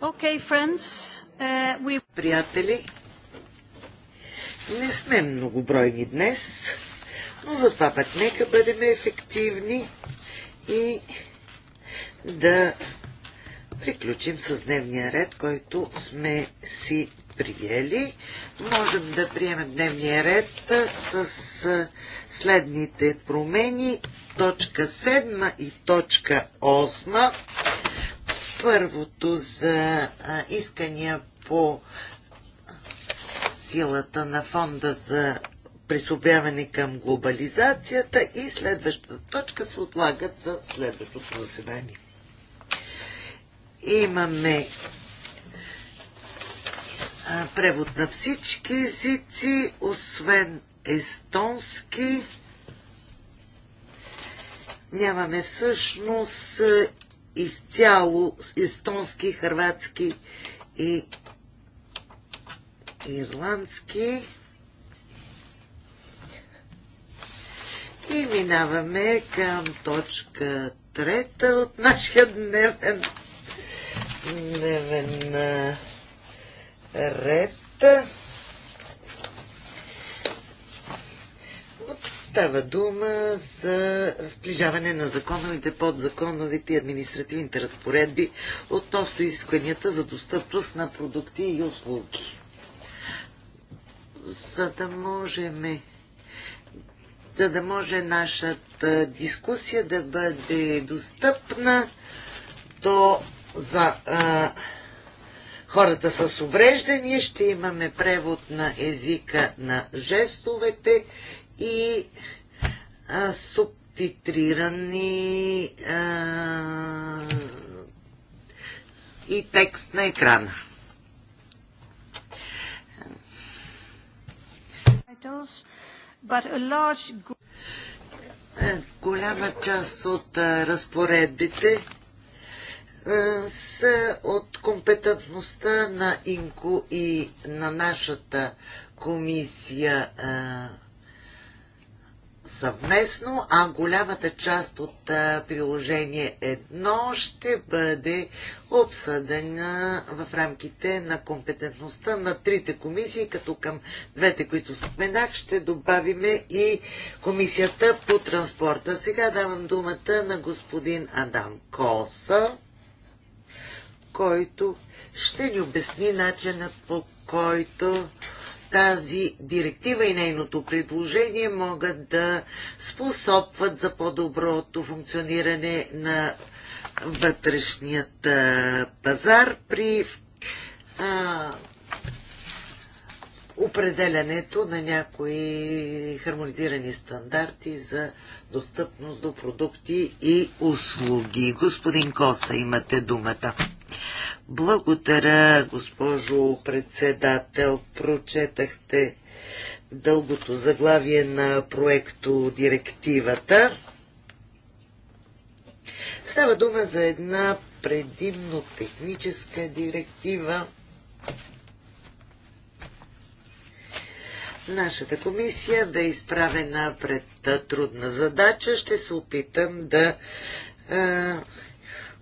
Okay, friends, uh, we... Приятели, не сме многобройни днес, но затова пък нека бъдем ефективни и да приключим с дневния ред, който сме си приели. Можем да приемем дневния ред с следните промени. Точка 7 и точка 8 Първото за искания по силата на фонда за присобяване към глобализацията и следващата точка се отлагат за следващото заседание. Имаме превод на всички езици, освен естонски. Нямаме всъщност изцяло естонски, хрватски и ирландски. И минаваме към точка трета от нашия дневен, дневен ред. Става дума за сближаване на законовите, подзаконовите и административните разпоредби относно изискванията за достъпност на продукти и услуги. За да можем за да може нашата дискусия да бъде достъпна до за а, хората с увреждания. Ще имаме превод на езика на жестовете и а, субтитрирани а, и текст на екрана. Е, голяма част от разпоредбите са от компетентността на Инко и на нашата комисия съвместно, а голямата част от приложение едно ще бъде обсъдена в рамките на компетентността на трите комисии, като към двете, които споменах, ще добавиме и комисията по транспорта. Сега давам думата на господин Адам Коса, който ще ни обясни начинът по който тази директива и нейното предложение могат да способстват за по-доброто функциониране на вътрешният пазар при а, определянето на някои хармонизирани стандарти за достъпност до продукти и услуги. Господин Коса, имате думата. Благодаря, госпожо председател. Прочетахте дългото заглавие на проекто директивата. Става дума за една предимно техническа директива. Нашата комисия бе изправена пред трудна задача. Ще се опитам да е,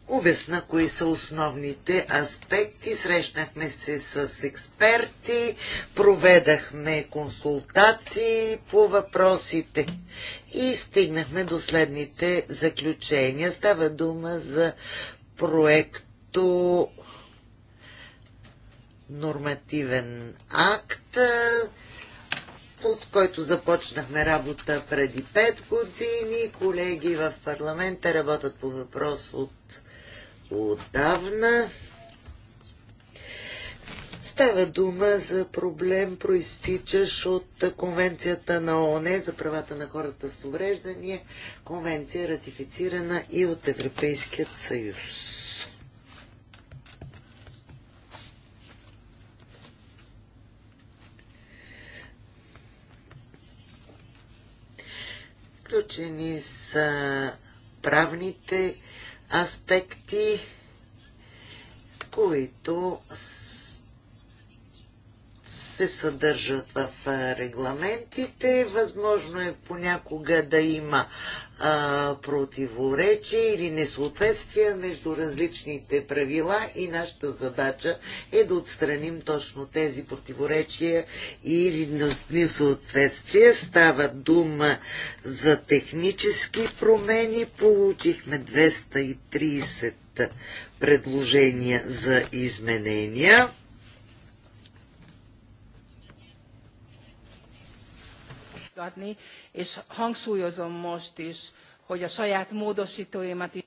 обясна кои са основните аспекти. Срещнахме се с експерти, проведахме консултации по въпросите и стигнахме до следните заключения. Става дума за проекто нормативен акт, от който започнахме работа преди 5 години. Колеги в парламента работят по въпрос от отдавна. Става дума за проблем, проистичащ от Конвенцията на ООН за правата на хората с увреждания, конвенция ратифицирана и от Европейският съюз. Включени са правните аспекти, които се съдържат в регламентите. Възможно е понякога да има а, противоречие или несъответствие между различните правила и нашата задача е да отстраним точно тези противоречия или несъответствия. Става дума за технически промени. Получихме 230 предложения за изменения. adni, és hangsúlyozom most is, hogy a saját módosítóimat is.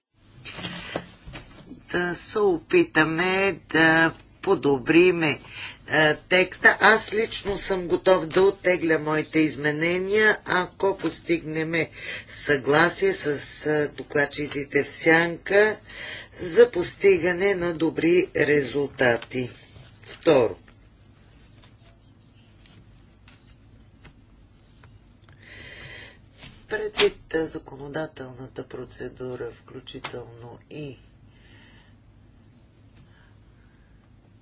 Да е, се опитаме да подобриме е, текста. Аз лично съм готов да оттегля моите изменения, ако постигнеме съгласие с е, докладчиците в сянка за постигане на добри резултати. Второ. Предвид законодателната процедура, включително и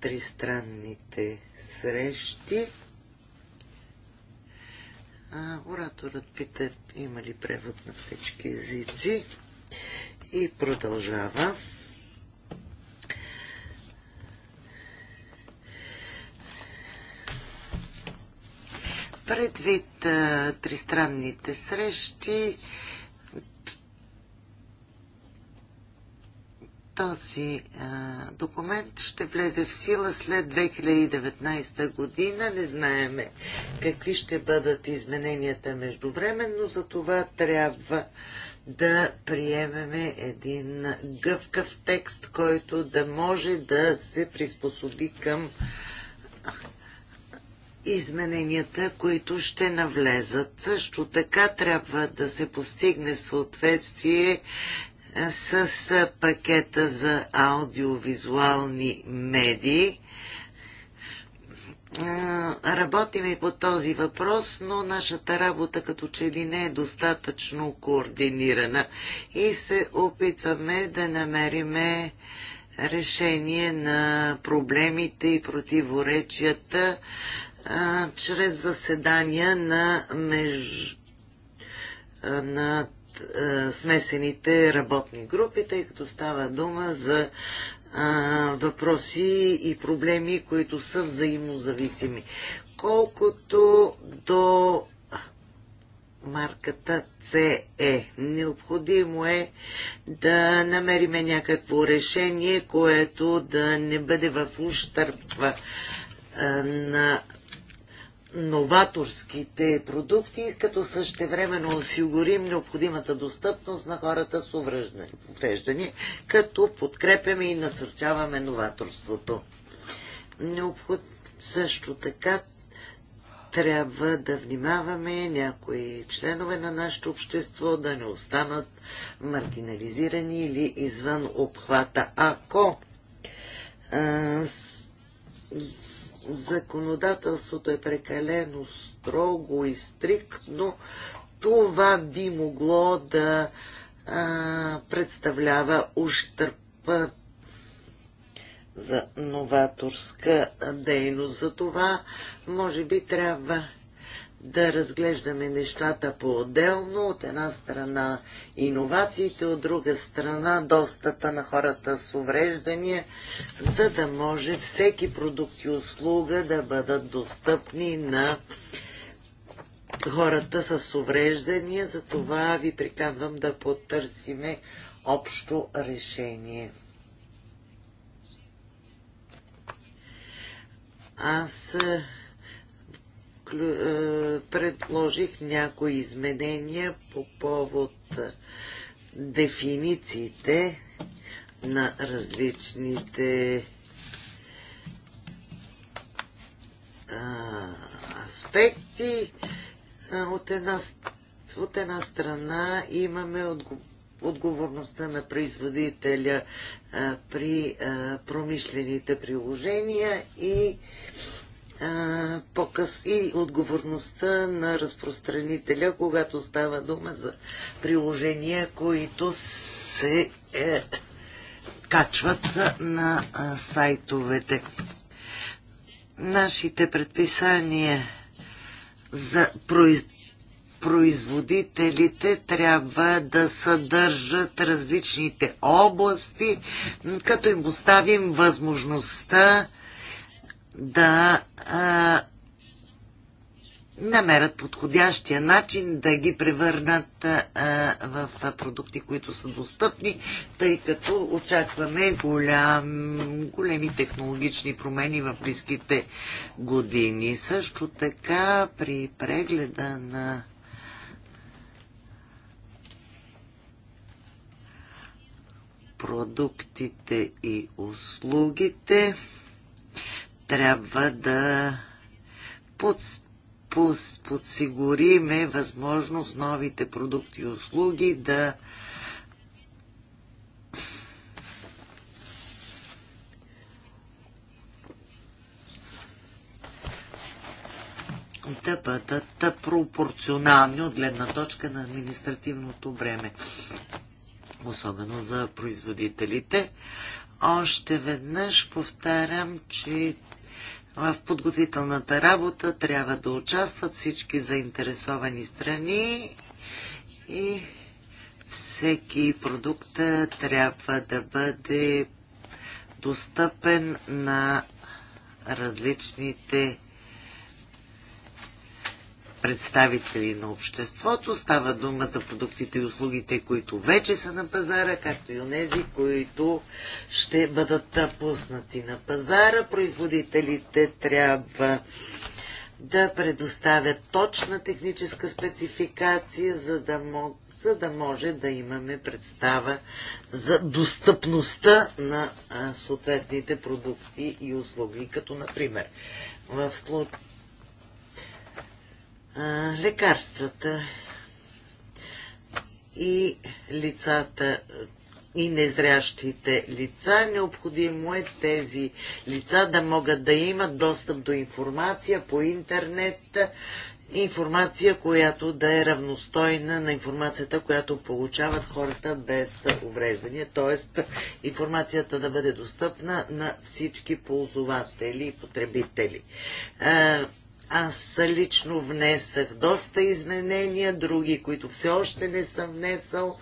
тристранните срещи, а, ораторът пита има ли превод на всички езици и продължава. Предвид а, тристранните срещи, този а, документ ще влезе в сила след 2019 година. Не знаеме какви ще бъдат измененията междувременно, за това трябва да приемеме един гъвкав текст, който да може да се приспособи към измененията, които ще навлезат. Също така трябва да се постигне съответствие е, с е, пакета за аудиовизуални медии. Е, работим и по този въпрос, но нашата работа като че ли не е достатъчно координирана и се опитваме да намериме решение на проблемите и противоречията а, чрез заседания на, меж... на а, смесените работни групи, тъй като става дума за а, въпроси и проблеми, които са взаимозависими. Колкото до марката CE. Е, необходимо е да намериме някакво решение, което да не бъде в ущърпва на новаторските продукти, като същевременно осигурим необходимата достъпност на хората с увреждания, като подкрепяме и насърчаваме новаторството. Необход... Също така трябва да внимаваме някои членове на нашето общество да не останат маргинализирани или извън обхвата. Ако а, с, с, законодателството е прекалено строго и стриктно, това би могло да а, представлява ущърп за новаторска дейност. За това, може би, трябва да разглеждаме нещата по-отделно. От една страна иновациите, от друга страна достъпа на хората с увреждания, за да може всеки продукт и услуга да бъдат достъпни на хората с увреждания. За това ви приказвам да потърсиме общо решение. Аз е, предложих някои изменения по повод е, дефинициите на различните аспекти. От една, от една страна имаме отговорността на производителя при промишлените приложения и показ и отговорността на разпространителя, когато става дума за приложения, които се е, качват на а, сайтовете. Нашите предписания за произ... производителите трябва да съдържат различните области, като им оставим възможността да а, намерят подходящия начин да ги превърнат а, в продукти, които са достъпни, тъй като очакваме голям, големи технологични промени в близките години. Също така при прегледа на продуктите и услугите трябва да подсигуриме възможност новите продукти и услуги да да бъдат пропорционални от гледна точка на административното бреме, особено за производителите. Още веднъж повтарям, че в подготвителната работа трябва да участват всички заинтересовани страни и всеки продукт трябва да бъде достъпен на различните представители на обществото. Става дума за продуктите и услугите, които вече са на пазара, както и онези, които ще бъдат пуснати на пазара. Производителите трябва да предоставят точна техническа спецификация, за да, мог, за да може да имаме представа за достъпността на а, съответните продукти и услуги, като например в случая лекарствата и лицата и незрящите лица. Необходимо е тези лица да могат да имат достъп до информация по интернет, информация, която да е равностойна на информацията, която получават хората без увреждания, т.е. информацията да бъде достъпна на всички ползватели и потребители. Аз лично внесах доста изменения, други, които все още не съм внесъл,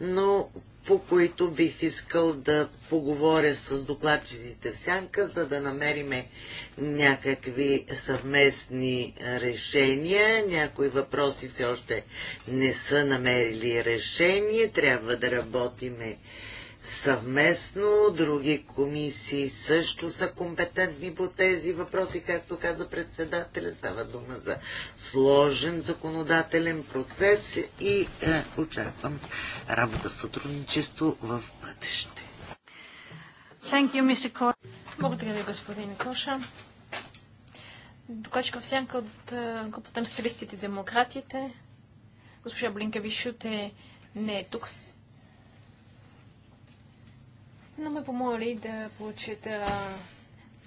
но по които бих искал да поговоря с докладчиците в сянка, за да намериме някакви съвместни решения. Някои въпроси все още не са намерили решение. Трябва да работиме съвместно, други комисии също са компетентни по тези въпроси, както каза председателя. Става дума за сложен законодателен процес и е, очаквам работа в сътрудничество в бъдеще. Thank you, Mr. Благодаря ви, господин Коша. Докачка всяка от е, групата на социалистите и демократите. Госпожа Блинка Вишут е, не е тук но ме помоли да прочета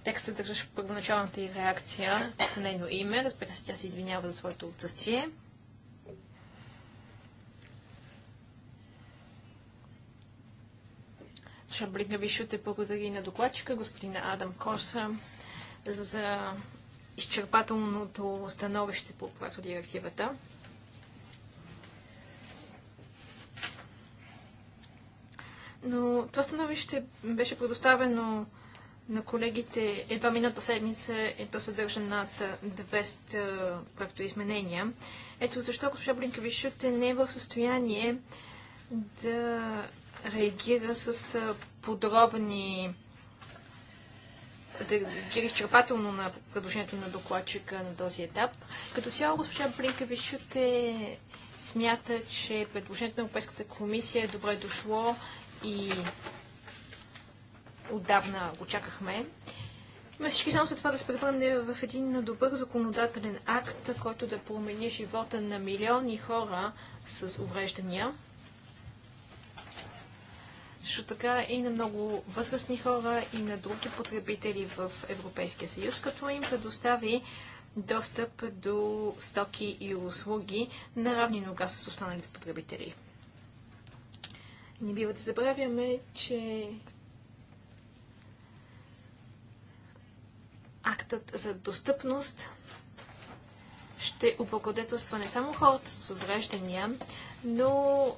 текста, държаш първоначалната и реакция от нейно име. Разбира се, тя се извинява за своето отсъствие. Вишут е благодари на докладчика, господина Адам Корса, за изчерпателното становище по проекто директивата. Но това становище беше предоставено на колегите едва миналата седмица и то съдържа над 200 проекто изменения. Ето защо госпожа Блинкевичуте не е в състояние да реагира с подробни да реагира изчерпателно на предложението на докладчика на този етап. Като цяло госпожа Вишуте смята, че предложението на Европейската комисия е добре дошло и отдавна го чакахме. Ме всички само след това да се превърне в един добър законодателен акт, който да промени живота на милиони хора с увреждания. Също така и на много възрастни хора и на други потребители в Европейския съюз, като им предостави достъп до стоки и услуги на равни нога с останалите потребители. Не бива да забравяме, че актът за достъпност ще облагодетелства не само хората с увреждания, но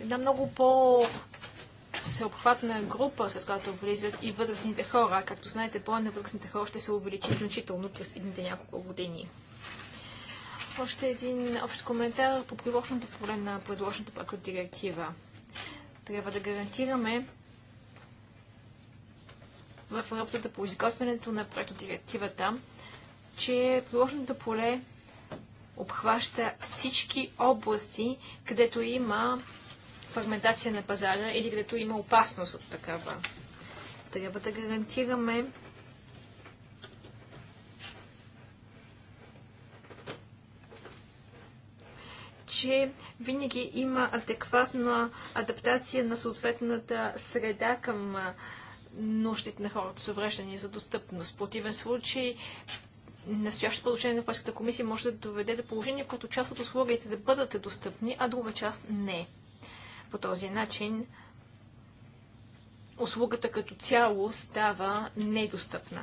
една много по всеобхватна група, след която влизат и възрастните хора. Както знаете, броя на възрастните хора ще се увеличи значително през едните няколко години. Още един общ коментар по приложното проблем на предложената пакет директива. Трябва да гарантираме в работата по изготвянето на проектодирективата, че приложното поле обхваща всички области, където има фрагментация на пазара или където има опасност от такава. Трябва да гарантираме че винаги има адекватна адаптация на съответната среда към нуждите на хората с увреждания за достъпност. В противен случай настоящото положение на Европейската комисия може да доведе до положение, в което част от услугите да бъдат достъпни, а друга част не. По този начин услугата като цяло става недостъпна.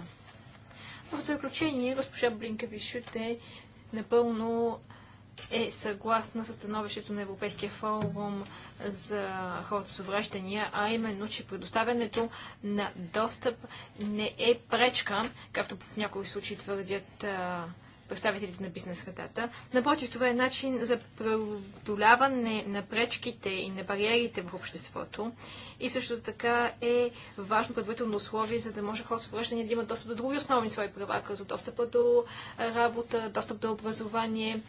В заключение, госпожа Блинка Вишут е напълно е съгласна с становището на Европейския форум за хората с увреждания, а именно, че предоставянето на достъп не е пречка, както в някои случаи твърдят представителите на бизнес средата. Напротив, това е начин за преодоляване на пречките и на бариерите в обществото. И също така е важно предварително условие, за да може хората с връщане да имат достъп до други основни свои права, като достъпа до работа, достъп до образование,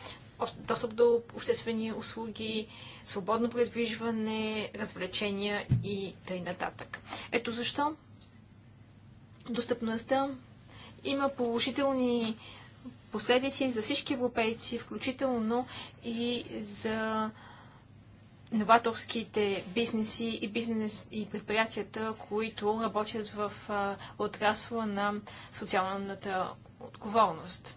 достъп до обществени услуги, свободно предвижване, развлечения и т.н. Ето защо достъпността има положителни последици за всички европейци, включително и за новаторските бизнеси и бизнес и предприятията, които работят в отрасла на социалната отговорност.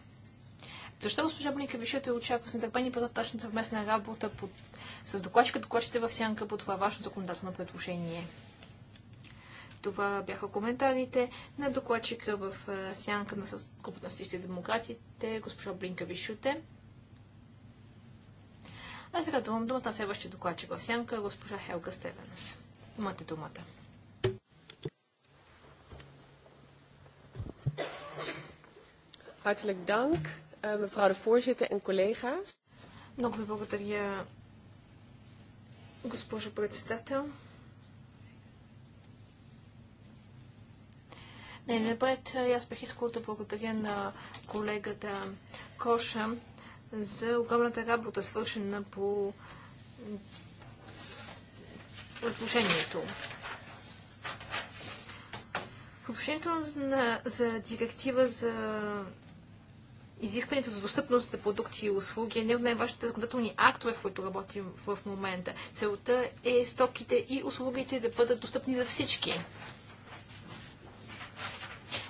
Защо госпожа Блинка е очаква с нетърпение по съвместна работа под... с докладчика, докладчите в сянка по това ваше законодателно предложение? Това бяха коментарите на докладчика в сянка на групата на всички демократите, госпожа Блинка Вишуте. А сега давам думата на следващия докладчик в сянка, госпожа Хелга Стевенс. Имате думата. Hartelijk dank. Eh, mevrouw de voorzitter en collega's. Много ви благодаря, госпожо председател. Не, напред е, аз бих искал да благодаря на колегата Коша за огромната работа, свършена по предложението. Предложението за директива за изискванията за достъпност за продукти и услуги е не от най-важните законодателни актове, в които работим в момента. Целта е стоките и услугите да бъдат достъпни за всички.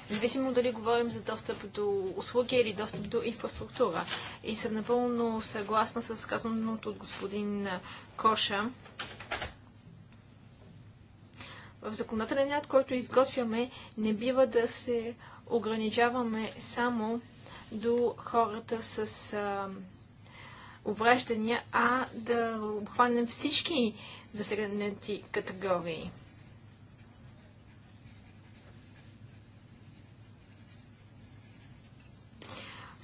Независимо дали говорим за достъп до услуги или достъп до инфраструктура. И съм напълно съгласна с казаното от господин Коша. В законодателен ряд, който изготвяме, не бива да се ограничаваме само до хората с а, увреждания, а да обхванем всички засегнати категории.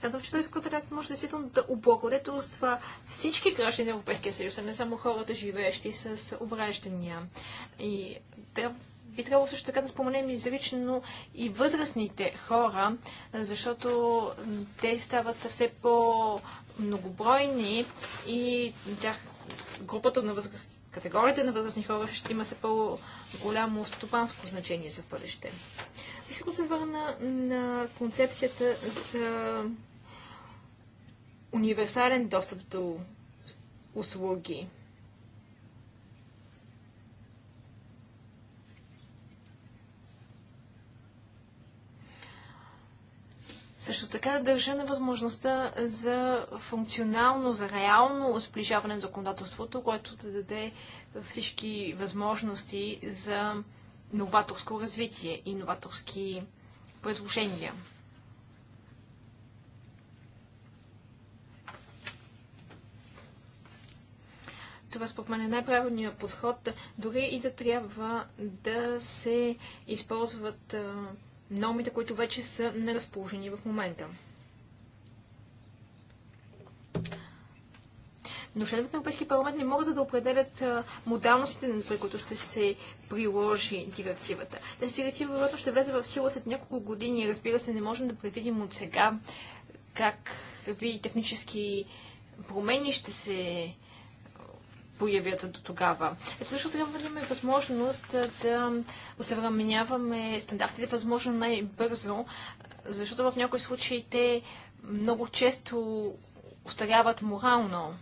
Казвам, че този контракт може действително да облагодетелства всички граждани на Европейския съюз, а не само хората, живеещи с увреждания. И трябва би трябвало също така да споменем изрично и възрастните хора, защото те стават все по-многобройни и тях, групата на възраст, категорията на възрастни хора ще има все по-голямо стопанско значение за бъдеще. Искам се върна на концепцията за универсален достъп до услуги. Също така държа на възможността за функционално, за реално сближаване на законодателството, което да даде всички възможности за новаторско развитие и новаторски предложения. това според мен е най-правилният подход, дори и да трябва да се използват а, нормите, които вече са неразположени в момента. Но членовете на Европейския парламент не могат да определят модалностите, на които ще се приложи директивата. Тази директива, вероятно, ще влезе в сила след няколко години. Разбира се, не можем да предвидим от сега как какви технически промени ще се появят до тогава. Ето също трябва да имаме възможност да осъвременяваме стандартите възможно най-бързо, защото в някои случаи те много често устаряват морално.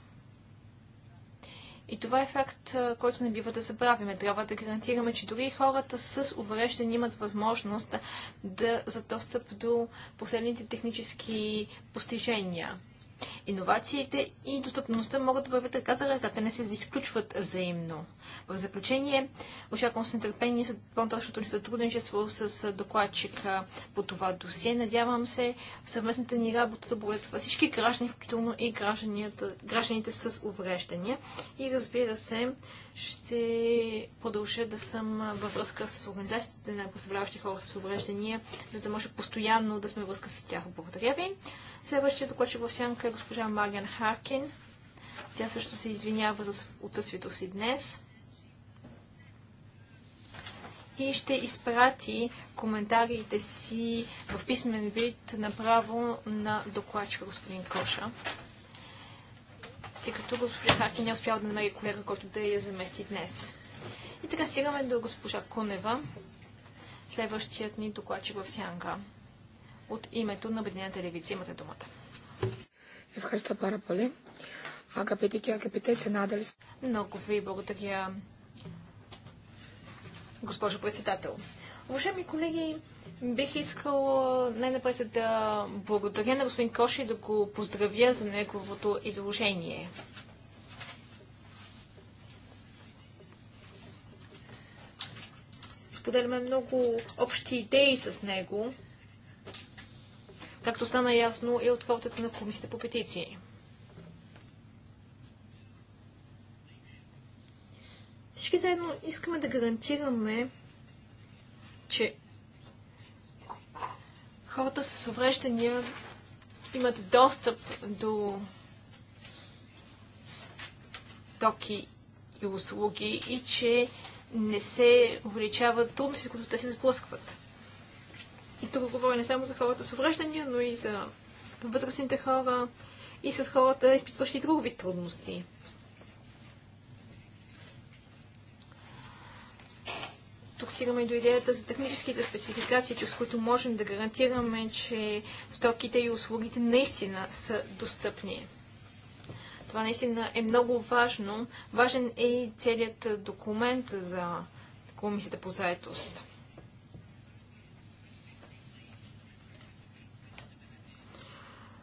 И това е факт, който не бива да забравяме. Трябва да гарантираме, че дори хората с увреждане имат възможност да за достъп до последните технически постижения. Иновациите и достъпността могат да бъдат така за ръката, не се изключват взаимно. В заключение, очаквам с нетърпение по-нататъчното ни сътрудничество с докладчика по това досие. Надявам се съвместната ни работа да бъдат всички граждани, включително и гражданите с увреждания. И разбира се, ще продължа да съм във връзка с организацията на представляващи хора с увреждания, за да може постоянно да сме във връзка с тях. Благодаря ви. Следващия докладчик в сянка е госпожа Мариан Харкин. Тя също се извинява за отсъствието си днес. И ще изпрати коментарите си в писмен вид направо на докладчика господин Коша тъй като госпожа Харки не е успява да намери колега, който да я замести днес. И така стигаме до госпожа Кунева, следващият ни докладчик в Сянга. От името на Обединена телевизия имате думата. Ευχαριστώ πάρα πολύ. и και се надали. Много ви благодаря, госпожо председател. Уважаеми колеги, Бих искала най-напред да благодаря на господин Коши и да го поздравя за неговото изложение. Споделяме много общи идеи с него, както стана ясно и от работата на комисията по петиции. Всички заедно искаме да гарантираме, че хората с увреждания имат достъп до стоки и услуги и че не се увеличават трудности, които те се сблъскват. И тук говоря не само за хората с увреждания, но и за възрастните хора и с хората, изпитващи други трудности. тук стигаме до идеята за техническите спецификации, чрез които можем да гарантираме, че стоките и услугите наистина са достъпни. Това наистина е много важно. Важен е и целият документ за комисията по заетост.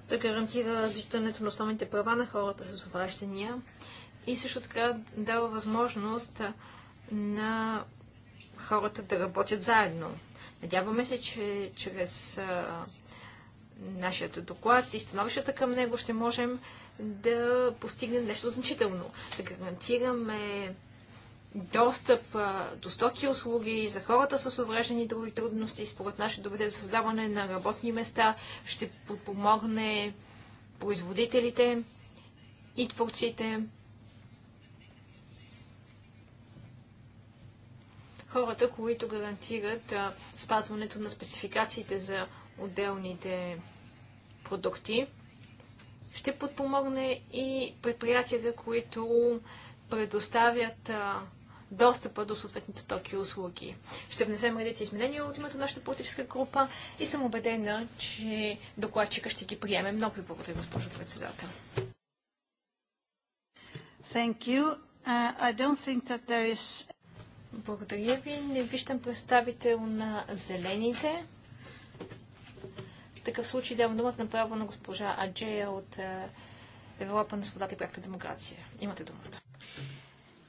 да гарантира защитането на основните права на хората с увреждания и също така дава възможност на хората да работят заедно. Надяваме се, че чрез нашия доклад и становищата към него ще можем да постигнем нещо значително, да гарантираме достъп до стоки услуги за хората с увреждани други трудности, според нас ще доведе до създаване на работни места, ще подпомогне производителите и творците. хората, които гарантират а, спазването на спецификациите за отделните продукти. Ще подпомогне и предприятията, които предоставят а, достъпа до съответните стоки и услуги. Ще внесем редица изменения от името на нашата политическа група и съм убедена, че докладчика ще ги приеме. Много ви благодаря, госпожо председател. Thank you. Uh, I don't think that there is благодаря ви. Не виждам представител на зелените. В такъв случай давам думата направо на госпожа Аджея от е, Европа на свободата и проекта демокрация. Имате думата.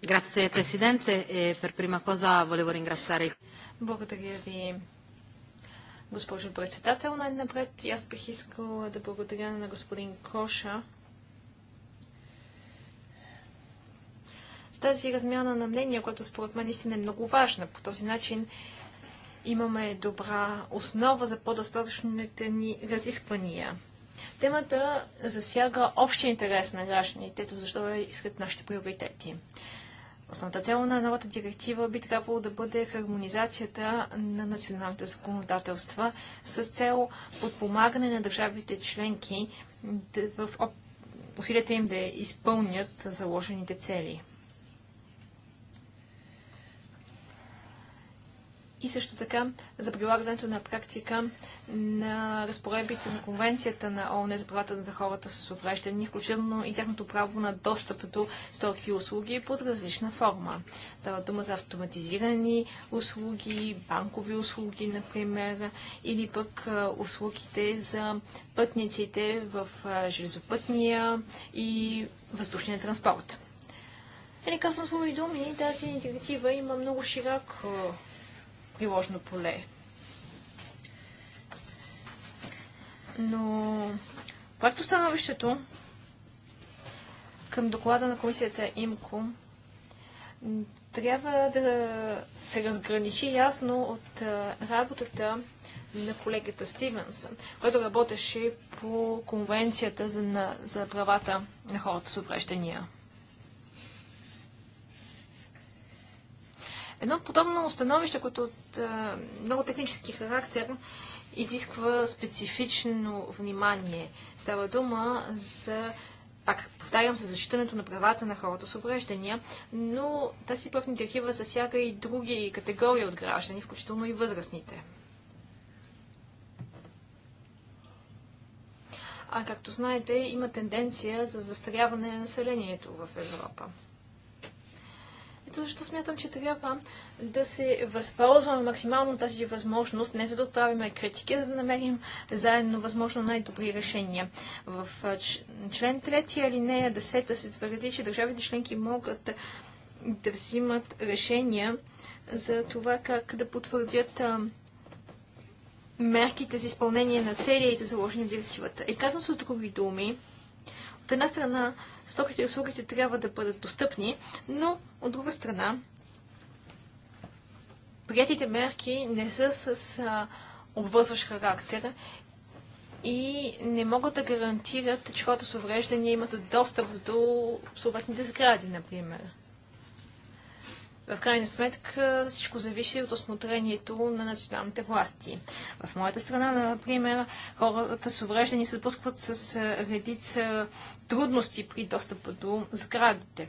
Grazie Presidente e per prima cosa volevo ringraziare... Благодаря ви, госпожо председател. Най-напред аз бих искала да благодаря на господин Коша тази размяна на мнения, която според мен наистина е много важна. По този начин имаме добра основа за по-достатъчните ни разисквания. Темата засяга общия интерес на гражданите, защо е искат нашите приоритети. Основната цел на новата директива би трябвало да бъде хармонизацията на националните законодателства с цел подпомагане на държавите членки в усилията им да изпълнят заложените цели. и също така за прилагането на практика на разпоредбите на Конвенцията на ООН за правата на хората с увреждания, включително и тяхното право на достъп до стоки и услуги под различна форма. Става дума за автоматизирани услуги, банкови услуги, например, или пък услугите за пътниците в железопътния и въздушния транспорт. Или е, казвам с други думи, тази директива има много широк приложно поле. Но проекто становището към доклада на комисията ИМКО трябва да се разграничи ясно от работата на колегата Стивенс, който работеше по конвенцията за, на, за правата на хората с увреждания. Едно подобно установище, което от е, много технически характер изисква специфично внимание. Става дума за пак повтарям, за защитането на правата на хората с увреждания, но тази проектна директива засяга и други категории от граждани, включително и възрастните. А както знаете, има тенденция за застаряване на населението в Европа защо смятам, че трябва да се възползваме максимално тази възможност, не за да отправяме критики, а за да намерим заедно възможно най-добри решения. В член 3 алинея 10 се твърди, че държавите членки могат да взимат решения за това как да потвърдят мерките за изпълнение на целите, заложени в директивата. И е, казано с други думи, от една страна стоките и услугите трябва да бъдат достъпни, но от друга страна, приятите мерки не са с а, обвързващ характер и не могат да гарантират, че хората с увреждания имат достъп до съответните сгради, например в крайна сметка всичко зависи от осмотрението на националните власти. В моята страна, например, хората с увреждани се допускват с редица трудности при достъпа до сградите.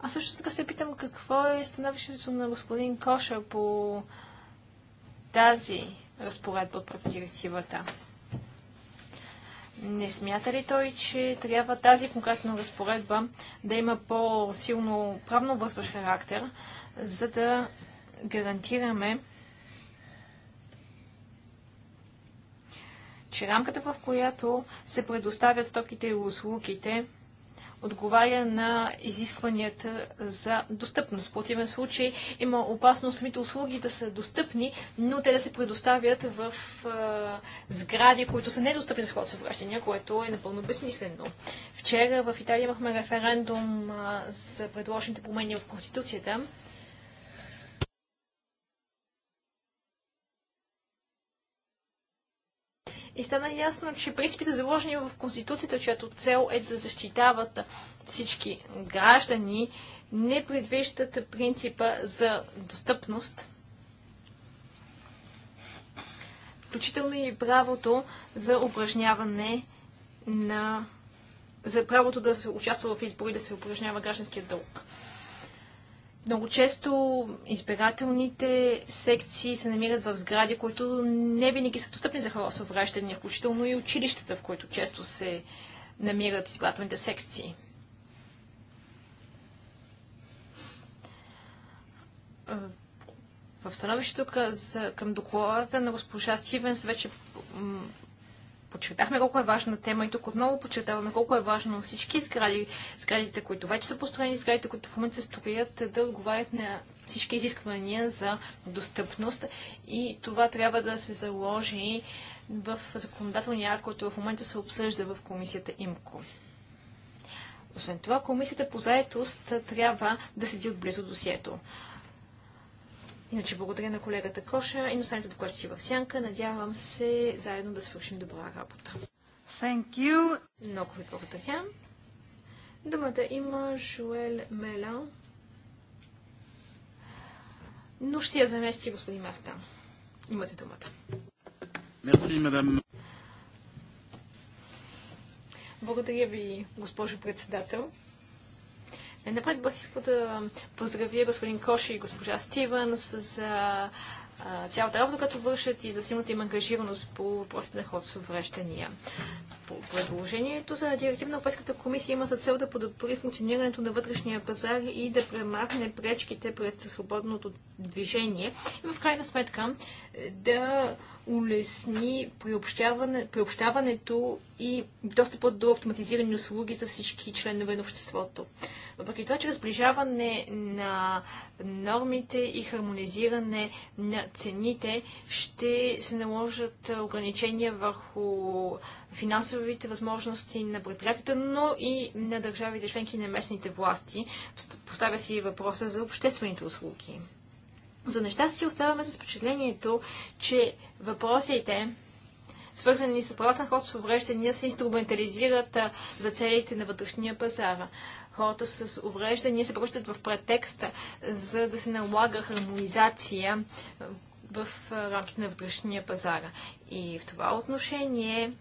Аз също така се питам какво е становището на господин Коша по тази разпоредба от директивата. Не смята ли той, че трябва тази конкретна разпоредба да има по-силно правно възващ характер, за да гарантираме, че рамката, в която се предоставят стоките и услугите, отговаря на изискванията за достъпност. В противен случай има опасност самите услуги да са достъпни, но те да се предоставят в а, сгради, които са недостъпни за хората с увреждания, което е напълно безсмислено. Вчера в Италия имахме референдум а, за предложените промени в Конституцията. и стана ясно, че принципите заложени в Конституцията, чиято цел е да защитават всички граждани, не предвиждат принципа за достъпност, включително и правото за упражняване на за правото да се участва в избори, да се упражнява гражданския дълг. Много често избирателните секции се намират в сгради, които не винаги са достъпни за хора с увреждания, включително и училищата, в които често се намират избирателните секции. Е, в становището към доклада на госпожа Стивенс вече подчертахме колко е важна тема и тук отново подчертаваме колко е важно всички сгради, сградите, които вече са построени, сградите, които в момента се строят, е да отговарят на всички изисквания за достъпност и това трябва да се заложи в законодателния акт, който в момента се обсъжда в комисията ИМКО. Освен това, комисията по заетост трябва да седи отблизо досието. Иначе благодаря на колегата Коша и на останалите докладчици си в сянка. Надявам се заедно да свършим добра работа. Thank you. Много ви благодаря. Думата има Жуел Мела. Но ще я замести господин Марта. Имате думата. Merci, Благодаря ви, госпожо председател. Е, напред бих искал да поздравя господин Коши и госпожа Стивенс за цялата работа, като вършат и за силната им ангажираност по въпросите на ход с увреждания. По предложението за директива на Европейската комисия има за цел да подобри функционирането на вътрешния пазар и да премахне пречките пред свободното движение и в крайна сметка да улесни приобщаване, приобщаването и достъпа до автоматизирани услуги за всички членове на обществото. Въпреки това, че разближаване на нормите и хармонизиране на цените ще се наложат ограничения върху финансовите възможности на предприятията, но и на държавите членки на местните власти. Поставя се и въпроса за обществените услуги. За нещастие оставаме с впечатлението, че въпросите, свързани с правата на хората с увреждания, се инструментализират за целите на вътрешния пазар. Хората с увреждания се връщат в претекста, за да се налага хармонизация в рамките на вътрешния пазар. И в това отношение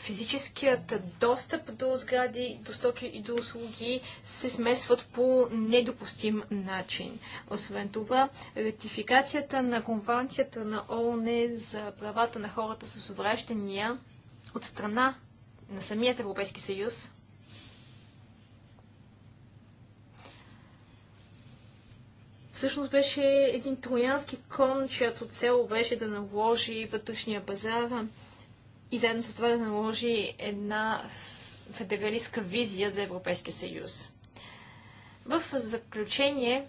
физическият достъп до сгради, до стоки и до услуги се смесват по недопустим начин. Освен това, ратификацията на Конвенцията на ООН за правата на хората с увреждания от страна на самият Европейски съюз всъщност беше един троянски кон, чиято цел беше да наложи вътрешния пазар и заедно с това да наложи една федералистка визия за Европейския съюз. В заключение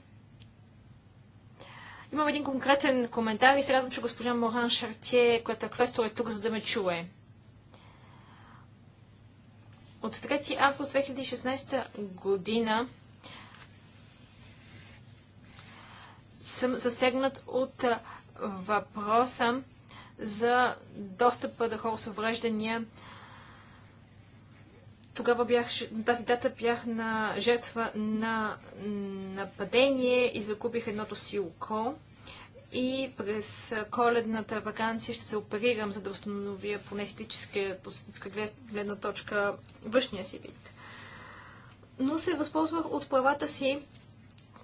имам един конкретен коментар и се радвам, че госпожа Моран Шартие, която е квестор, е тук, за да ме чуе. От 3 август 2016 година съм засегнат от въпроса за достъпа до хора с увреждания. Тогава бях, на тази дата бях на жертва на нападение и закупих едното си око. И през коледната вакансия ще се оперирам, за да установя по естетическа гледна точка външния си вид но се възползвах от правата си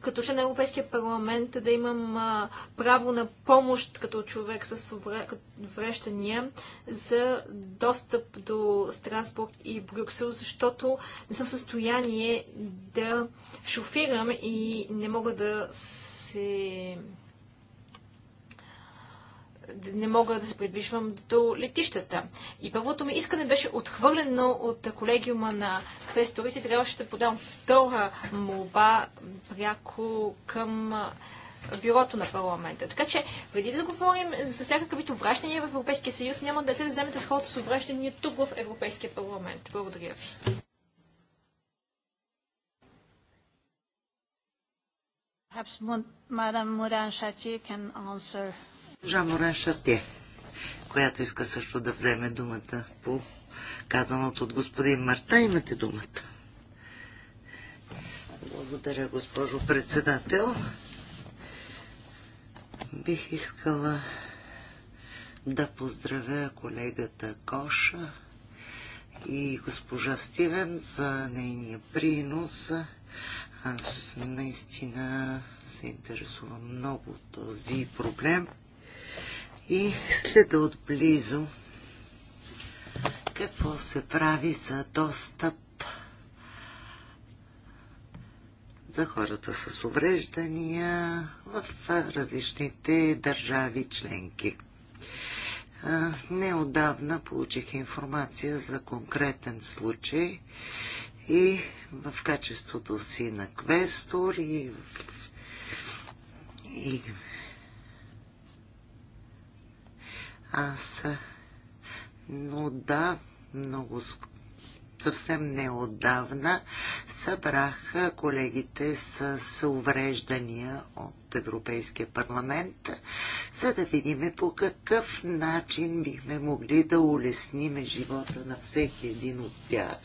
като член на Европейския парламент да имам а, право на помощ като човек с увреждания за достъп до Страсбург и Брюксел, защото не съм в състояние да шофирам и не мога да се не мога да се придвижвам до летищата. И първото ми искане беше отхвърлено от колегиума на квесторите. Трябваше да подам втора молба пряко към бюрото на парламента. Така че, преди да говорим за всякакъв вращания в Европейския съюз, няма да се вземете с хората с увращания тук в Европейския парламент. Благодаря ви. Perhaps Madame Moran-Chartier can answer Жан Морен Шартие, която иска също да вземе думата по казаното от господин Марта. Имате думата. Благодаря, госпожо председател. Бих искала да поздравя колегата Коша и госпожа Стивен за нейния принос. Аз наистина се интересувам много от този проблем и следа отблизо какво се прави за достъп за хората с увреждания в различните държави членки. Неодавна получих информация за конкретен случай и в качеството си на квестор и, и Аз. Но да, много скоро съвсем неодавна събрах колегите с, с увреждания от Европейския парламент, за да видим по какъв начин бихме могли да улесниме живота на всеки един от тях.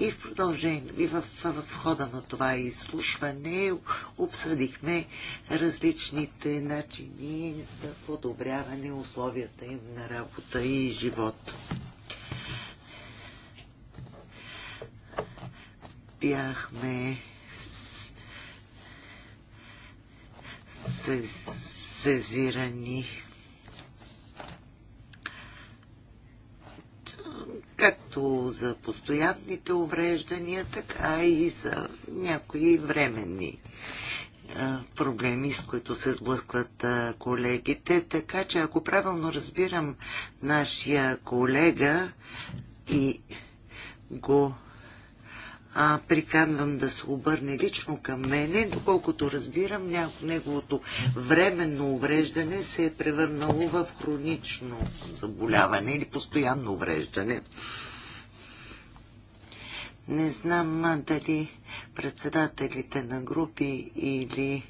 И в продължение, и в, в, в хода на това изслушване обсъдихме различните начини за подобряване условията им на работа и живот. бяхме сезирани. Както за постоянните увреждания, така и за някои временни проблеми, с които се сблъскват колегите. Така че, ако правилно разбирам нашия колега и го а, приканвам да се обърне лично към мене. Доколкото разбирам, няко, неговото временно увреждане се е превърнало в хронично заболяване или постоянно увреждане. Не знам дали председателите на групи или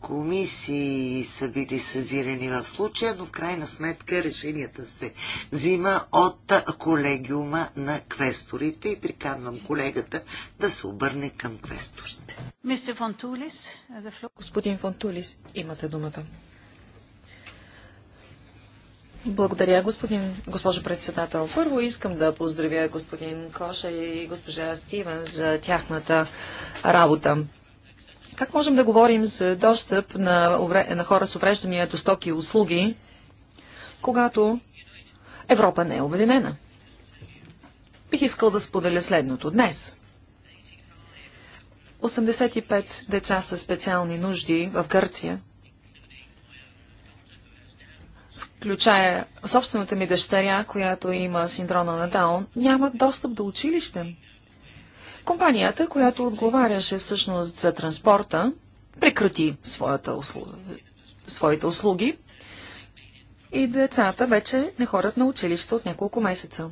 комисии са били съзирани в случая, но в крайна сметка решенията се взима от колегиума на квесторите и приканвам колегата да се обърне към квесторите. Фонтулис, Господин Фонтулис, имате думата. Благодаря, господин, госпожо председател. Първо искам да поздравя господин Коша и госпожа Стивен за тяхната работа. Как можем да говорим за достъп на, на хора с увреждания до стоки и услуги, когато Европа не е обединена? Бих искал да споделя следното днес. 85 деца с специални нужди в Гърция, включая собствената ми дъщеря, която има синдрома на Даун, няма достъп до училище. Компанията, която отговаряше всъщност за транспорта, прекрати своята услу... своите услуги и децата вече не ходят на училище от няколко месеца.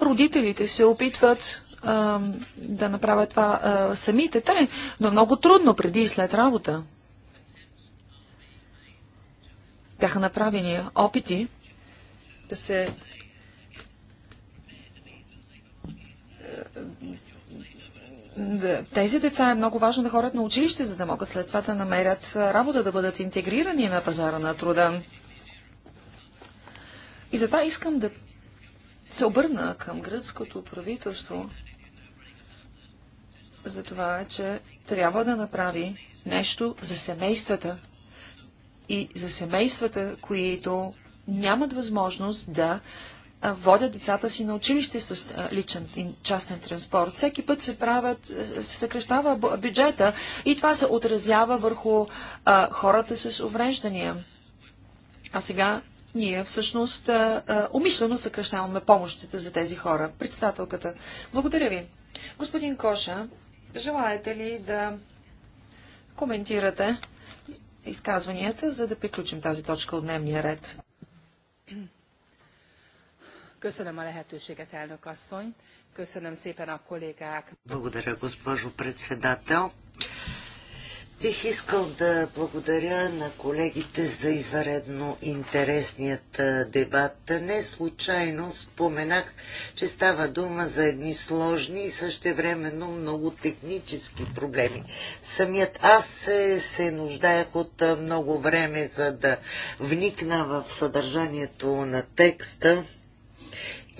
Родителите се опитват а, да направят това а, самите те, но е много трудно преди и след работа. Бяха направени опити да се тези деца е много важно да ходят на училище, за да могат след това да намерят работа, да бъдат интегрирани на пазара на труда. И затова искам да се обърна към гръцкото правителство за това, че трябва да направи нещо за семействата и за семействата, които нямат възможност да водят децата си на училище с личен и частен транспорт. Всеки път се правят, се съкрещава бюджета и това се отразява върху а, хората с увреждания. А сега ние всъщност а, а, умишлено съкрещаваме помощите за тези хора. Председателката. Благодаря ви. Господин Коша, желаете ли да коментирате изказванията, за да приключим тази точка от дневния ред? Köszönöm a lehetőséget, elnök asszony. Köszönöm szépen a kollégák. Благодаря, госпожо председател. Бих искал да благодаря на колегите за изваредно интересният дебат. Не случайно споменах, че става дума за едни сложни и същевременно много технически проблеми. Самият аз се, се нуждаях от много време, за да вникна в съдържанието на текста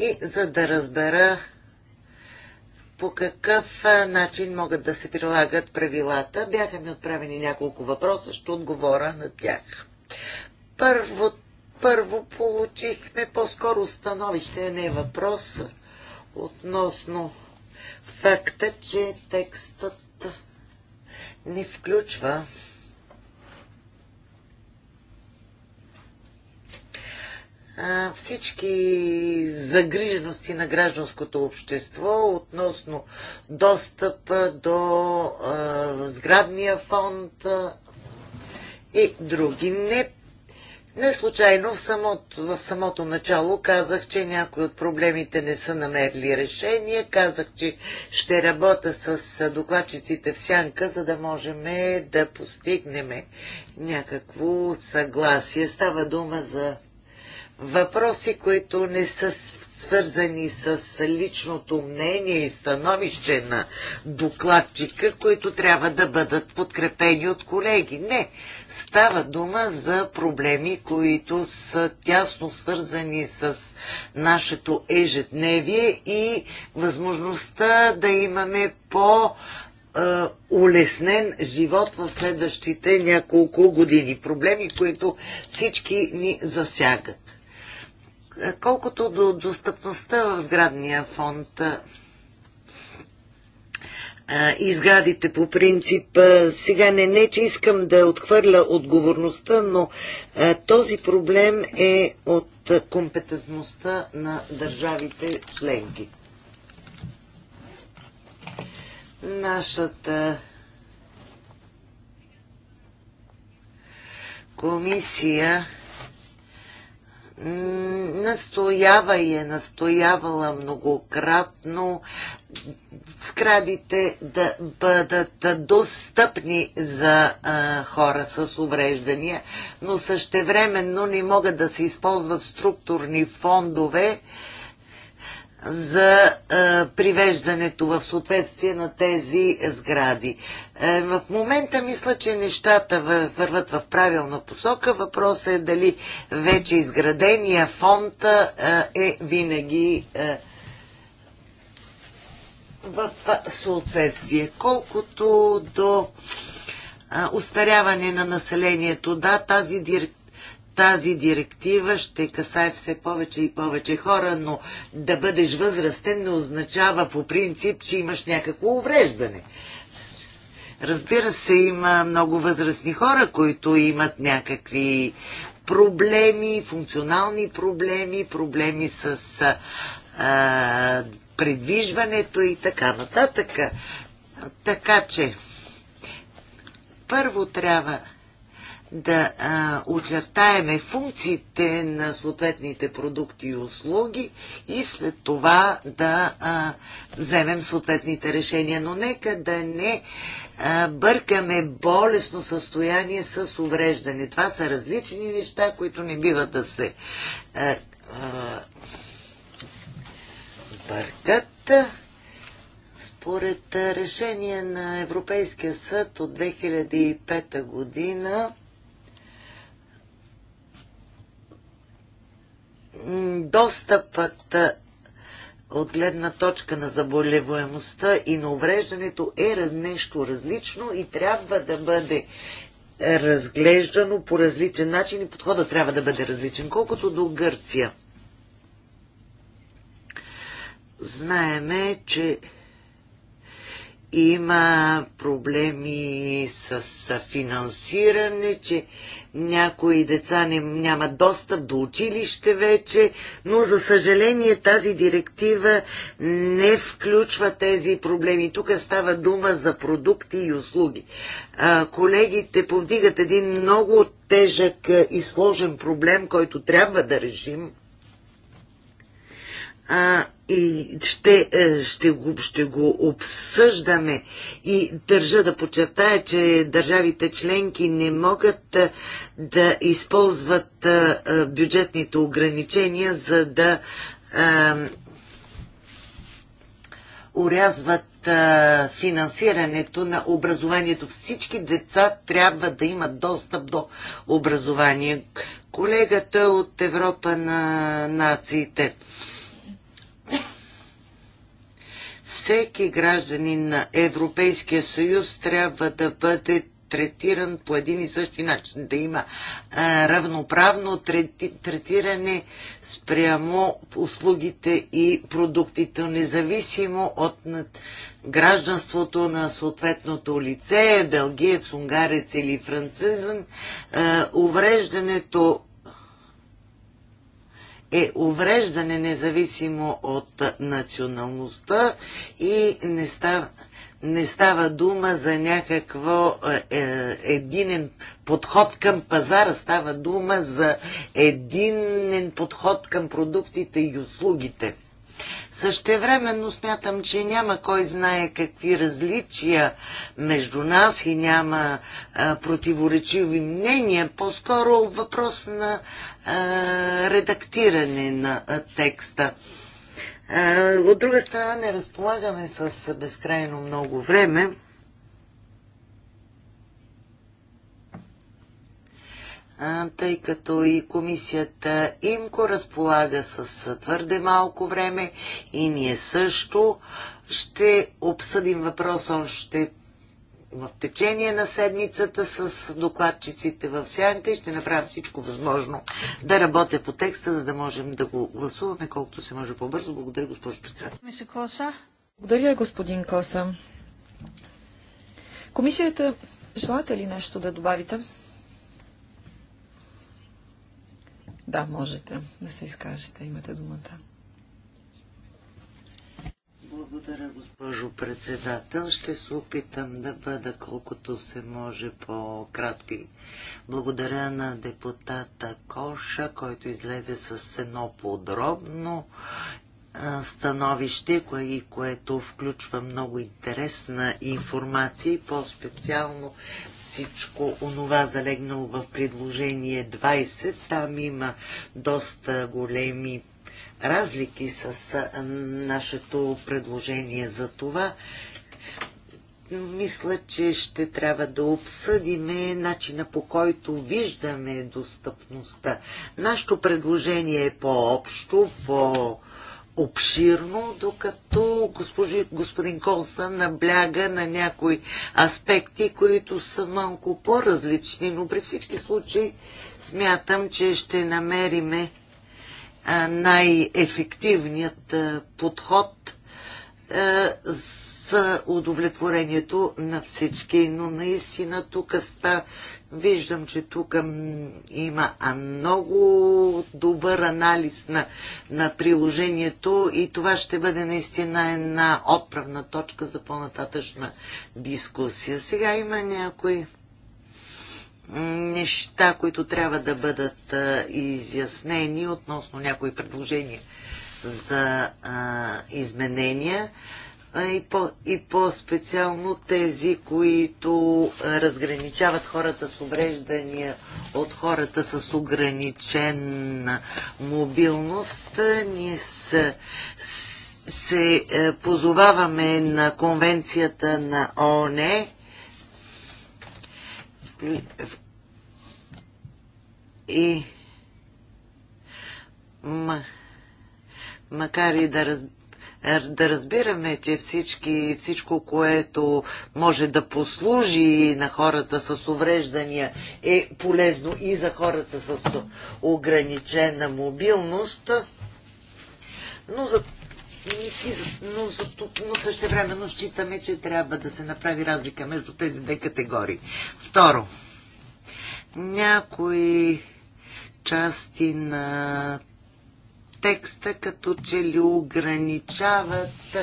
и за да разбера по какъв начин могат да се прилагат правилата. Бяха ми отправени няколко въпроса, ще отговоря на тях. Първо, първо получихме по-скоро становище, не въпрос, относно факта, че текстът не включва всички загрижености на гражданското общество относно достъп до сградния фонд и други. Не, не случайно в самото, в самото начало казах, че някои от проблемите не са намерили решение. Казах, че ще работя с докладчиците в сянка, за да можем да постигнем някакво съгласие. Става дума за въпроси, които не са свързани с личното мнение и становище на докладчика, които трябва да бъдат подкрепени от колеги. Не, става дума за проблеми, които са тясно свързани с нашето ежедневие и възможността да имаме по е, улеснен живот в следващите няколко години. Проблеми, които всички ни засягат. Колкото до достъпността в сградния фонд, изградите по принцип. Сега не, не, че искам да отхвърля отговорността, но този проблем е от компетентността на държавите членки. Нашата комисия настоява и е настоявала многократно сградите да бъдат достъпни за а, хора с увреждания, но същевременно не могат да се използват структурни фондове за е, привеждането в съответствие на тези сгради. Е, в момента мисля, че нещата върват в правилна посока. Въпросът е дали вече изградения фонд е, е винаги е, в съответствие. Колкото до а, е, устаряване на населението, да, тази директива тази директива ще касае все повече и повече хора, но да бъдеш възрастен не означава по принцип, че имаш някакво увреждане. Разбира се, има много възрастни хора, които имат някакви проблеми, функционални проблеми, проблеми с а, предвижването и така нататък. Така че, първо трябва да а, очертаеме функциите на съответните продукти и услуги и след това да а, вземем съответните решения. Но нека да не а, бъркаме болесно състояние с увреждане. Това са различни неща, които не бива да се а, а, бъркат. Според решение на Европейския съд от 2005 година, достъпът от гледна точка на заболеваемостта и на увреждането е нещо различно и трябва да бъде разглеждано по различен начин и подходът трябва да бъде различен. Колкото до Гърция, знаеме, че има проблеми с финансиране, че някои деца не, нямат достъп до училище вече, но за съжаление тази директива не включва тези проблеми. Тук става дума за продукти и услуги. А, колегите повдигат един много тежък и сложен проблем, който трябва да решим а, и ще, е, ще, го, ще го обсъждаме. И държа да подчертая, че държавите членки не могат е, да използват е, бюджетните ограничения, за да а, урязват а, финансирането на образованието. Всички деца трябва да имат достъп до образование. Колегата от Европа на нациите. всеки гражданин на Европейския съюз трябва да бъде третиран по един и същи начин, да има а, равноправно трети, третиране спрямо услугите и продуктите, независимо от гражданството на съответното лице, белгиец, унгарец или французин. Увреждането е увреждане независимо от националността и не става, не става дума за някакво е, е единен подход към пазара, става дума за единен подход към продуктите и услугите. Същевременно смятам, че няма кой знае какви различия между нас и няма а, противоречиви мнения. По-скоро въпрос на а, редактиране на а, текста. А, от друга страна не разполагаме с безкрайно много време. тъй като и комисията ИМКО разполага с твърде малко време и ние също ще обсъдим въпроса още в течение на седмицата с докладчиците в сянка и ще направя всичко възможно да работя по текста, за да можем да го гласуваме колкото се може по-бързо. Благодаря, госпожо председател. Благодаря, господин Коса. Комисията, желате ли нещо да добавите? Да, можете да се изкажете. Имате думата. Благодаря, госпожо председател. Ще се опитам да бъда колкото се може по-кратки. Благодаря на депутата Коша, който излезе с едно подробно становище, кое, което включва много интересна информация и по-специално всичко онова залегнало в предложение 20. Там има доста големи разлики с нашето предложение за това. Мисля, че ще трябва да обсъдиме начина по който виждаме достъпността. Нашето предложение е по-общо, по-общо обширно, докато госпожи, господин Колса набляга на някои аспекти, които са малко по-различни, но при всички случаи смятам, че ще намериме най-ефективният подход е, за удовлетворението на всички. Но наистина тук ста, виждам, че тук има много добър анализ на, на приложението и това ще бъде наистина една отправна точка за по-нататъчна дискусия. Сега има някои неща, които трябва да бъдат е, изяснени относно някои предложения за а, изменения и, по, и по-специално тези, които разграничават хората с увреждания от хората с ограничена мобилност. Ние с, се позоваваме на конвенцията на ООН, и м- макар и да, раз, да разбираме, че всички, всичко, което може да послужи на хората с увреждания е полезно и за хората с ограничена мобилност, но за за, но, за, но същевременно считаме, че трябва да се направи разлика между тези две категории. Второ, някои части на текста като че ли ограничават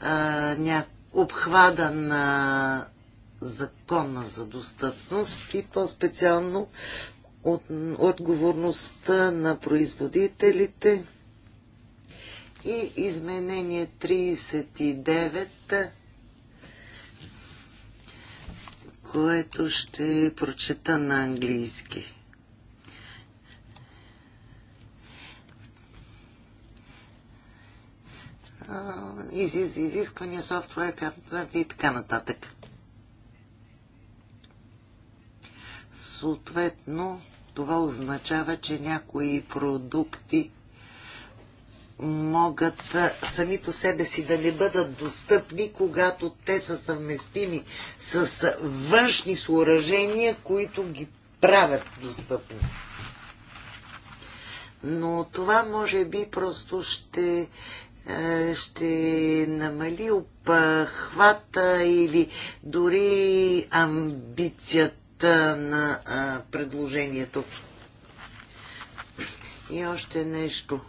а, ня... обхвада на закона за достъпност и по-специално от, отговорността на производителите и изменение 39 което ще прочета на английски. изисквания, софтуер, карта и така нататък. Съответно, това означава, че някои продукти могат сами по себе си да не бъдат достъпни, когато те са съвместими с външни съоръжения, които ги правят достъпни. Но това може би просто ще е, ще намали обхвата или дори амбицията на е, предложението. И още нещо.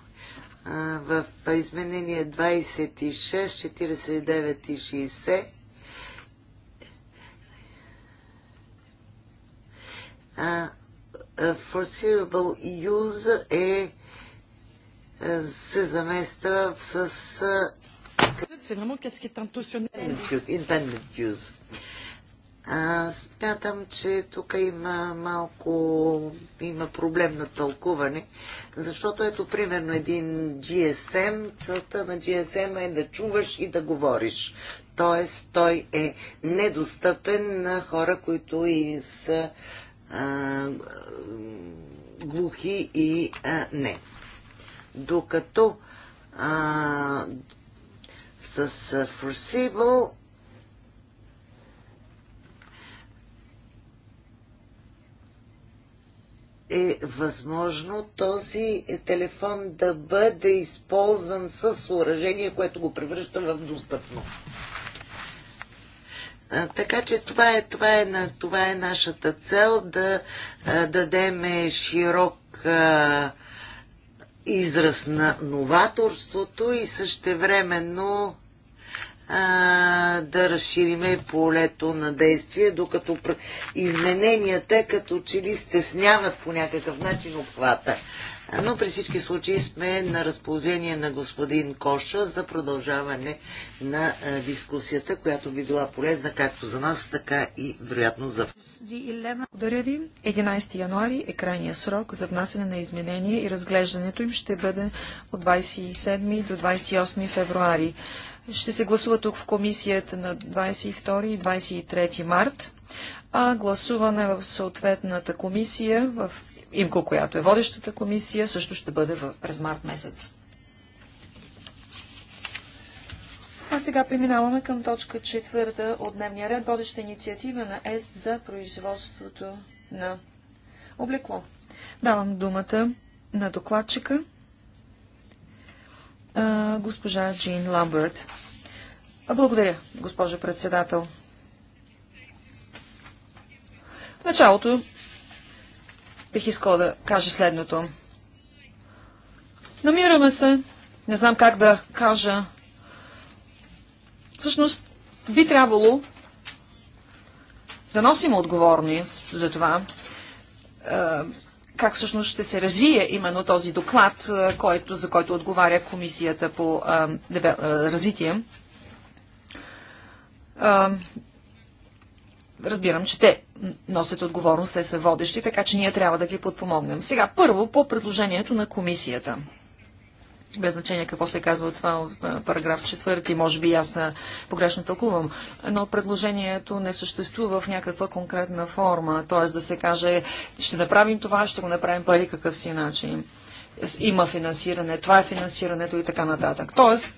Е, в изменение 26, 49 и 60 foreseeable use е се замества с Смятам, че тук има малко има проблем на тълкуване, защото ето примерно един GSM, целта на GSM е да чуваш и да говориш. Тоест той е недостъпен на хора, които и са а, глухи и а, не докато а, с foreseeable е възможно този телефон да бъде използван с уражение, което го превръща в достъпно. А, така че това е, това е, това е нашата цел да да дадем широк а, израз на новаторството и същевременно а, да разшириме полето на действие, докато измененията като че ли стесняват по някакъв начин обхвата но при всички случаи сме на разположение на господин Коша за продължаване на е, дискусията, която би била полезна както за нас, така и вероятно за... Благодаря ви. 11 януари е крайния срок за внасяне на изменения и разглеждането им ще бъде от 27 до 28 февруари. Ще се гласува тук в комисията на 22 и 23 март, а гласуване в съответната комисия в ИМКО, която е водещата комисия, също ще бъде в, през март месец. А сега преминаваме към точка четвърта от дневния ред, водеща инициатива на ЕС за производството на облекло. Давам думата на докладчика а, госпожа Джин Ламбърт. Благодаря, госпожо председател. В началото бих искала да кажа следното. Намираме се, не знам как да кажа. Всъщност, би трябвало да носим отговорност за това, е, как всъщност ще се развие именно този доклад, е, който, за който отговаря Комисията по е, развитие. разбирам, че те носят отговорност, те са водещи, така че ние трябва да ги подпомогнем. Сега, първо по предложението на комисията. Без значение какво се казва от това от параграф 4, може би аз погрешно тълкувам, но предложението не съществува в някаква конкретна форма, т.е. да се каже, ще направим това, ще го направим по какъв си начин. Има финансиране, това е финансирането и така нататък. Тоест,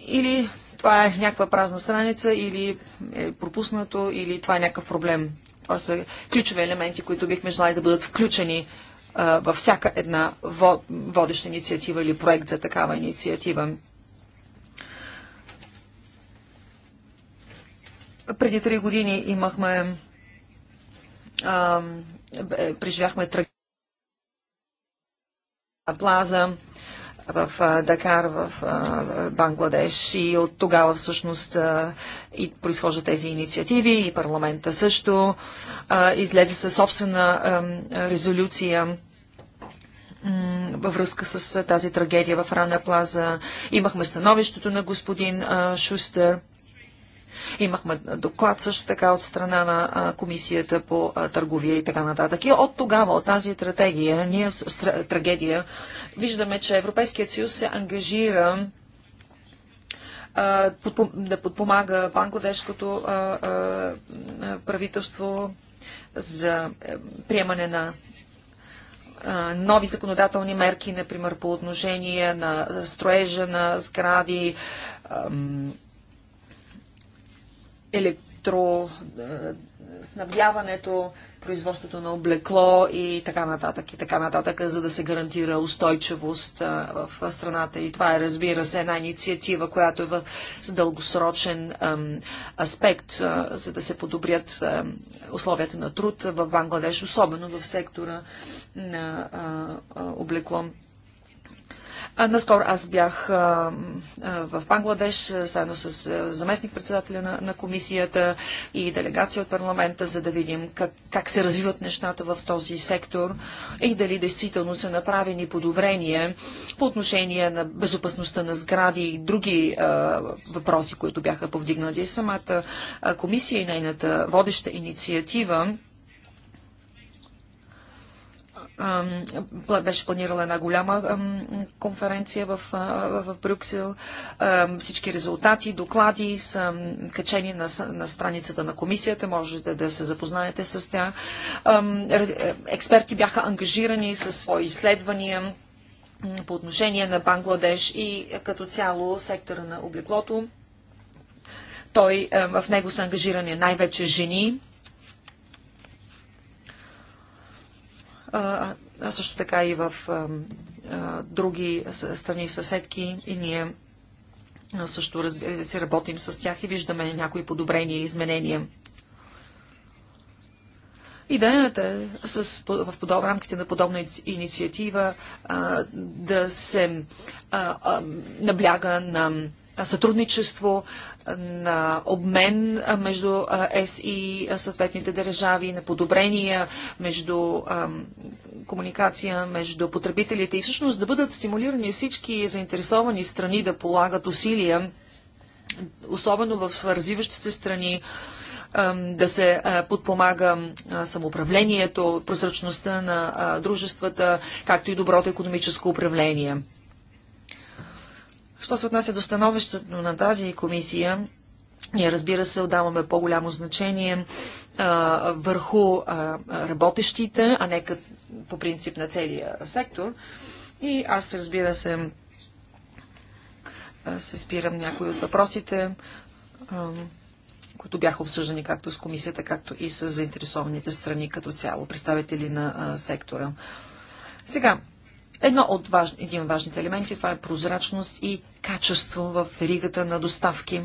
или това е някаква празна страница или е пропуснато, или това е някакъв проблем. Това са ключови елементи, които бихме желали да бъдат включени а, във всяка една водеща инициатива или проект за такава инициатива. Преди три години имахме, а, е, преживяхме трагедия плаза, в Дакар, в Бангладеш и от тогава всъщност и произхожда тези инициативи и парламента също излезе със собствена резолюция във връзка с тази трагедия в Рана Плаза. Имахме становището на господин Шустер Имахме доклад също така от страна на комисията по търговия и така нататък. И от тогава, от тази стратегия, ние, трагедия, виждаме, че Европейският съюз се ангажира да подпомага бангладешкото правителство за е, приемане на нови законодателни мерки, например по отношение на строежа на сгради, електроснабдяването, е, производството на облекло и така нататък, и така нататък, за да се гарантира устойчивост е, в страната. И това е, разбира се, една инициатива, която е в дългосрочен аспект, е, за да се подобрят условията на труд в Бангладеш, особено в сектора на облекло наскоро аз бях в Бангладеш, заедно с заместник-председателя на, на комисията и делегация от парламента, за да видим как, как се развиват нещата в този сектор и дали действително са направени подобрения по отношение на безопасността на сгради и други въпроси, които бяха повдигнати. Самата комисия и нейната водеща инициатива беше планирала една голяма конференция в, в Брюксел. Всички резултати, доклади са качени на, на страницата на комисията. Можете да се запознаете с тях. Е, експерти бяха ангажирани със свои изследвания по отношение на Бангладеш и е, като цяло сектора на облеклото той, в него са ангажирани най-вече жени. а също така и в други страни съседки и ние също разбира се работим с тях и виждаме някои подобрения и изменения. Идеята е с, в подоб, рамките на подобна инициатива а, да се а, а, набляга на сътрудничество, на обмен между ЕС и съответните държави, на подобрения между комуникация между потребителите и всъщност да бъдат стимулирани всички заинтересовани страни да полагат усилия, особено в развиващи се страни, да се подпомага самоуправлението, прозрачността на дружествата, както и доброто економическо управление. Що се отнася до становището на тази комисия, ние, разбира се, отдаваме по-голямо значение а, върху а, работещите, а не кът, по принцип на целия сектор. И аз, разбира се, се спирам някои от въпросите, а, които бяха обсъждани както с комисията, както и с заинтересованите страни като цяло, представители на а, сектора. Сега, Едно от важ... един от важните елементи това е прозрачност и качество в ригата на доставки.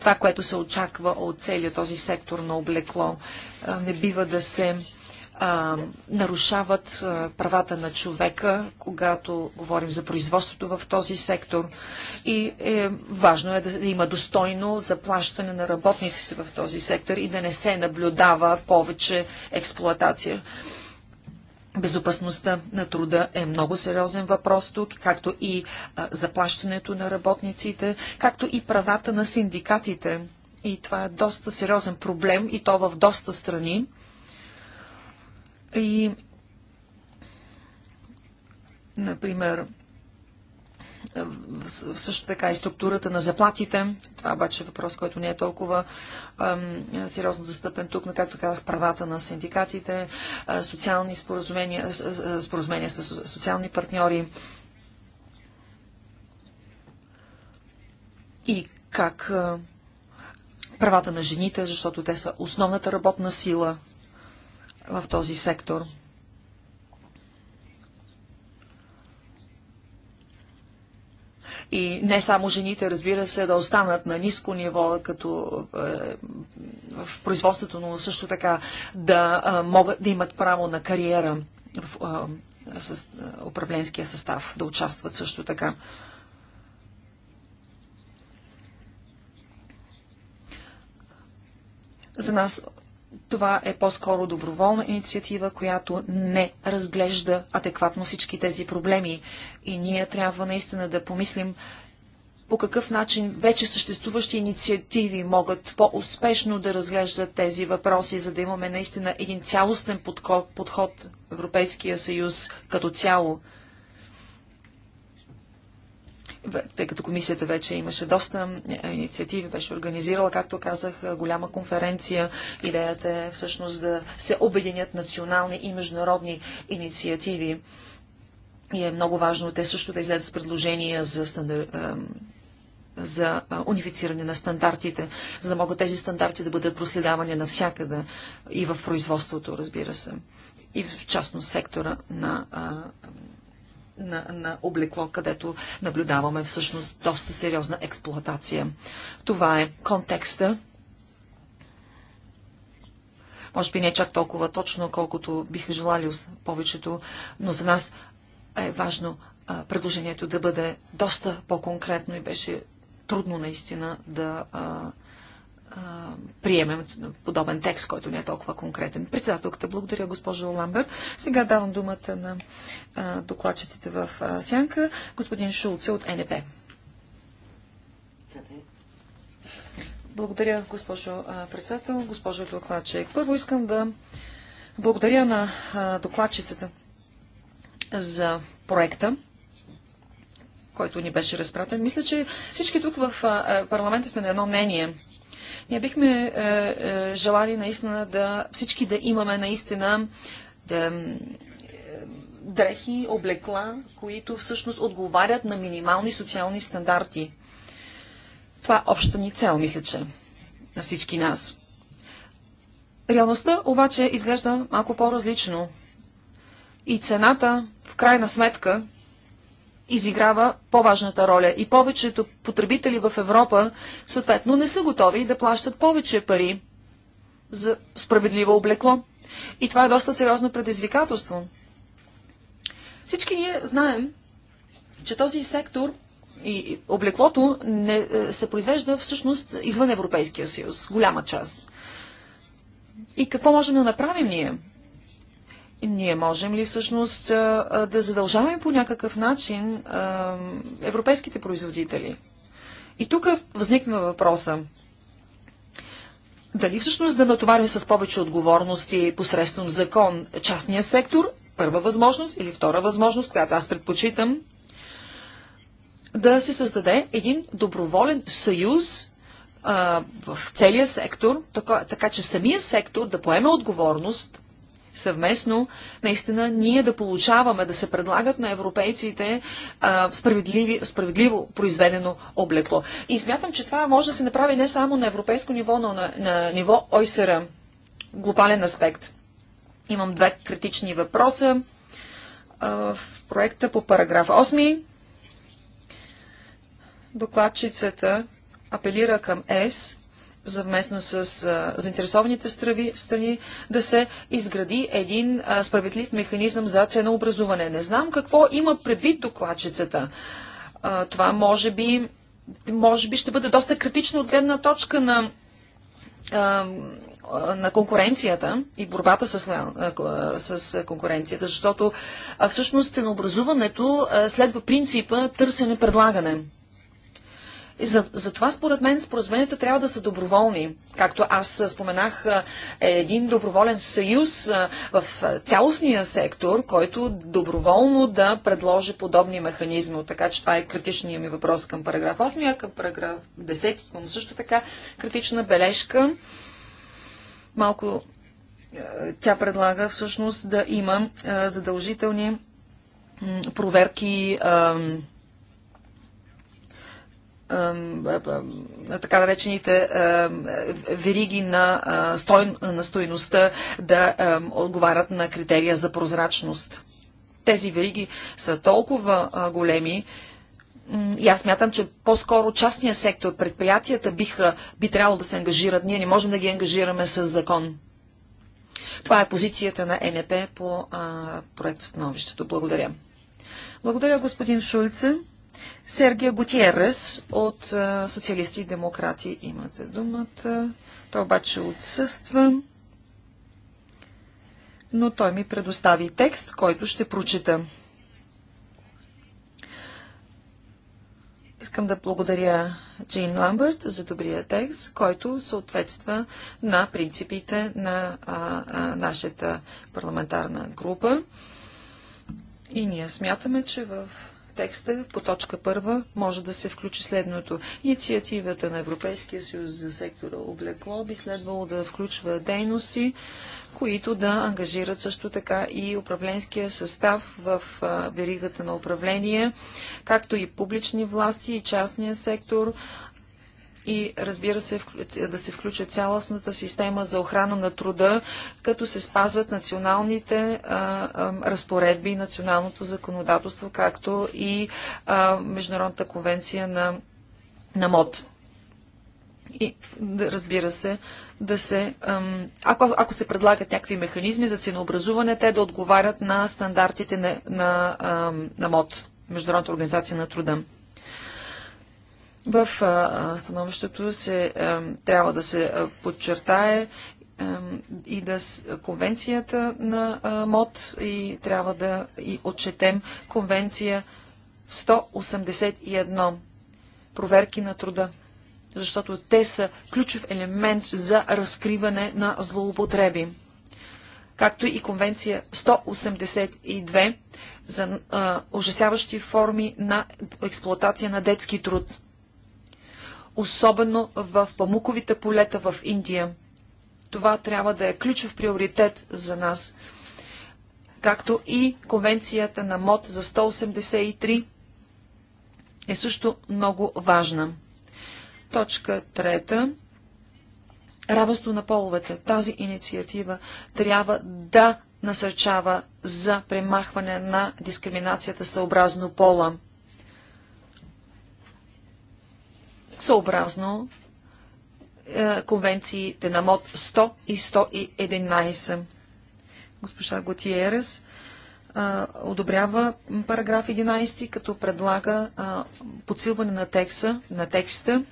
Това, което се очаква от целият този сектор на облекло, не бива да се а, нарушават а, правата на човека, когато говорим за производството в този сектор. И е, важно е да има достойно заплащане на работниците в този сектор и да не се наблюдава повече експлоатация. Безопасността на труда е много сериозен въпрос тук, както и заплащането на работниците, както и правата на синдикатите. И това е доста сериозен проблем и то в доста страни. И, например, също така и структурата на заплатите. Това обаче е въпрос, който не е толкова сериозно застъпен тук, но както казах, правата на синдикатите, социални споразумения, споразумения с социални партньори и как правата на жените, защото те са основната работна сила в този сектор – и не само жените, разбира се, да останат на ниско ниво, като е, в производството, но също така да е, могат да имат право на кариера в е, управленския състав, да участват също така. За нас това е по-скоро доброволна инициатива, която не разглежда адекватно всички тези проблеми. И ние трябва наистина да помислим по какъв начин вече съществуващи инициативи могат по-успешно да разглеждат тези въпроси, за да имаме наистина един цялостен подход, подход Европейския съюз като цяло тъй като комисията вече имаше доста е, инициативи, беше организирала, както казах, е, голяма конференция. Идеята е всъщност да се обединят национални и международни инициативи. И е много важно те също да излезат с предложения за стандар е, за унифициране на стандартите, за да могат тези стандарти да бъдат проследавани навсякъде и в производството, разбира се, и в частност сектора на на, на облекло, където наблюдаваме всъщност доста сериозна експлоатация. Това е контекста. Може би не е чак толкова точно, колкото биха желали повечето, но за нас е важно а, предложението да бъде доста по-конкретно и беше трудно наистина да а, приемем подобен текст, който не е толкова конкретен. Председателката, благодаря госпожо Ламбер. Сега давам думата на а, докладчиците в а, Сянка, господин Шулце от НП. Благодаря, госпожо председател, госпожо докладчик. Първо искам да благодаря на докладчицата за проекта, който ни беше разпратен. Мисля, че всички тук в парламента сме на едно мнение ние бихме е, е, желали наистина да всички да имаме наистина да, е, дрехи, облекла, които всъщност отговарят на минимални социални стандарти. Това е общата ни цел, мисля, че на всички нас. Реалността обаче изглежда малко по-различно. И цената, в крайна сметка, изиграва по-важната роля и повечето потребители в Европа съответно не са готови да плащат повече пари за справедливо облекло. И това е доста сериозно предизвикателство. Всички ние знаем, че този сектор и облеклото не, е, се произвежда всъщност извън Европейския съюз, голяма част. И какво можем да направим ние? ние можем ли всъщност да задължаваме по някакъв начин европейските производители? И тук възникна въпроса. Дали всъщност да натоварим с повече отговорности посредством закон частния сектор, първа възможност или втора възможност, която аз предпочитам, да се създаде един доброволен съюз а, в целия сектор, така, така че самия сектор да поеме отговорност съвместно, наистина ние да получаваме, да се предлагат на европейците а, справедливо произведено облекло. И смятам, че това може да се направи не само на европейско ниво, но на, на ниво ОСР, глобален аспект. Имам две критични въпроса а, в проекта по параграф 8. Докладчицата апелира към ЕС съвместно с а, заинтересованите страни, страни да се изгради един а, справедлив механизъм за ценообразуване. Не знам какво има предвид докладчицата. А, това може би, може би ще бъде доста критично от гледна точка на, а, на конкуренцията и борбата с, а, с конкуренцията, защото а, всъщност ценообразуването а, следва принципа търсене-предлагане. И за, за това, според мен, споразуменията трябва да са доброволни. Както аз споменах, един доброволен съюз в цялостния сектор, който доброволно да предложи подобни механизми. Така че това е критичният ми въпрос към параграф 8, а към параграф 10 към също така критична бележка. Малко тя предлага всъщност да има задължителни проверки така наречените вериги на, стой, на стойността да отговарят на критерия за прозрачност. Тези вериги са толкова големи, и аз мятам, че по-скоро частния сектор, предприятията биха, би трябвало да се ангажират. Ние не можем да ги ангажираме с закон. Това е позицията на НП по проекто становището. Благодаря. Благодаря, господин Шульце. Сергия Гутиерес от Социалисти и демократи имате думата. Той обаче отсъства, но той ми предостави текст, който ще прочита. Искам да благодаря Джейн Ламбърт за добрия текст, който съответства на принципите на а, а, нашата парламентарна група. И ние смятаме, че в текста по точка първа може да се включи следното. Инициативата на Европейския съюз за сектора облекло би следвало да включва дейности, които да ангажират също така и управленския състав в веригата на управление, както и публични власти и частния сектор, и разбира се да се включи цялостната система за охрана на труда, като се спазват националните разпоредби и националното законодателство, както и Международната конвенция на, на МОД. И разбира се, да се. Ако, ако се предлагат някакви механизми за ценообразуване, те да отговарят на стандартите на, на, на МОД, Международната организация на труда. В становището се, трябва да се подчертае и да с конвенцията на МОД и трябва да и отчетем конвенция 181 проверки на труда, защото те са ключов елемент за разкриване на злоупотреби. Както и конвенция 182 за а, ужасяващи форми на експлоатация на детски труд особено в памуковите полета в Индия. Това трябва да е ключов приоритет за нас, както и конвенцията на МОД за 183 е също много важна. Точка трета. Равенство на половете. Тази инициатива трябва да насърчава за премахване на дискриминацията съобразно пола. съобразно е, конвенциите на МОД 100 и 111. Госпожа Готиерес одобрява параграф 11, като предлага а, подсилване на, текста, на текста.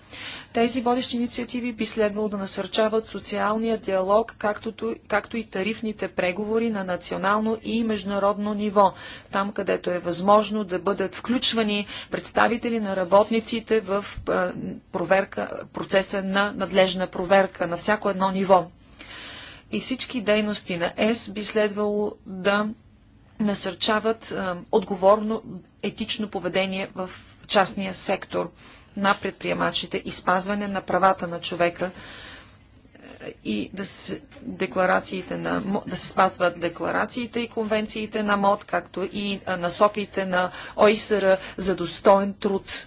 Тези водещи инициативи би следвало да насърчават социалния диалог, както, както и тарифните преговори на национално и международно ниво, там където е възможно да бъдат включвани представители на работниците в а, проверка, процеса на надлежна проверка на всяко едно ниво и всички дейности на ЕС би следвало да насърчават е, отговорно етично поведение в частния сектор на предприемачите и спазване на правата на човека е, и да се, декларациите на, да се спазват декларациите и конвенциите на МОД, както и е, насоките на ОИСР за достоен труд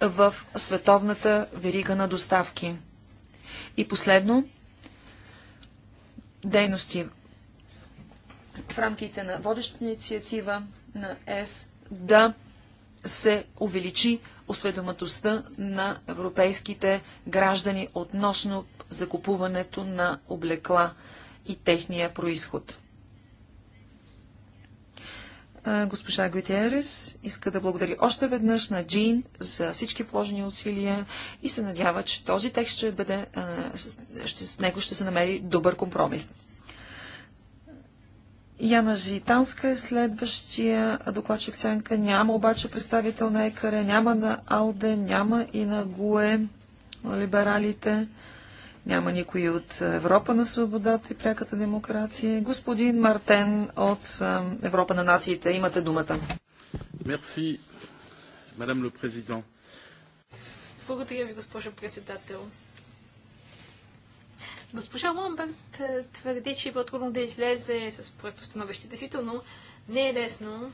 в световната верига на доставки. И последно, дейности в рамките на водещата инициатива на ЕС да се увеличи осведоматостта на европейските граждани относно закупуването на облекла и техния происход. Госпожа Гутерес иска да благодари още веднъж на Джин за всички положени усилия и се надява, че този текст ще бъде, ще, с него ще се намери добър компромис. Яна Житанска е следващия докладчик сянка. Няма обаче представител на ЕКАРЕ, няма на АЛДЕ, няма и на ГУЕ, на либералите. Няма никой от Европа на свободата и пряката демокрация. Господин Мартен от Европа на нациите, имате думата. Мерси, мадам ле президент. Благодаря ви, госпожо председател. Госпожа Ламберт е, твърди, че е трудно да излезе с проектостановище. Действително не е лесно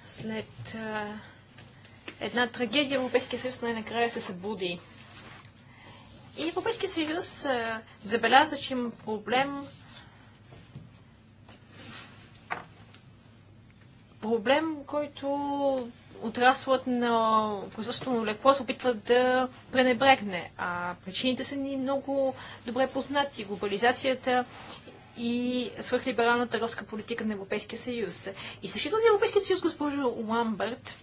след а, е, една трагедия Европейския съюз най-накрая се събуди. И Европейския съюз а, е, забеляза, че има проблем проблем, който отраслът на производството на лекло се опитва да пренебрегне. А причините са ни много добре познати. Глобализацията и свърхлибералната руска политика на Европейския съюз. И същото на Европейския съюз, госпожо Ламбърт,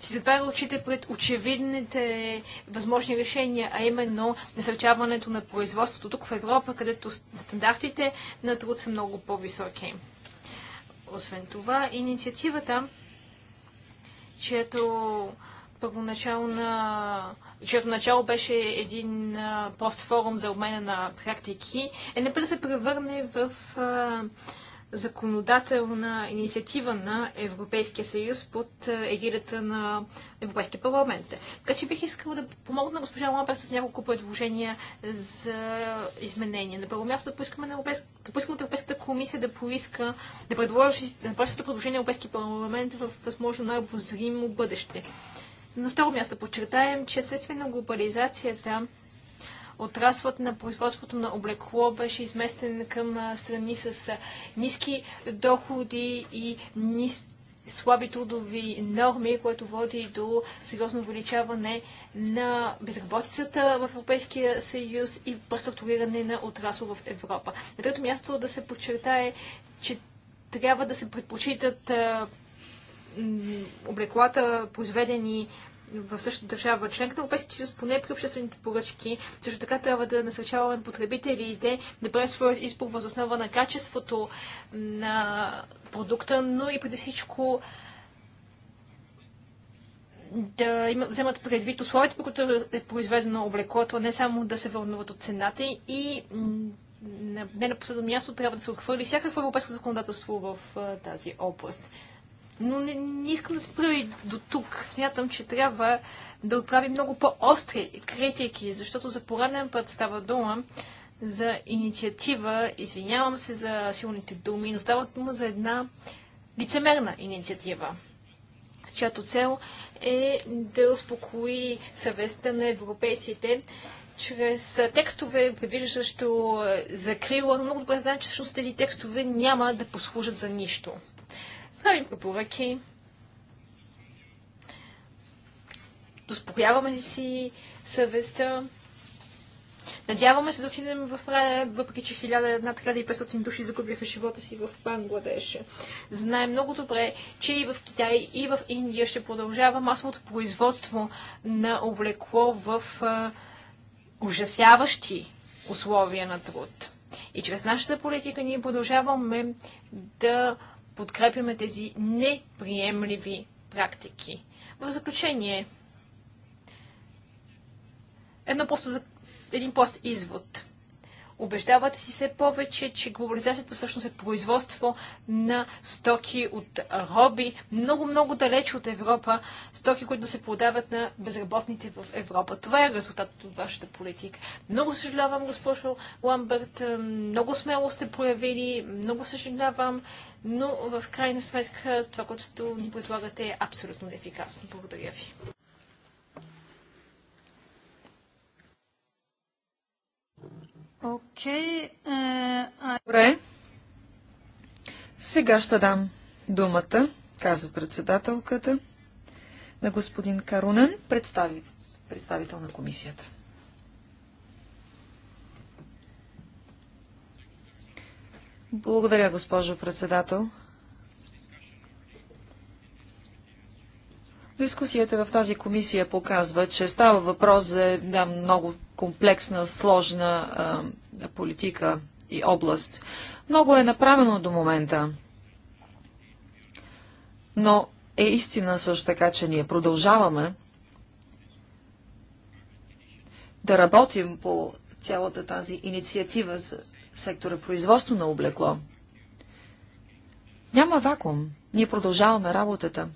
си затваря очите пред очевидните възможни решения, а именно насърчаването на производството тук в Европа, където стандартите на труд са много по-високи. Освен това, инициативата чието първоначална чието начало беше един постфорум за обмена на практики, е не да се превърне в а, законодателна инициатива на Европейския съюз под е, егидата на Европейския парламент. Така че бих искала да помогна госпожа Лампер с няколко предложения за изменения. На първо място да поискаме, на да поискаме от Европейската комисия да поиска да предложи да предложение на Европейския парламент в възможно най-обозримо бъдеще. На второ място подчертаем, че следствие на глобализацията отраслът на производството на облекло беше изместен към страни с ниски доходи и ниски слаби трудови норми, което води до сериозно увеличаване на безработицата в Европейския съюз и преструктуриране на отрасъл в Европа. На трето място да се подчертае, че трябва да се предпочитат облеклата, произведени в същата държава членка на Европейския съюз, поне при обществените поръчки. Също така трябва да насърчаваме потребителите да правят своят избор въз основа на качеството на продукта, но и преди всичко да има, вземат предвид условията, по които е произведено облеклото, а не само да се вълнуват от цената и не на последно място трябва да се отхвърли всякакво европейско законодателство в тази област. Но не, не искам да спра и до тук. Смятам, че трябва да отправи много по-остри критики, защото за пореден път става дума за инициатива. Извинявам се за силните думи, но става дума за една лицемерна инициатива чиято цел е да успокои съвестта на европейците чрез текстове, предвиждащо е, закрила, но много добре знаем, че всъщност тези текстове няма да послужат за нищо правим препоръки, успокояваме ли си съвестта, Надяваме се да отидем в рая, въпреки че 1500 души загубиха живота си в Бангладеш. Знаем много добре, че и в Китай, и в Индия ще продължава масовото производство на облекло в а, ужасяващи условия на труд. И чрез нашата политика ние продължаваме да подкрепяме тези неприемливи практики. В заключение, едно просто, един прост извод. Обеждавате си се повече, че глобализацията всъщност е производство на стоки от роби, много-много далеч от Европа, стоки, които да се продават на безработните в Европа. Това е резултатът от вашата политика. Много съжалявам, госпожо Ламберт, много смело сте проявили, много съжалявам, но в крайна сметка това, което ни предлагате е абсолютно неефикасно. Благодаря ви. Okay, е, Добре. Сега ще дам думата, казва председателката, на господин Карунен, представи, представител на комисията. Благодаря, госпожо председател. Дискусията в тази комисия показва, че става въпрос за една много комплексна, сложна а, политика и област. Много е направено до момента. Но е истина също така, че ние продължаваме да работим по цялата тази инициатива за сектора производство на облекло. Няма вакуум. Ние продължаваме работата.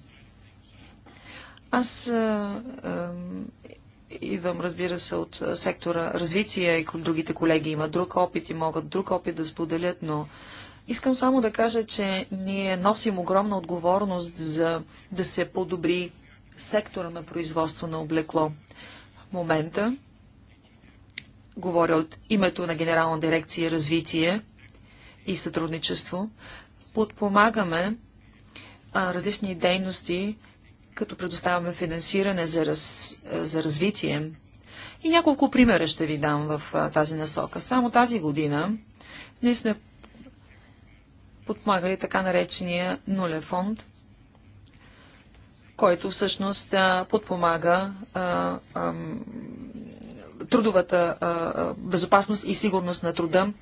Аз а, а, идвам, разбира се, от сектора развитие и другите колеги имат друг опит и могат друг опит да споделят, но искам само да кажа, че ние носим огромна отговорност за да се подобри сектора на производство на облекло. В момента говоря от името на Генерална дирекция развитие и сътрудничество, подпомагаме а, различни дейности, като предоставяме финансиране за, раз, за развитие. И няколко примера ще ви дам в а, тази насока. Само тази година ние сме подпомагали така наречения нулев фонд, който всъщност а, подпомага а, трудовата безопасност и сигурност на труда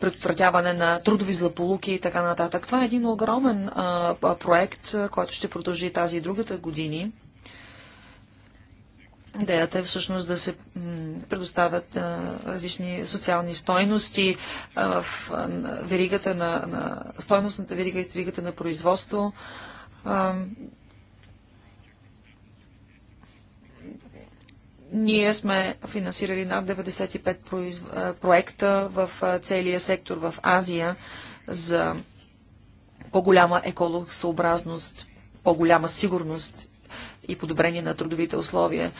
предотвратяване на трудови злополуки и така нататък. Това е един огромен проект, който ще продължи тази и другата години. Идеята е всъщност да се предоставят различни социални стойности в веригата на, на стойностната верига и веригата на производство. Ние сме финансирали над 95 произ... проекта в целия сектор в Азия за по-голяма екологосъобразност, по-голяма сигурност и подобрение на трудовите условия.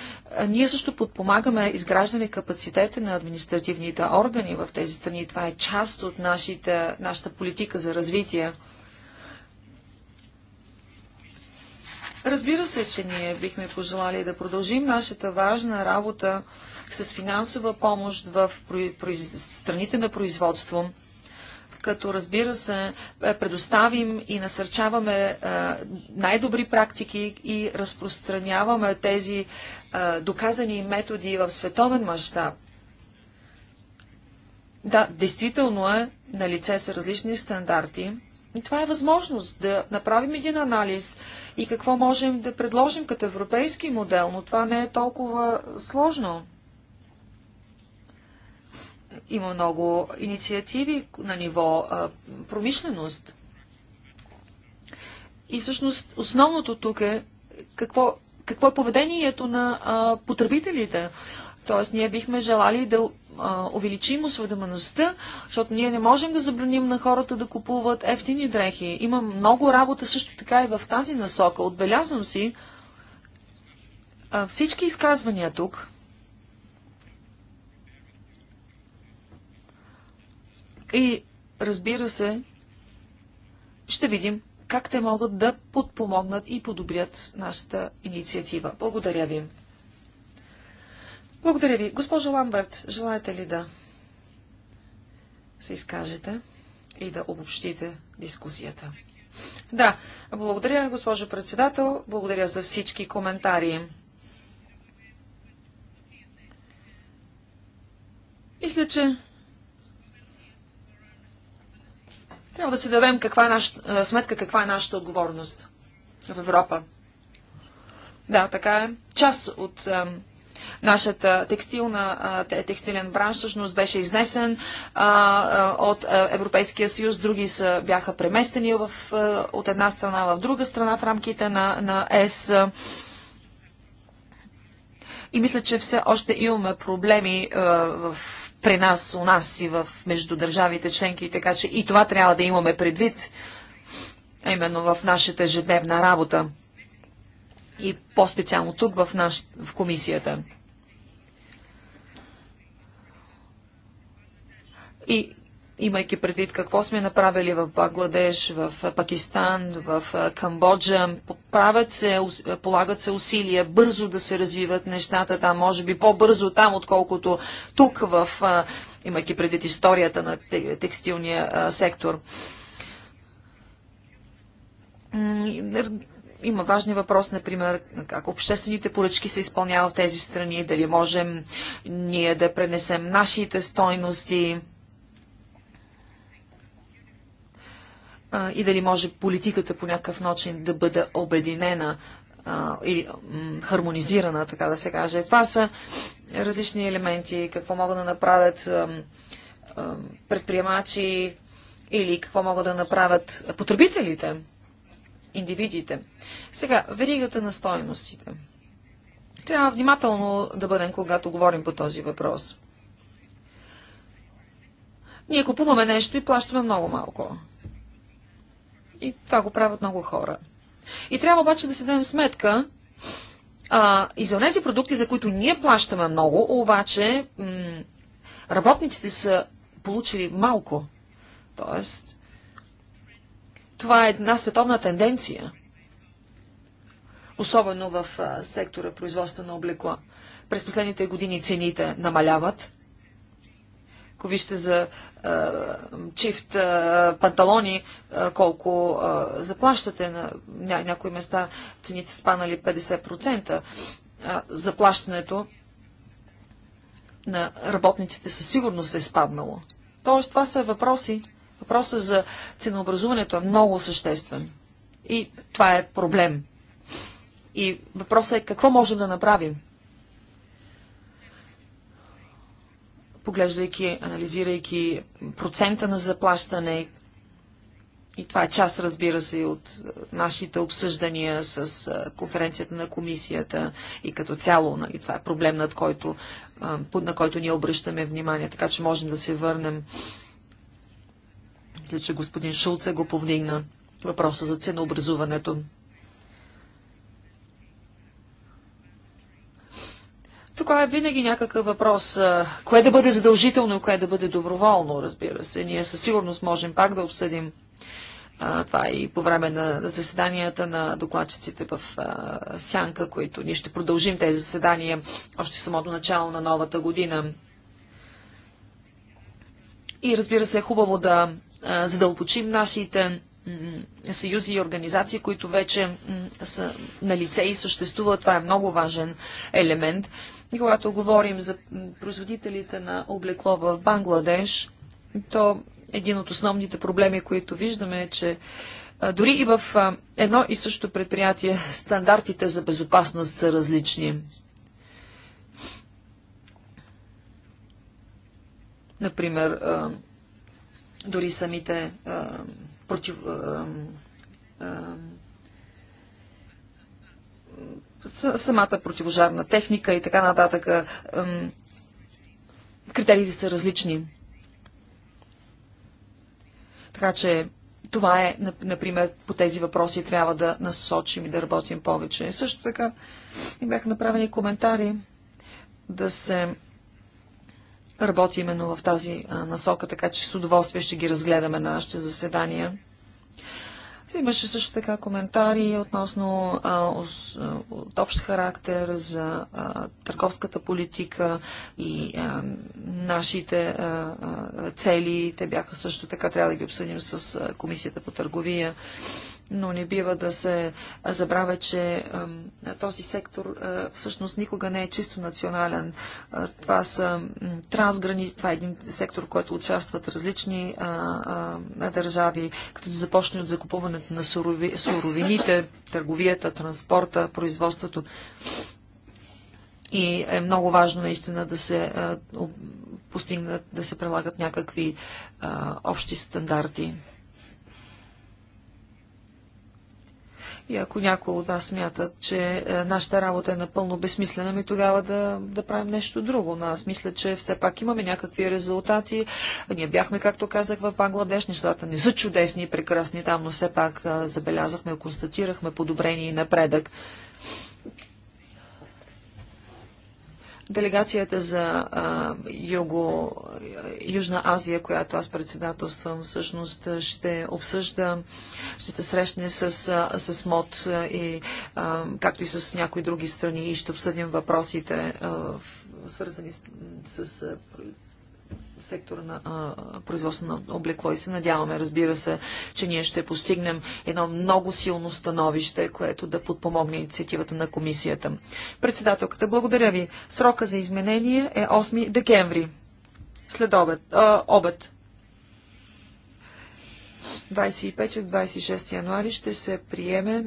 Ние също подпомагаме изграждане капацитета на административните органи в тези страни. Това е част от нашите, нашата политика за развитие. Разбира се, че ние бихме пожелали да продължим нашата важна работа с финансова помощ в страните на производство, като разбира се е, предоставим и насърчаваме е, най-добри практики и разпространяваме тези е, доказани методи в световен мащаб. Да, действително е, на лице са различни стандарти, и това е възможност да направим един анализ и какво можем да предложим като европейски модел, но това не е толкова сложно. Има много инициативи на ниво а, промишленост. И всъщност основното тук е какво, какво е поведението на а, потребителите. Тоест, ние бихме желали да увеличим осведомеността, защото ние не можем да забраним на хората да купуват ефтини дрехи. Има много работа също така и в тази насока. Отбелязвам си а, всички изказвания тук. И разбира се, ще видим как те могат да подпомогнат и подобрят нашата инициатива. Благодаря ви. Благодаря ви. Госпожо Ламберт, желаете ли да се изкажете и да обобщите дискусията? Да, благодаря, госпожо председател. Благодаря за всички коментари. Мисля, че трябва да си дадем каква е наш... сметка каква е нашата отговорност в Европа. Да, така е. Част от ем, Нашата текстилна, текстилен бранш всъщност беше изнесен а, от Европейския съюз, други са, бяха преместени в, от една страна в друга страна в рамките на, на ЕС. И мисля, че все още имаме проблеми а, в при нас, у нас и в, между държавите членки, така че и това трябва да имаме предвид, именно в нашата ежедневна работа и по-специално тук в, наш, в комисията. И имайки предвид какво сме направили в Багладеш, в Пакистан, в Камбоджа. Правят се, полагат се усилия бързо да се развиват нещата там, може би по-бързо там, отколкото тук, в, имайки предвид историята на текстилния сектор има важни въпроси, например, как обществените поръчки се изпълняват в тези страни, дали можем ние да пренесем нашите стойности и дали може политиката по някакъв начин да бъде обединена и хармонизирана, така да се каже. Това са различни елементи, какво могат да направят предприемачи или какво могат да направят потребителите индивидите. Сега, веригата на стойностите. Трябва внимателно да бъдем, когато говорим по този въпрос. Ние купуваме нещо и плащаме много малко. И това го правят много хора. И трябва обаче да си дадем сметка, а, и за тези продукти, за които ние плащаме много, обаче работниците са получили малко. Тоест, това е една световна тенденция, особено в сектора производство на облекла. През последните години цените намаляват. Ако вижте за е, чифт е, панталони, е, колко е, заплащате на ня, някои места, цените спанали 50%. А, заплащането на работниците със сигурност е спаднало. Тоест, това са въпроси, Въпросът за ценообразуването е много съществен. И това е проблем. И въпросът е какво можем да направим. Поглеждайки, анализирайки процента на заплащане, и това е част, разбира се, от е, нашите обсъждания с е, конференцията на комисията и като цяло, нали, това е проблем, над който, е, на който ние обръщаме внимание, така че можем да се върнем мисля, че господин Шулце го повдигна въпроса за ценообразуването. Тук е винаги някакъв въпрос. Кое да бъде задължително и кое да бъде доброволно, разбира се. Ние със сигурност можем пак да обсъдим а, това и по време на заседанията на докладчиците в а, Сянка, които ние ще продължим тези заседания още в самото начало на новата година. И разбира се, е хубаво да задълбочим нашите съюзи и организации, които вече са на лице и съществуват. Това е много важен елемент. И когато говорим за производителите на облекло в Бангладеш, то един от основните проблеми, които виждаме е, че дори и в едно и също предприятие стандартите за безопасност са различни. Например, дори самите а, против, а, а, самата противожарна техника и така нататък. А, а, критериите са различни. Така че това е, например, по тези въпроси трябва да насочим и да работим повече. Също така и бяха направени коментари да се работи именно в тази а, насока, така че с удоволствие ще ги разгледаме на нашите заседания. Имаше също така коментари относно а, ос, от общ характер за а, търговската политика и а, нашите а, цели. Те бяха също така, трябва да ги обсъдим с Комисията по търговия но не бива да се забравя, че този сектор всъщност никога не е чисто национален. Това са трансграни, това е един сектор, който участват различни държави, като се започне от закупуването на суровините, търговията, транспорта, производството. И е много важно наистина да се постигнат, да се прилагат някакви а, общи стандарти. И ако някои от нас смятат, че е, нашата работа е напълно безсмислена, ми тогава да, да правим нещо друго. Но аз мисля, че все пак имаме някакви резултати. Ние бяхме, както казах, в Бангладеш. Нещата не са чудесни и прекрасни там, но все пак е, забелязахме, констатирахме подобрение и напредък. Делегацията за а, Юго, Южна Азия, която аз председателствам, всъщност ще обсъжда, ще се срещне с, с МОД и а, както и с някои други страни и ще обсъдим въпросите а, свързани с, с сектора на а, производство на облекло и се надяваме, разбира се, че ние ще постигнем едно много силно становище, което да подпомогне инициативата на комисията. Председателката, благодаря ви. Срока за изменение е 8 декември. След обед. А, обед. 25 26 януари ще се приеме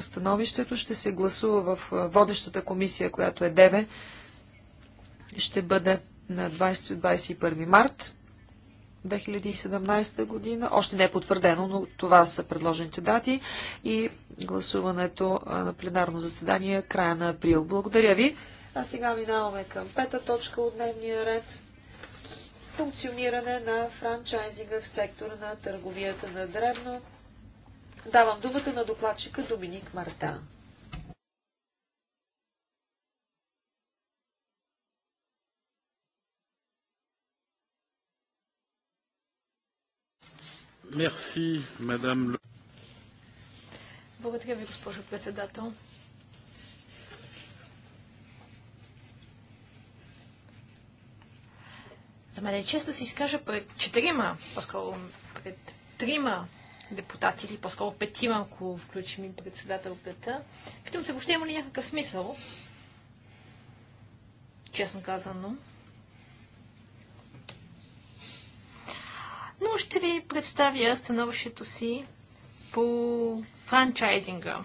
становището, ще се гласува в водещата комисия, която е 9, ще бъде на 20-21 март 2017 година. Още не е потвърдено, но това са предложените дати и гласуването на пленарно заседание края на април. Благодаря ви. А сега минаваме към пета точка от дневния ред. Функциониране на франчайзинга в сектора на търговията на древно. Давам думата на докладчика Доминик Марта. Merci, Благодаря ви, госпожо председател. За мен е чест да се изкажа пред четирима, по-скоро пред трима депутати или по-скоро петима, ако включим и председателката. Питам се, въобще има ли някакъв смисъл? Честно казано. но ще ви представя становището си по франчайзинга.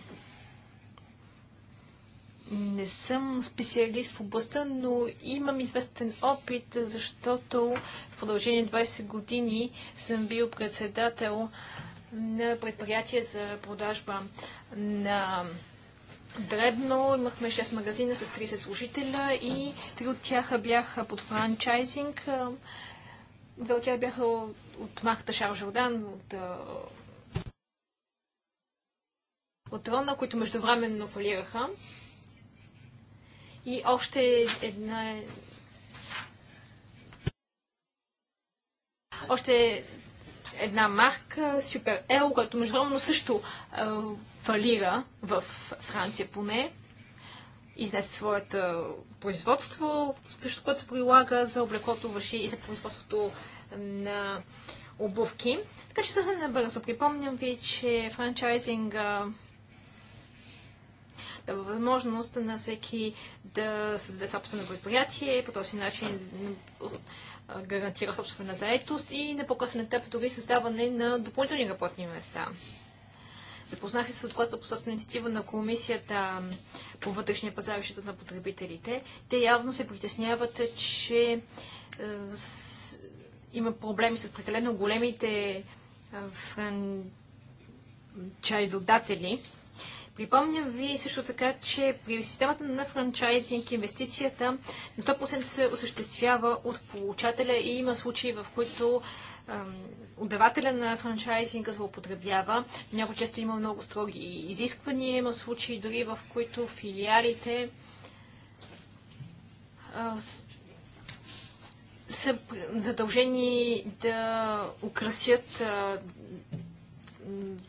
Не съм специалист в областта, но имам известен опит, защото в продължение 20 години съм бил председател на предприятие за продажба на дребно. Имахме 6 магазина с 30 служителя и три от тях бяха под франчайзинг. Две от тях бяха от Махта Шар Жордан, от, от Рона, които междувременно фалираха. И още една е- още една марка, Super L, която междувременно също е, фалира в Франция поне. Изнесе своето производство, също което се прилага за облеклото върши и за производството на обувки. Така че съвсем набързо припомням ви, че франчайзинга дава възможност на всеки да създаде собствено предприятие, по този начин гарантира собствена заетост и на по-късен етап дори създаване на допълнителни работни места. Запознах се с доклада по собствена инициатива на комисията по вътрешния пазар на потребителите. Те явно се притесняват, че е, има проблеми с прекалено големите франчайзодатели. Припомням ви също така, че при системата на франчайзинг инвестицията на 100% се осъществява от получателя и има случаи, в които отдавателя на франчайзинга злоупотребява. Много често има много строги изисквания, има случаи дори в които филиалите а, са задължени да украсят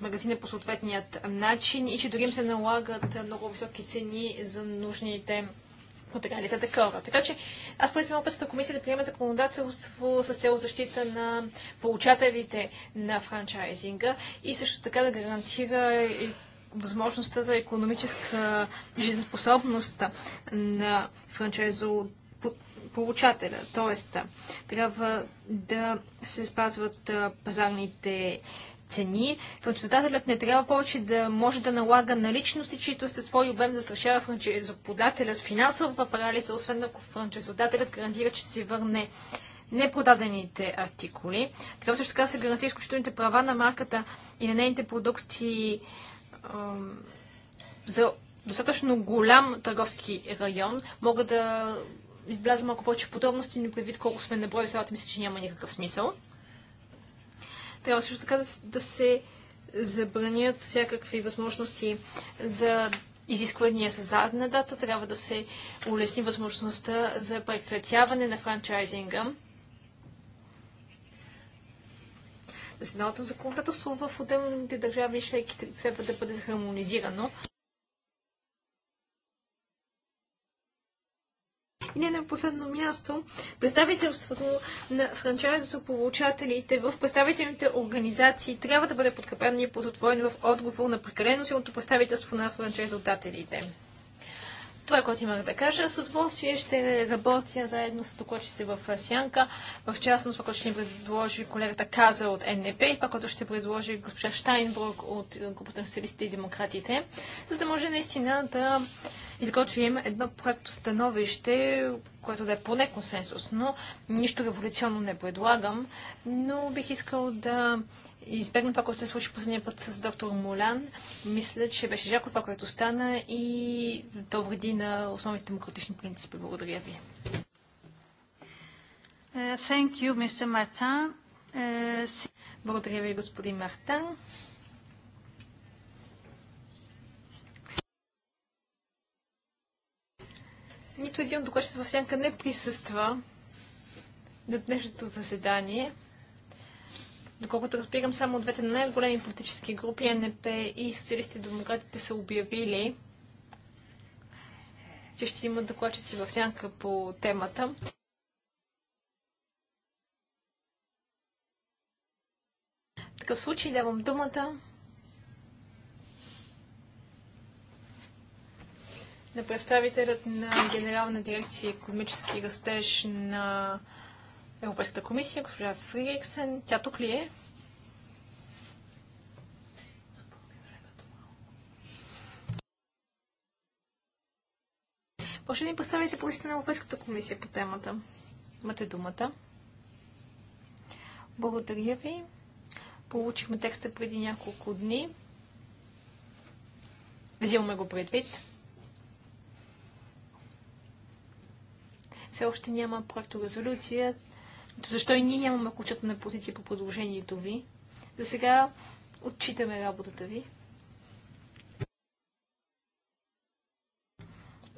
магазина по съответният начин и че дори им се налагат много високи цени за нужните материали за декора. Така че аз поискам Европейската комисия да приема законодателство с цел защита на получателите на франчайзинга и също така да гарантира възможността за економическа жизнеспособност на франчайзо получателя. Тоест, трябва да се спазват пазарните цени. Франчайзодателят не трябва повече да може да налага наличности, чието естество свой обем застрашава франчайзоподателя с финансова парализа, освен ако франчайзодателят гарантира, че се върне непродадените артикули. Трябва също така се гарантира изключителните права на марката и на нейните продукти за достатъчно голям търговски район могат да избляза малко повече подробности, но предвид колко сме на брой в мисля, че няма никакъв смисъл. Трябва също така да, да се забранят всякакви възможности за изисквания с задна дата. Трябва да се улесни възможността за прекратяване на франчайзинга. Националното законодателство в отделните държави шейки трябва да бъде хармонизирано. И не на последно място, представителството на франчайзополучателите в представителните организации трябва да бъде подкрепено и позатворено в отговор на прекалено силното представителство на франчайзодателите. Това, което имах да кажа, с удоволствие ще работя заедно с докладчите в Сянка, в частност това, което ще ни предложи колегата Каза от НДП и това, което ще предложи госпожа Штайнбрук от групата на и демократите, за да може наистина да изготвим едно проекто становище, което да е поне консенсусно. Нищо революционно не предлагам, но бих искал да избегна това, което се случи последния път с доктор Молян. Мисля, че беше жалко това, което стана и то вреди на основните демократични принципи. Благодаря ви. Е, thank you, Mr. Martin. Uh... Благодаря ви, господин Мартан. Нито един от докладчите в сянка не присъства на днешното заседание. Доколкото разбирам, само двете най-големи политически групи, НП и социалистите демократите, са обявили, че ще имат докладчици в сянка по темата. В такъв случай давам думата на представителят на Генерална дирекция економически растеж на Европейската комисия, госпожа Фриексен. Тя тук ли е? Може ли ни представите по на Европейската комисия по темата? Имате думата. Благодаря ви. Получихме текста преди няколко дни. Взимаме го предвид. Все още няма проекто резолюция, защо и ние нямаме окончателна позиция по предложението ви? За сега отчитаме работата ви.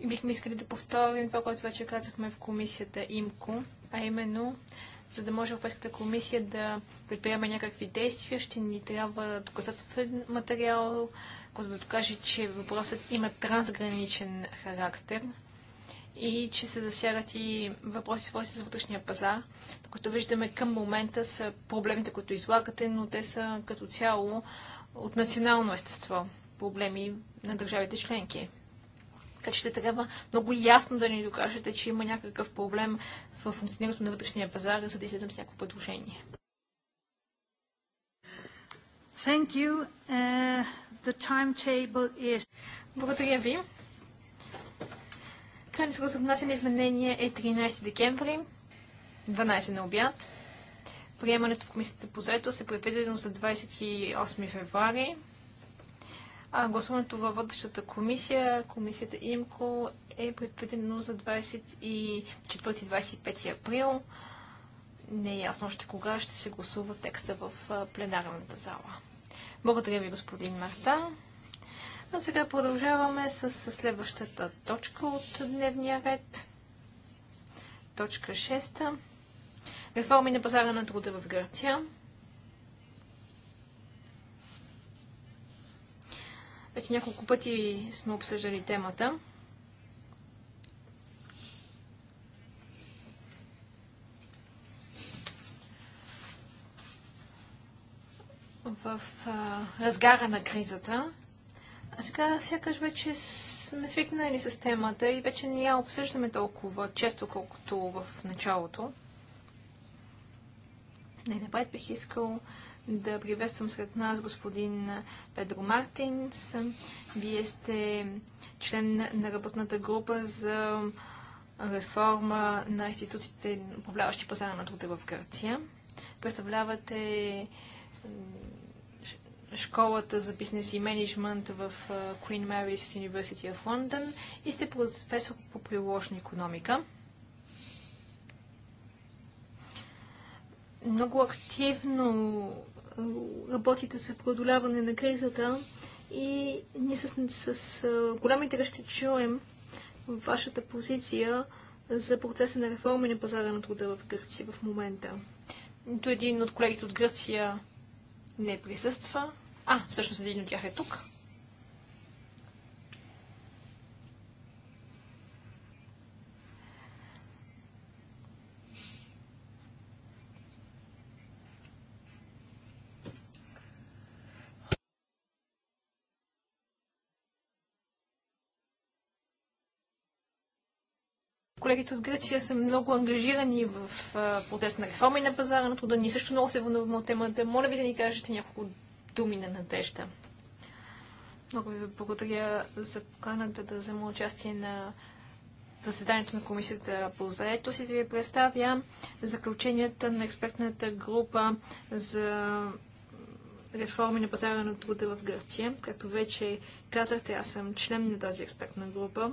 И бихме искали да повторим това, което вече казахме в комисията ИМКО, а именно, за да може Европейската комисия да предприеме някакви действия, ще ни трябва доказателствен материал, който да докаже, че въпросът има трансграничен характер и че се засягат и въпроси, свързани с вътрешния пазар, които виждаме към момента са проблемите, които излагате, но те са като цяло от национално естество проблеми на държавите членки. Така че ще трябва много ясно да ни докажете, че има някакъв проблем в функционирането на вътрешния пазар, за да изследвам всяко предложение. Thank you. Uh, the timetable is... Благодаря ви. Крайният срок за внасяне изменение е 13 декември, 12 на обяд. Приемането в комисията по заедост е предвидено за 28 февруари. А гласуването във водещата комисия, комисията ИМКО, е предвидено за 24-25 април. Не е ясно още кога ще се гласува текста в пленарната зала. Благодаря ви, господин Марта. А сега продължаваме с, с следващата точка от дневния ред. Точка 6. Реформи на пазара на труда в Гърция. Вече няколко пъти сме обсъждали темата. В а, разгара на кризата а сега сякаш вече сме свикнали с темата и вече не я обсъждаме толкова често, колкото в началото. Не, напред бих искал да приветствам сред нас господин Педро Мартинс. Вие сте член на работната група за реформа на институциите, управляващи пазара на труда в Гърция. Представлявате школата за бизнес и менеджмент в Queen Mary's University в Лондон и сте професор по приложна економика. Много активно работите за преодоляване на кризата и ние с, с, с голям интерес ще чуем вашата позиция за процеса на реформи на пазара на труда в Гърция в момента. Нито един от колегите от Гърция не присъства. А, всъщност един от тях е тук. колегите от Гърция са много ангажирани в процес на реформи на пазара на труда. Ние също много се вълнуваме от темата. Моля ви да ни кажете няколко думи на надежда. Много ви благодаря за поканата да взема участие на заседанието на комисията по заето си да ви представя заключенията на експертната група за реформи на пазара на труда в Гърция. Както вече казахте, аз съм член на тази експертна група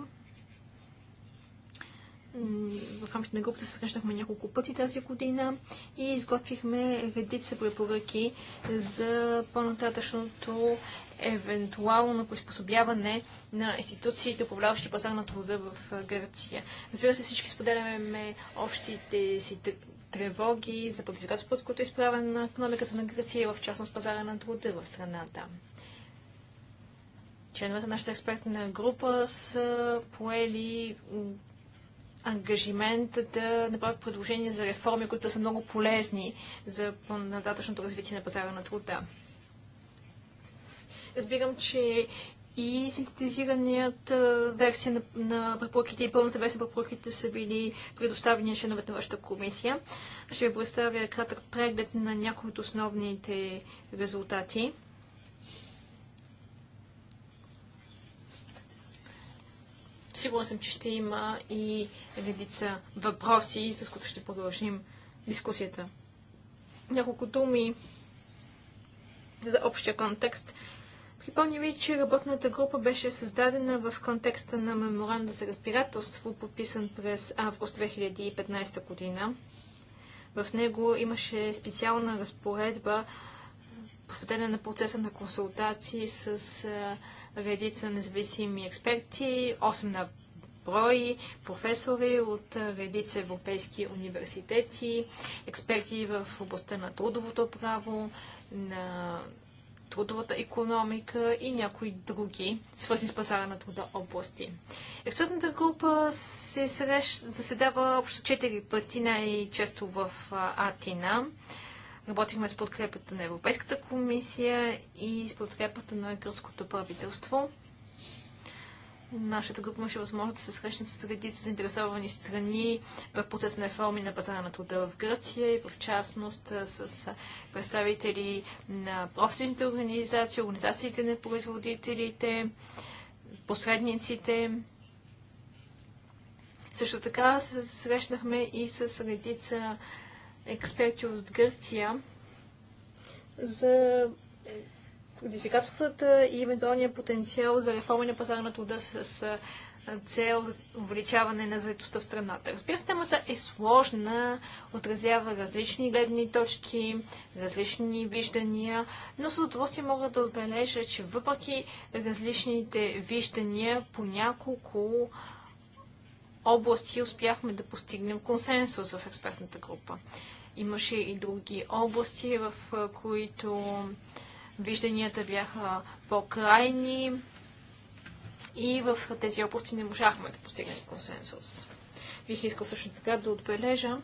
в рамките на групата се срещнахме няколко пъти тази година и изготвихме редица препоръки за по-нататъчното евентуално приспособяване на институциите, управляващи пазар на труда в Гърция. Разбира се, всички споделяме общите си тревоги за предизвикателството, което е изправено на економиката на Гърция и в частност пазара на труда в страната. Членовете на нашата експертна група са поели ангажимент да направят предложения за реформи, които са много полезни за нататъчното развитие на пазара на труда. Разбирам, че и синтетизираният версия на, на препоръките и пълната версия на препоръките са били предоставени на членовете на вашата комисия. Ще ви представя кратък преглед на някои от основните резултати. Сигурна съм, че ще има и редица въпроси, с които ще продължим дискусията. Няколко думи за общия контекст. Припомня ви, че работната група беше създадена в контекста на меморанда за разбирателство, подписан през август 2015 година. В него имаше специална разпоредба, посветена на процеса на консултации с редица независими експерти, 8 на брой професори от редица европейски университети, експерти в областта на трудовото право, на трудовата економика и някои други, свързани с пазара на труда области. Експертната група се срещ, заседава общо 4 пъти, най-често в Атина. Работихме с подкрепата на Европейската комисия и с подкрепата на гръцкото правителство. Нашата група имаше възможност да се срещне с редица заинтересовани страни в процес на реформи на пазара на труда в Гърция и в частност с представители на профсъюзните организации, организациите на производителите, посредниците. Също така се срещнахме и с редица експерти от Гърция за предизвикателствата и евентуалния потенциал за реформи на пазара на труда с цел увеличаване на заедостта в страната. Разбира се, темата е сложна, отразява различни гледни точки, различни виждания, но с удоволствие мога да отбележа, че въпреки различните виждания по няколко области успяхме да постигнем консенсус в експертната група. Имаше и други области, в които вижданията бяха по-крайни и в тези области не можахме да постигнем консенсус. Бих искал също така да отбележа,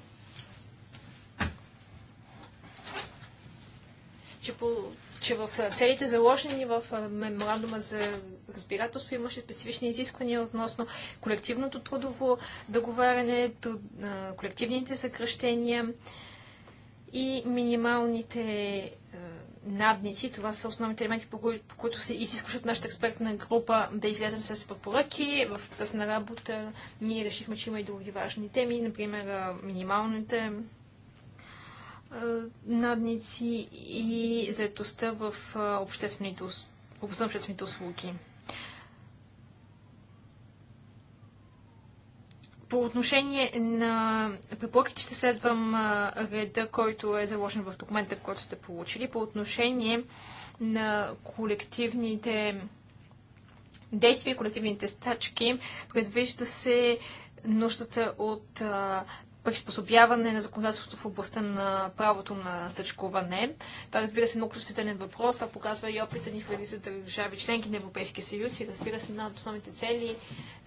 че, по, че в целите заложени в меморандума за разбирателство имаше специфични изисквания относно колективното трудово договаряне, колективните съкръщения, и минималните надници. Това са основните елементи, по, кои, по които се изискваше от нашата експертна група да излезем с препоръки. В процес на работа ние решихме, че има и други важни теми, например минималните надници и заетостта в обществените, в обществените услуги. По отношение на препоръките ще следвам реда, който е заложен в документа, който сте получили. По отношение на колективните действия, колективните стачки, предвижда се нуждата от приспособяване на законодателството в областта на правото на стъчкуване. Това разбира се е много чувствителен въпрос. Това показва и опита ни в редица държави, членки на Европейския съюз. И разбира се, една от основните цели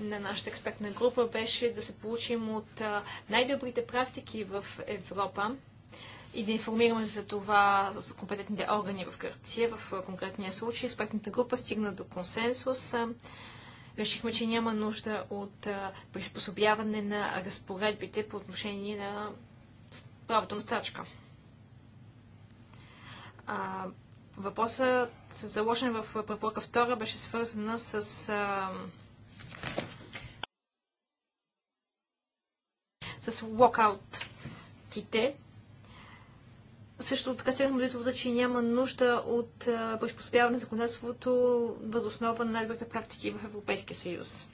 на нашата експертна група беше да се получим от най-добрите практики в Европа и да информираме за това за компетентните органи в Гърция. В конкретния случай експертната група стигна до консенсус решихме, че няма нужда от приспособяване на разпоредбите по отношение на правото на стачка. Въпросът, заложен в препоръка 2, беше свързана с а, с локаутите също така сега до че няма нужда от приспособяване на законодателството възоснова на най-добрите практики в Европейския съюз.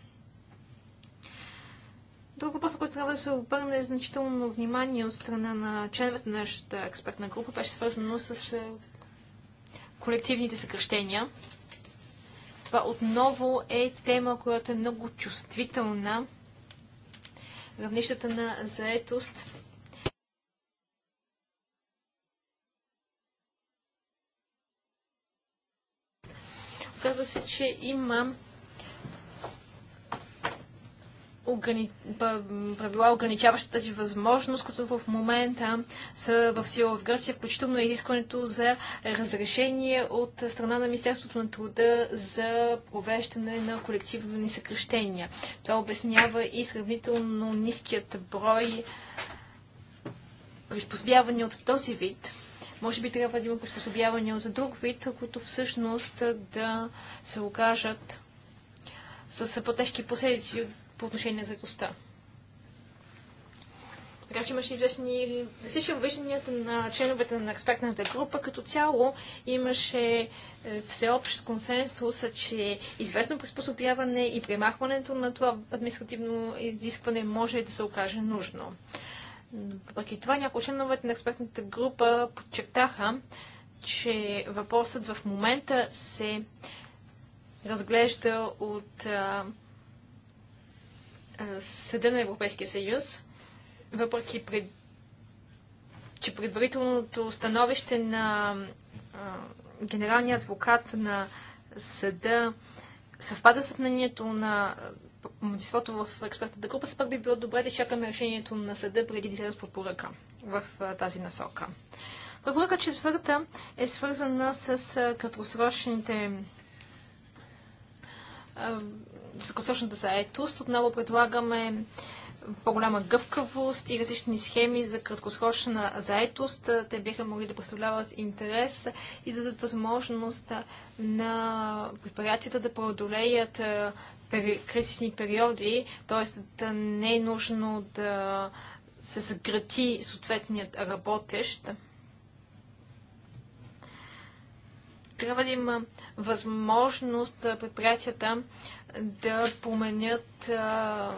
Друг въпрос, на който трябва да се обърне значително внимание от страна на членовете на нашата експертна група, беше свързано с колективните съкръщения. Това отново е тема, която е много чувствителна. Равнищата на заетост оказва се, че има ограни... правила, ограничаващи тази възможност, като в момента са в сила в Гърция, включително изискването за разрешение от страна на Министерството на труда за провеждане на колективни съкрещения. Това обяснява и сравнително ниският брой приспособявания от този вид – може би трябва да има приспособявания от друг вид, които всъщност да се окажат с по-тежки последици по отношение на заедостта. Така че имаше известни различни вижданията на членовете на експертната група. Като цяло имаше е, всеобщ консенсус, че известно приспособяване и премахването на това административно изискване може да се окаже нужно. Въпреки това, някои членовете на експертната група подчертаха, че въпросът в момента се разглежда от Съда на Европейския съюз, въпреки пред, че предварителното становище на а, генералния адвокат на съда съвпада с мнението на мнозинството в експертната група, все пак би било добре да чакаме решението на съда преди да излезе с препоръка в тази насока. Препоръка четвърта е свързана с краткосрочните краткосрочната заетост. Отново предлагаме по-голяма гъвкавост и различни схеми за краткосрочна заетост. Те биха могли да представляват интерес и да дадат възможност на предприятията да преодолеят кризисни периоди, т.е. да не е нужно да се съкрати съответният работещ. Трябва да има възможност предприятията да променят а,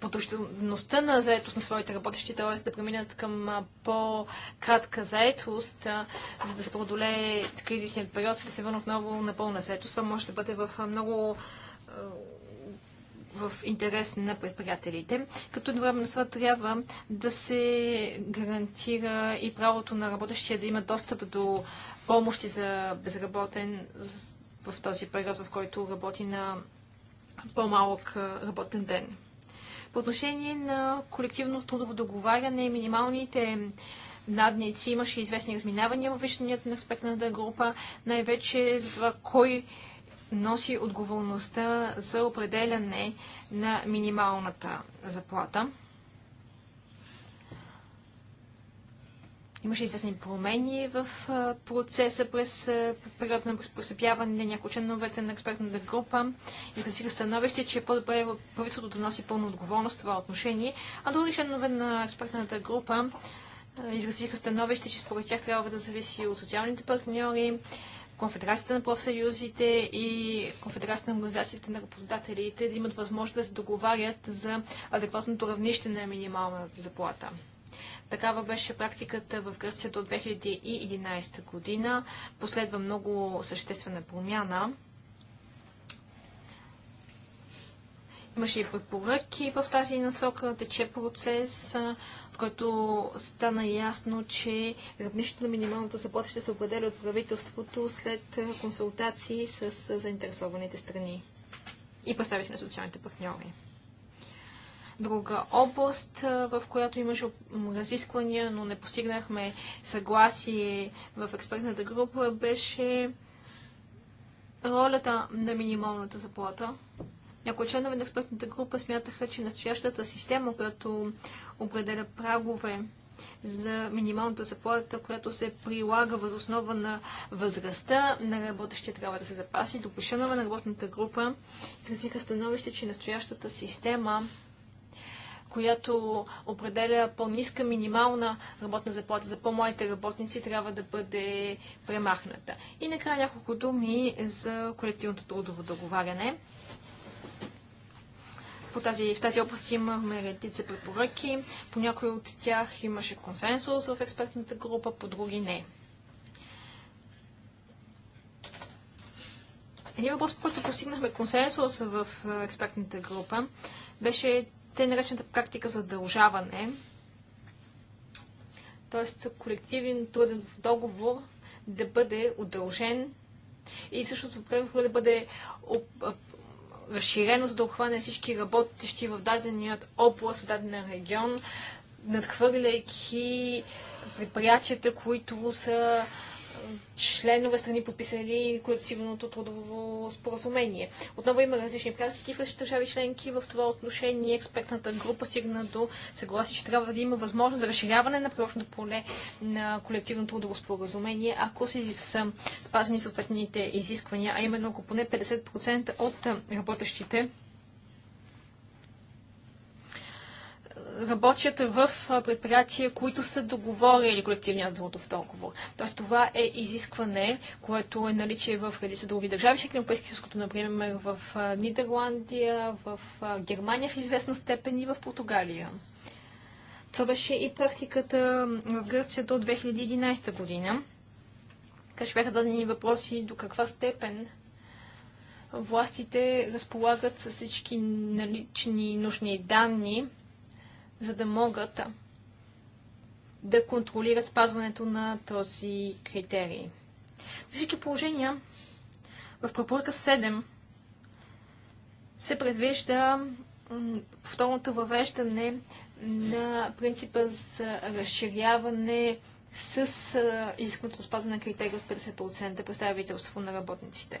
продължителността на заетост на своите работещи, т.е. да преминат към по-кратка заетост, за да се преодолее кризисният период и да се върнат отново на пълна заетост. Това може да бъде в много в интерес на предприятелите, като едновременно това трябва да се гарантира и правото на работещия да има достъп до помощи за безработен в този период, в който работи на по-малък работен ден. По отношение на колективно трудово договаряне, минималните надници имаше известни разминавания в вижданията на експертната група, най-вече за това кой носи отговорността за определяне на минималната заплата. Имаше известни промени в процеса през период на пресъпяване на някои членовете на експертната група. си становище, че по-добре е правителството да носи пълна отговорност в това отношение, а други членове на експертната група изразиха становище, че според тях трябва да зависи от социалните партньори, Конфедерацията на профсъюзите и Конфедерацията на организацията на работодателите да имат възможност да се договарят за адекватното равнище на минималната заплата. Такава беше практиката в Гърция до 2011 година. Последва много съществена промяна. Имаше и препоръки в тази насока, тече процес, от който стана ясно, че равнището на минималната заплата ще се определя от правителството след консултации с заинтересованите страни и представители на социалните партньори друга област, в която имаше разисквания, но не постигнахме съгласие в експертната група, беше ролята на минималната заплата. Някои членове на експертната група смятаха, че настоящата система, която определя прагове за минималната заплата, която се прилага въз основа на възрастта на работещия, трябва да се запаси. Допишенове на работната група изразиха становище, че настоящата система която определя по-ниска минимална работна заплата за по-младите работници, трябва да бъде премахната. И накрая няколко думи за колективното трудово договаряне. По тази, в тази област имаме редица препоръки. По някои от тях имаше консенсус в експертната група, по други не. Един въпрос, по който постигнахме консенсус в е, експертната група, беше, те наречената практика за дължаване, т.е. колективен труден договор да бъде удължен и също е да бъде разширено, за да обхване всички работещи в даденият област, в даден регион, надхвърляйки предприятията, които са членове страни подписали колективното трудово споразумение. Отново има различни практики в държави членки. В това отношение експертната група стигна до съгласие, че трябва да има възможност за разширяване на прочното поле на колективно трудово споразумение, ако се са спазени съответните изисквания, а именно ако поне 50% от работещите работят в предприятия, които са договорили колективния трудов договор. Тоест това е изискване, което е наличие в редица други държави, членки на Европейския съюз, като например в Нидерландия, в Германия в известна степен и в Португалия. Това беше и практиката в Гърция до 2011 година. Каш бяха дадени въпроси до каква степен властите разполагат с всички налични нужни данни за да могат да контролират спазването на този критерий. В всички положения, в препоръка 7 се предвижда повторното въвеждане на принципа за разширяване с изискването за спазване на критерия от 50% представителство на работниците.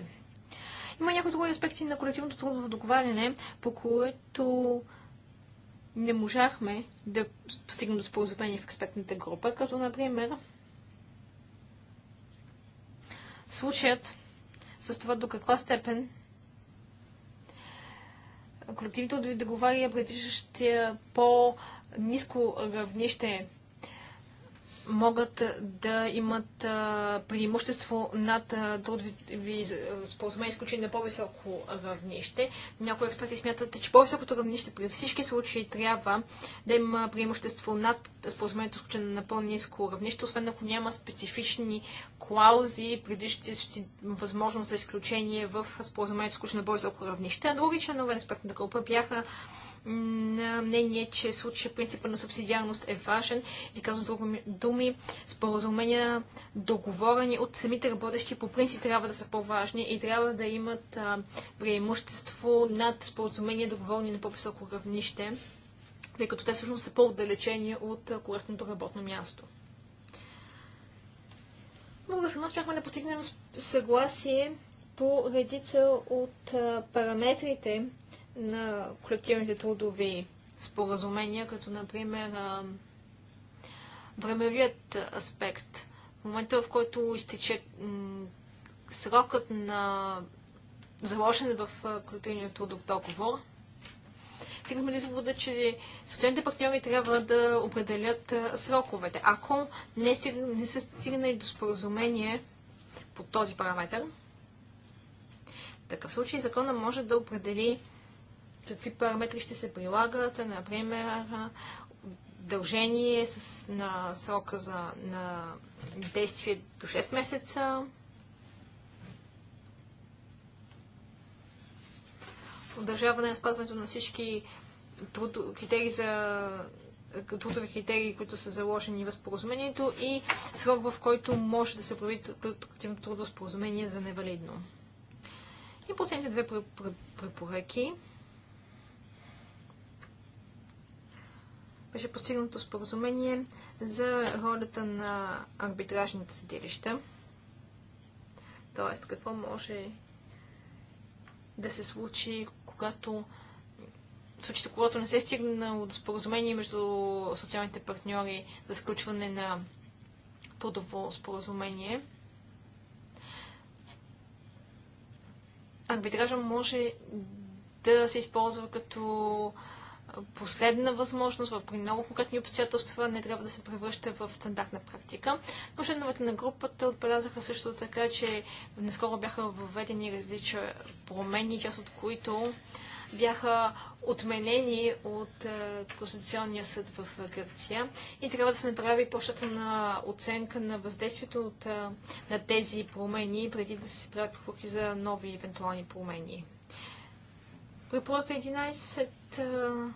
Има някои други аспекти на колективното трудово договаряне, по което не можахме да постигнем до споразумение в експертната група, като, например, случаят с това до каква степен колективните договаря предвиждащия по-низко равнище могат да имат преимущество над трудови споразумения, изключени на по-високо равнище. Някои експерти смятат, че по-високото равнище при всички случаи трябва да има преимущество над споразумението, изключено на по-низко равнище, освен ако няма специфични клаузи, предвиждащи възможност за изключение в споразумението, изключено на по-високо равнище. други членове на експертната група бяха на мнение, че случая принципа на субсидиарност е важен и казвам с други думи, споразумения договорени от самите работещи по принцип трябва да са по-важни и трябва да имат а, преимущество над споразумения договорени на по-високо равнище, тъй като те всъщност са по-отдалечени от коректното работно място. Много сама успяхме да постигнем съгласие по редица от а, параметрите на колективните трудови споразумения, като например времевият аспект. В момента, в който изтече срокът на заложен в колективния трудов договор, стигнахме до извода, че социалните партньори трябва да определят сроковете. Ако не, не са стигнали до споразумение по този параметр, в такъв случай закона може да определи какви параметри ще се прилагат, например, дължение с, на срока за, на действие до 6 месеца. Удължаване на спазването на всички критерии за трудови критерии, които са заложени в споразумението и срок, в който може да се прави колективното трудово споразумение за невалидно. И последните две препоръки. Пр- пр- пр- беше постигнато споразумение за ролята на арбитражните съдилища. Тоест, какво може да се случи, когато в случаите, когато не се е стигнало споразумение между социалните партньори за сключване на трудово споразумение. Арбитража може да се използва като последна възможност, в при много конкретни обстоятелства не трябва да се превръща в стандартна практика. Но членовете на групата отбелязаха също така, че наскоро бяха въведени различни промени, част от които бяха отменени от е, Конституционния съд в е, Гърция и трябва да се направи по на оценка на въздействието от, е, на тези промени, преди да се правят препоръки за нови евентуални промени. Препоръка 11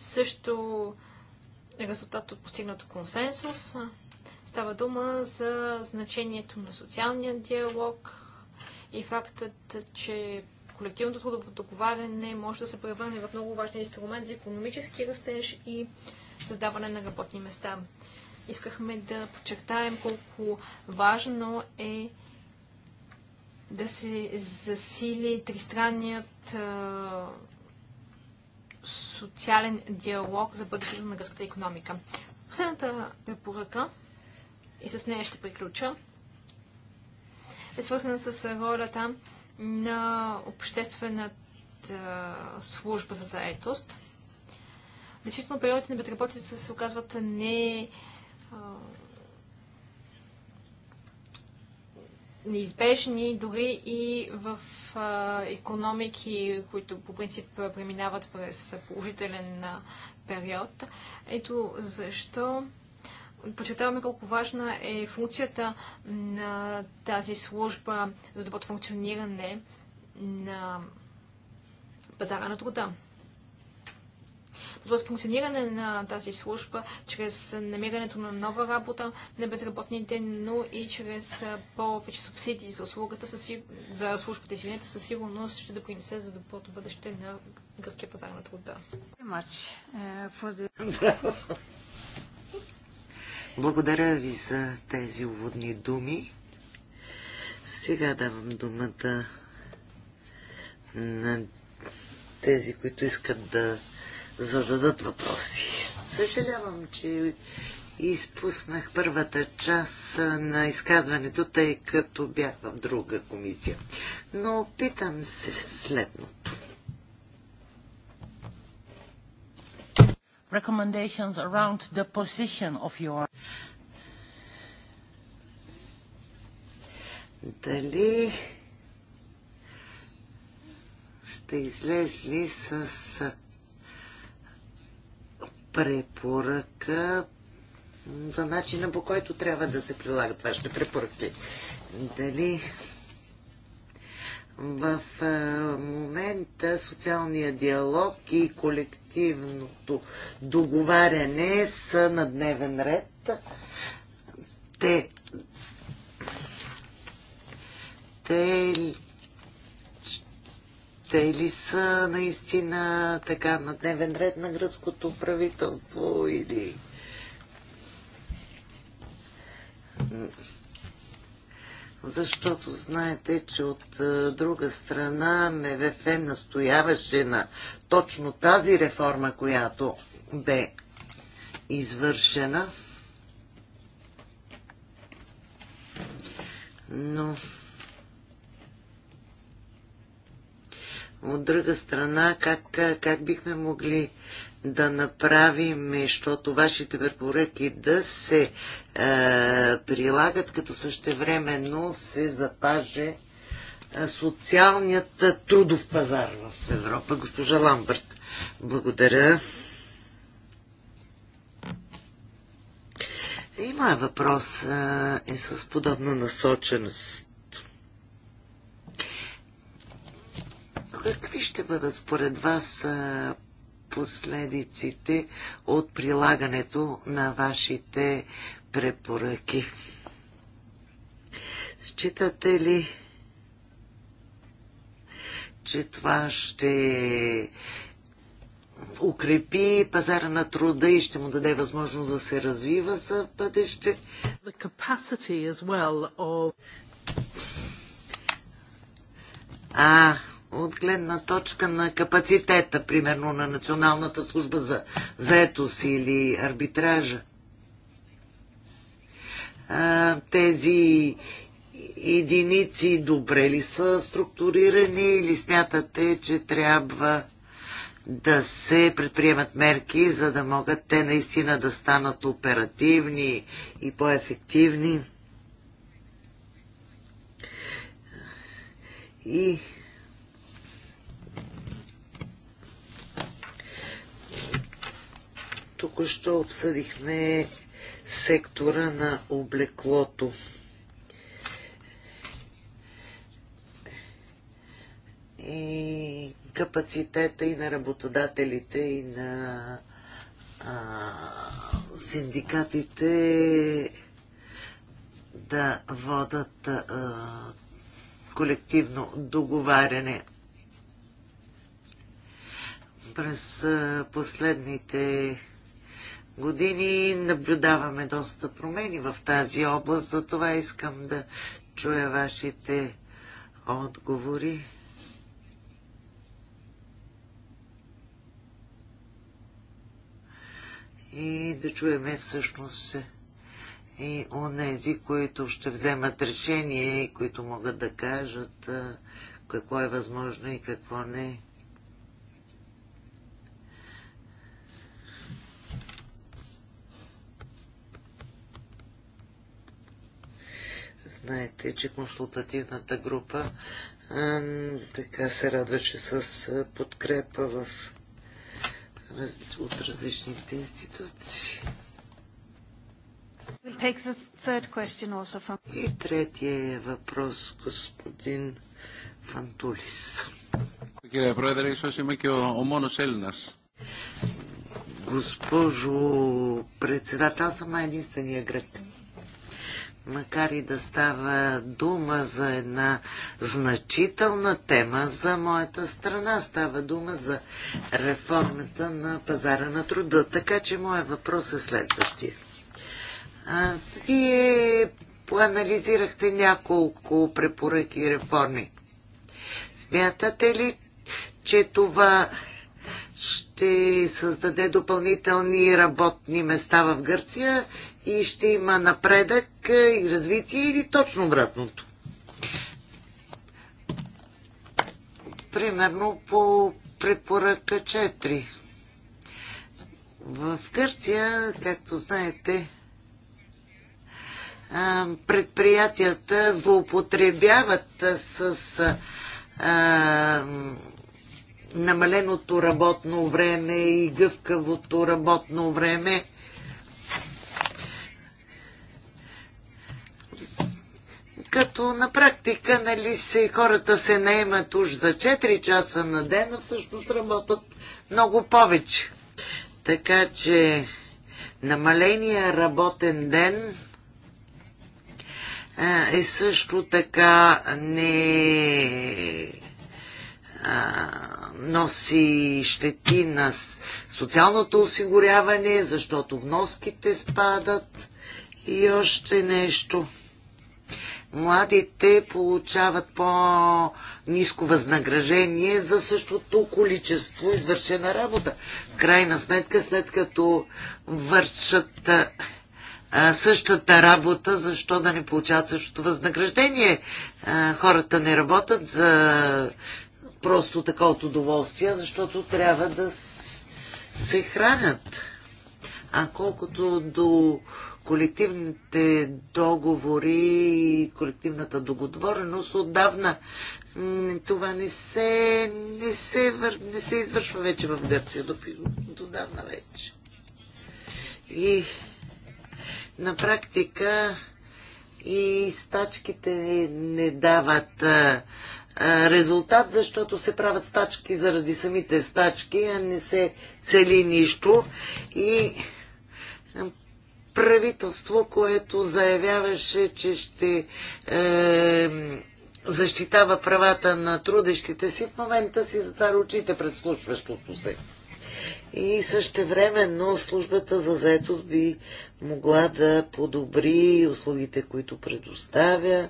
също е резултат от постигнат консенсус. Става дума за значението на социалния диалог и фактът, че колективното трудово договаряне може да се превърне в много важен инструмент за економически растеж и създаване на работни места. Искахме да подчертаем колко важно е да се засили тристранният социален диалог за бъдещето на гръцката економика. Последната препоръка, и с нея ще приключа, е свързана с ролята на обществената служба за заетост. Действително, периодите на безработица се оказват не неизбежни дори и в а, економики, които по принцип преминават през положителен а, период. Ето защо подчертаваме колко важна е функцията на тази служба за доброто функциониране на пазара на труда до функциониране на тази служба, чрез намирането на нова работа на безработните, но и чрез повече субсидии за услугата, за службата, извинете, със сигурност ще допринесе принесе за доброто бъдеще на гръцкия пазар на труда. Благодаря ви за тези уводни думи. Сега давам думата на тези, които искат да зададат въпроси. Съжалявам, че изпуснах първата част на изказването, тъй като бях в друга комисия. Но питам се следното. Recommendations around the position of your... Дали сте излезли с препоръка за начина по който трябва да се прилагат вашите препоръки. Дали в е, момента социалния диалог и колективното договаряне са на дневен ред. Те, те те ли са наистина така на дневен ред на гръцкото правителство или... Защото знаете, че от друга страна МВФ настояваше на точно тази реформа, която бе извършена. Но От друга страна, как, как бихме могли да направим, защото вашите препоръки да се е, прилагат, като същевременно се запаже е, социалният трудов пазар в Европа. Госпожа Ламбърт, благодаря. И моят въпрос е, е с подобна насоченост. Какви ще бъдат според вас последиците от прилагането на вашите препоръки? Считате ли, че това ще укрепи пазара на труда и ще му даде възможност да се развива за бъдеще. Well of... А, от гледна точка на капацитета, примерно на Националната служба за заетост или арбитража. А, тези единици добре ли са структурирани или смятате, че трябва да се предприемат мерки, за да могат те наистина да станат оперативни и по-ефективни? И Току-що обсъдихме сектора на облеклото. И капацитета и на работодателите, и на а, синдикатите да водат а, колективно договаряне. През последните години наблюдаваме доста промени в тази област, за това искам да чуя вашите отговори. И да чуеме всъщност и онези, които ще вземат решение и които могат да кажат какво е възможно и какво не. е. Знаете, че консултативната група така се радваше с подкрепа в, от различните институции. We'll take the third question also From... И третия е въпрос, господин Фантулис. Кирия Πρόεδρε, ίσως είμαι και ο, ο μόνος Έλληνας. Госпожо председател, аз съм единствения грък макар и да става дума за една значителна тема за моята страна, става дума за реформата на пазара на труда. Така че моят въпрос е следващия. А, вие поанализирахте няколко препоръки и реформи. Смятате ли, че това ще създаде допълнителни работни места в Гърция и ще има напредък е, и развитие или точно обратното? Примерно по препоръка 4. В Гърция, както знаете, предприятията злоупотребяват с а, намаленото работно време и гъвкавото работно време като на практика нали, се, хората се наемат уж за 4 часа на ден, а всъщност работят много повече. Така че намаления работен ден е също така не а, носи щети на социалното осигуряване, защото вноските спадат и още нещо – младите получават по-низко възнаграждение за същото количество извършена работа. В крайна сметка, след като вършат а, същата работа, защо да не получават същото възнаграждение? А, хората не работят за просто така от удоволствие, защото трябва да се хранят. А колкото до колективните договори и колективната договореност отдавна това не се, не се, не се извършва вече в Гърция, до, до давна вече. И на практика и стачките не дават а, резултат, защото се правят стачки заради самите стачки, а не се цели нищо. И правителство, което заявяваше, че ще е, защитава правата на трудещите си, в момента си затваря очите пред слушващото се. И също времено службата за заетост би могла да подобри услугите, които предоставя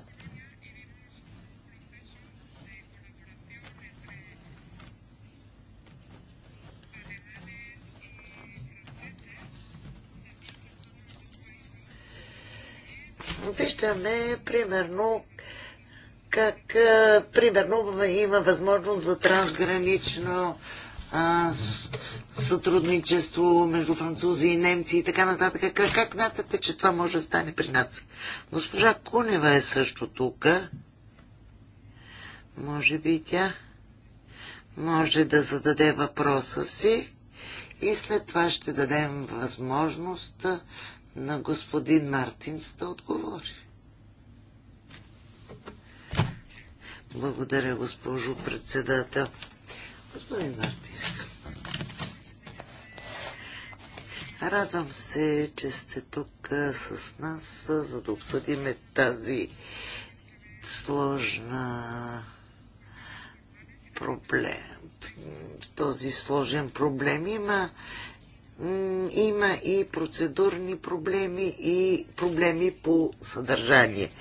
виждаме примерно как примерно има възможност за трансгранично а, сътрудничество между французи и немци и така нататък. Как, как мятате, че това може да стане при нас? Госпожа Кунева е също тук. Може би тя може да зададе въпроса си и след това ще дадем възможност на господин Мартинс да отговори. Благодаря, госпожо председател. Господин Мартинс, радвам се, че сте тук с нас, за да обсъдиме тази сложна проблем. Този сложен проблем има има и процедурни проблеми и проблеми по съдържание.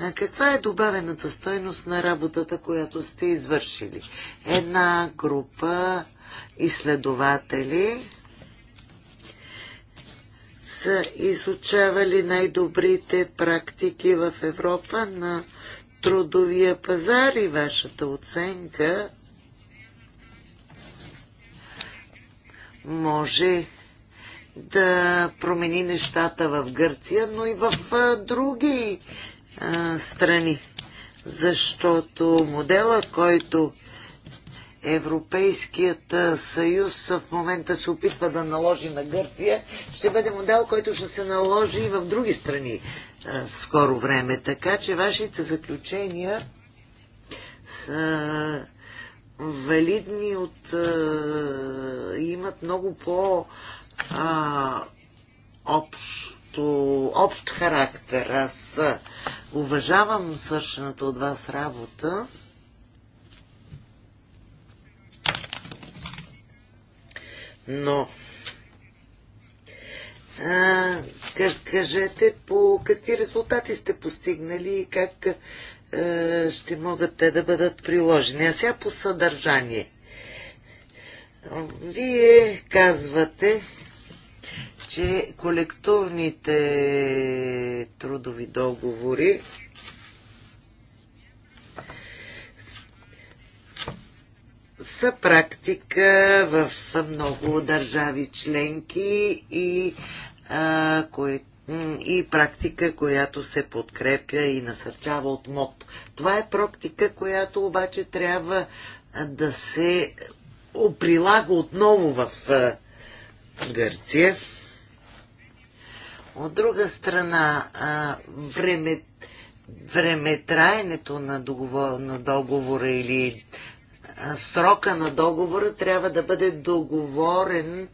А каква е добавената стойност на работата, която сте извършили? Една група изследователи са изучавали най-добрите практики в Европа на трудовия пазар и вашата оценка може да промени нещата в Гърция, но и в други страни. Защото модела, който Европейският съюз в момента се опитва да наложи на Гърция, ще бъде модел, който ще се наложи и в други страни в скоро време. Така че вашите заключения са валидни от... имат много по... А, общо, общ характер. Аз уважавам свършената от вас работа. Но а, кажете по какви резултати сте постигнали и как е, ще могат те да бъдат приложени. А сега по съдържание. Вие казвате, че колективните трудови договори са практика в много държави членки и а, и практика, която се подкрепя и насърчава от МОД. Това е практика, която обаче трябва да се прилага отново в Гърция. От друга страна, време, времетраенето на на договора или срока на договора трябва да бъде договорен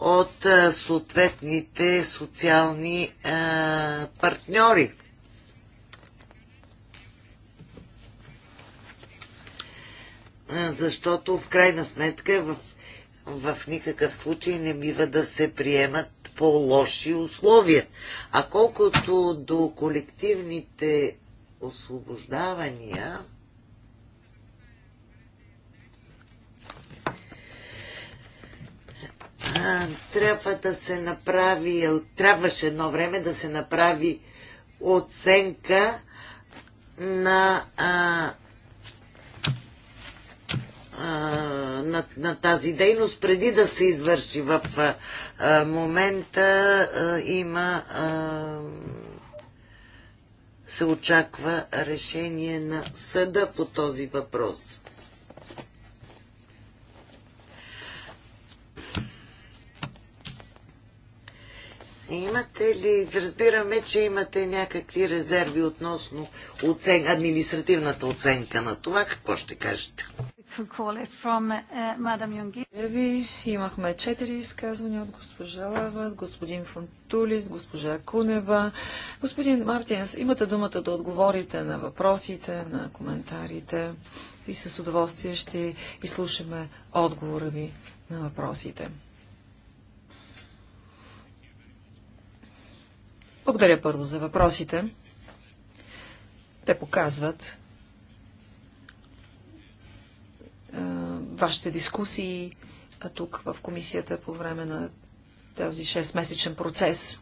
от съответните социални а, партньори. Защото в крайна сметка в, в никакъв случай не бива да се приемат по-лоши условия. А колкото до колективните освобождавания, трябва да се направи, трябваше едно време да се направи оценка на, а, а, на, на тази дейност преди да се извърши. В а, момента а, има. А, се очаква решение на съда по този въпрос. Имате ли, разбираме, че имате някакви резерви относно оцен... административната оценка на това. Какво ще кажете? Uh, е, ви имахме четири изказвания от госпожа Лава, господин Фонтулис, госпожа Кунева. Господин Мартинс, имате думата да отговорите на въпросите, на коментарите и с удоволствие ще изслушаме отговора ви на въпросите. Благодаря първо за въпросите. Те показват вашите дискусии а тук в комисията по време на този 6-месечен процес.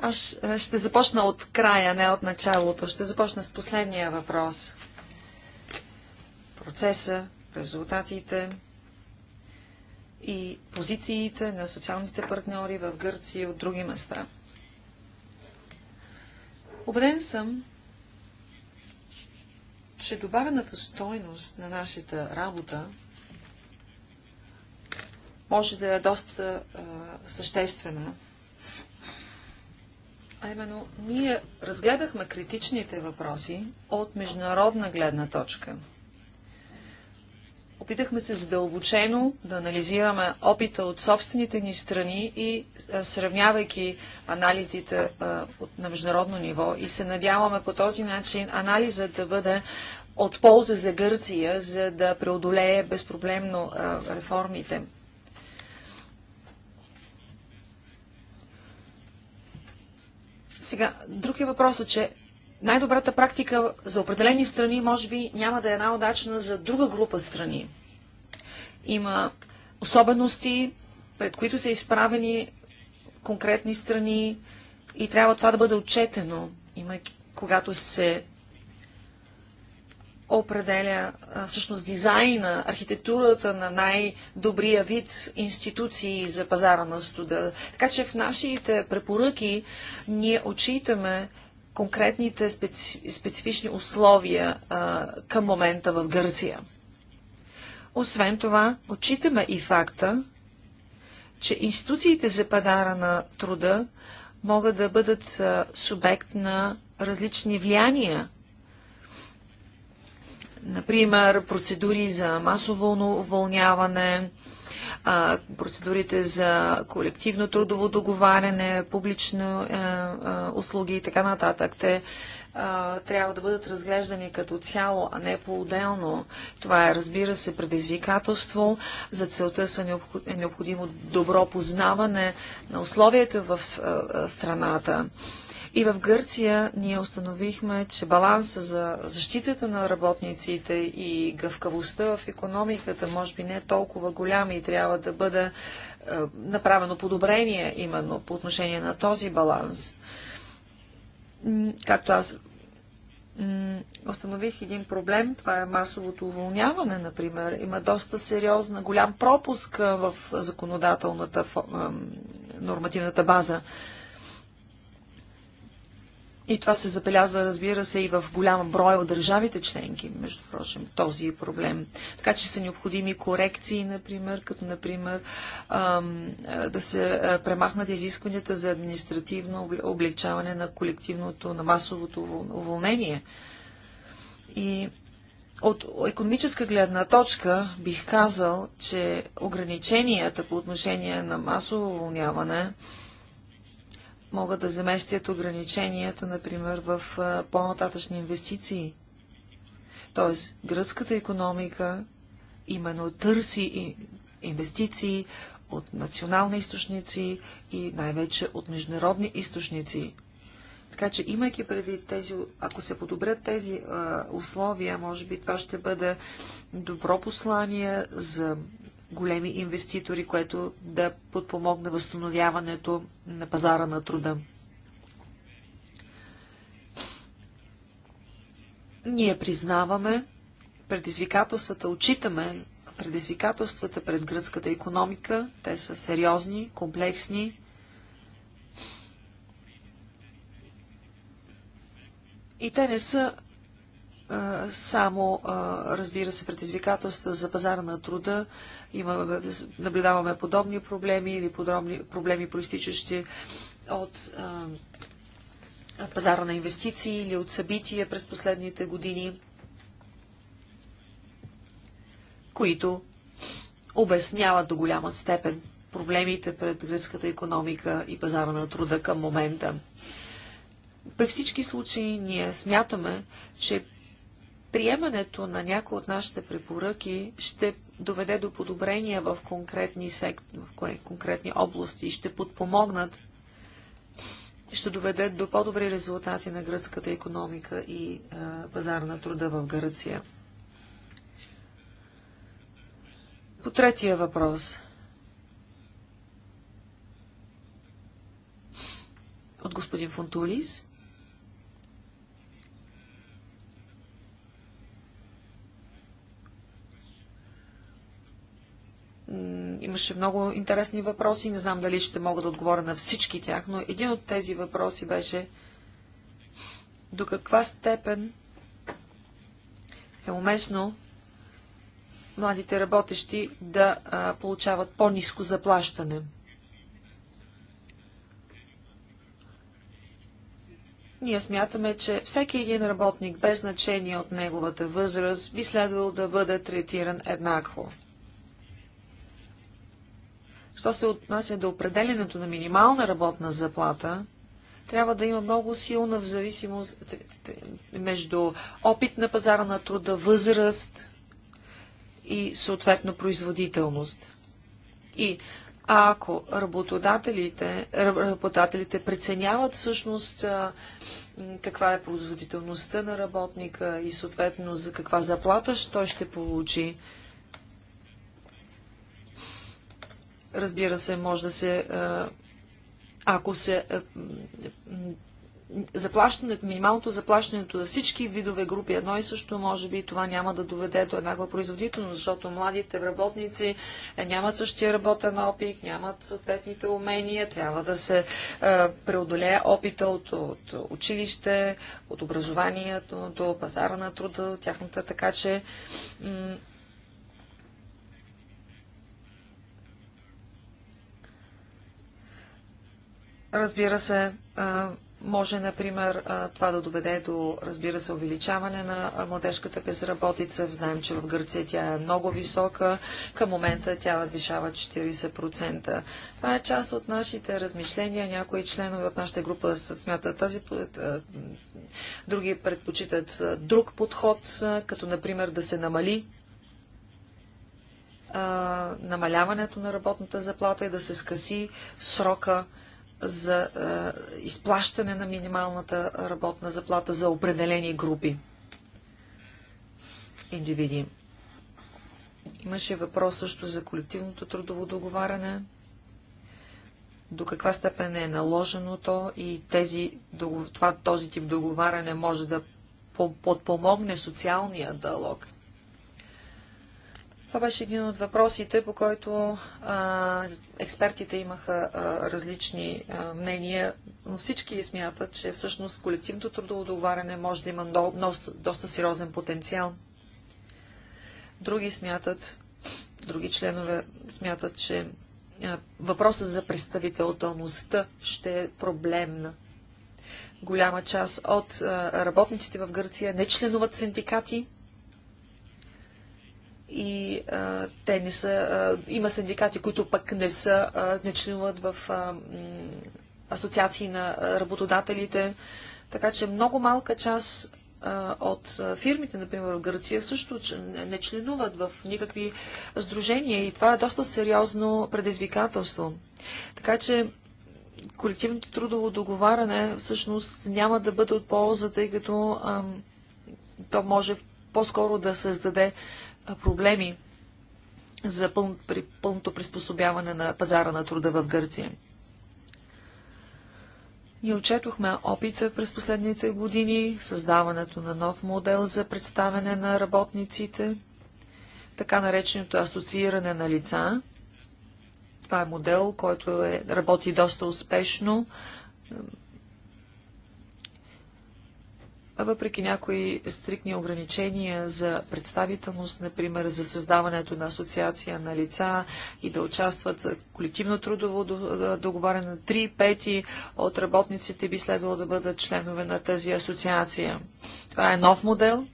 Аз ще започна от края, не от началото. Ще започна с последния въпрос. Процеса, резултатите, и позициите на социалните партньори в Гърция и от други места. Обеден съм, че добавената стойност на нашата работа може да е доста а, съществена. А именно, ние разгледахме критичните въпроси от международна гледна точка – Опитахме се задълбочено да анализираме опита от собствените ни страни и сравнявайки анализите а, от, на международно ниво и се надяваме по този начин анализът да бъде от полза за Гърция, за да преодолее безпроблемно а, реформите. Сега, друг е въпросът, че най-добрата практика за определени страни, може би, няма да е една удачна за друга група страни. Има особености, пред които са изправени конкретни страни и трябва това да бъде отчетено, има, когато се определя а, всъщност дизайна, архитектурата на най-добрия вид институции за пазара на студа. Така че в нашите препоръки ние отчитаме конкретните специ, специфични условия а, към момента в Гърция. Освен това, отчитаме и факта, че институциите за пазара на труда могат да бъдат а, субект на различни влияния. Например, процедури за масово уволняване, процедурите за колективно трудово договаряне, публично е, е, услуги и така нататък. Те е, трябва да бъдат разглеждани като цяло, а не по-отделно. Това е, разбира се, предизвикателство. За целта са необходимо добро познаване на условията в страната и в Гърция ние установихме, че баланса за защитата на работниците и гъвкавостта в економиката може би не е толкова голяма и трябва да бъде е, направено подобрение именно по отношение на този баланс. Както аз установих един проблем, това е масовото уволняване, например. Има доста сериозна, голям пропуск в законодателната нормативната база. И това се забелязва, разбира се, и в голяма брой от държавите членки, между прочим, този проблем. Така че са необходими корекции, например, като, например, да се премахнат изискванията за административно облегчаване на колективното, на масовото уволнение. И от економическа гледна точка бих казал, че ограниченията по отношение на масово уволняване могат да заместят ограниченията, например, в по-нататъчни инвестиции. Тоест, гръцката економика именно търси инвестиции от национални източници и най-вече от международни източници. Така че, имайки преди. тези, ако се подобрят тези а, условия, може би това ще бъде добро послание за големи инвеститори, което да подпомогне възстановяването на пазара на труда. Ние признаваме предизвикателствата, отчитаме предизвикателствата пред гръцката економика. Те са сериозни, комплексни. И те не са само, разбира се, предизвикателства за пазара на труда. Имаме, наблюдаваме подобни проблеми или подробни проблеми, проистичащи от пазара на инвестиции или от събития през последните години, които обясняват до голяма степен проблемите пред гръцката економика и пазара на труда към момента. При всички случаи ние смятаме, че Приемането на някои от нашите препоръки ще доведе до подобрения в конкретни, сек... в конкретни области, ще подпомогнат, ще доведе до по-добри резултати на гръцката економика и а, пазар на труда в Гърция. По третия въпрос. От господин Фонтулис. имаше много интересни въпроси. Не знам дали ще мога да отговоря на всички тях, но един от тези въпроси беше до каква степен е уместно младите работещи да а, получават по-низко заплащане. Ние смятаме, че всеки един работник, без значение от неговата възраст, би следвало да бъде третиран еднакво. Що се отнася до определенето на минимална работна заплата, трябва да има много силна в зависимост е, е, е, между опит на пазара на труда, възраст и съответно производителност. И ако работодателите, работодателите преценяват всъщност каква е производителността на работника и съответно за каква заплата той ще получи, Разбира се, може да се. Ако се. Заплащането, минималното заплащането за всички видове групи едно и също, може би това няма да доведе до еднаква производителност, защото младите работници е, нямат същия работен опит, нямат съответните умения, трябва да се преодолее опита от, от училище, от образованието, до пазара на труда, от тяхната, така че Разбира се, може, например, това да доведе до, разбира се, увеличаване на младежката безработица. Знаем, че в Гърция тя е много висока. Към момента тя надвишава 40%. Това е част от нашите размишления. Някои членове от нашата група смятат тази, други предпочитат друг подход, като, например, да се намали намаляването на работната заплата и да се скъси срока за е, изплащане на минималната работна заплата за определени групи индивиди. Имаше въпрос също за колективното трудово договаряне. До каква степен е наложено то и тези, това, този тип договаряне може да подпомогне социалния диалог това беше един от въпросите, по който а, експертите имаха а, различни а, мнения, но всички смятат, че всъщност колективното трудово договаряне може да има до, до, доста сериозен потенциал. Други смятат, други членове смятат, че а, въпросът за представителността ще е проблемна. Голяма част от а, работниците в Гърция не членуват синдикати, и а, те не са. А, има синдикати, които пък не са, а, не членуват в а, асоциации на работодателите. Така че много малка част а, от фирмите, например в Гърция, също не членуват в никакви сдружения и това е доста сериозно предизвикателство. Така че колективното трудово договаряне всъщност няма да бъде от полза, тъй като а, то може по-скоро да създаде проблеми за при, пълното приспособяване на пазара на труда в Гърция. Ние отчетохме опита през последните години, създаването на нов модел за представяне на работниците, така нареченото асоцииране на лица. Това е модел, който е, работи доста успешно, въпреки някои стрикни ограничения за представителност, например за създаването на асоциация на лица и да участват за колективно трудово договаряне на 3 пети от работниците би следвало да бъдат членове на тази асоциация. Това е нов модел.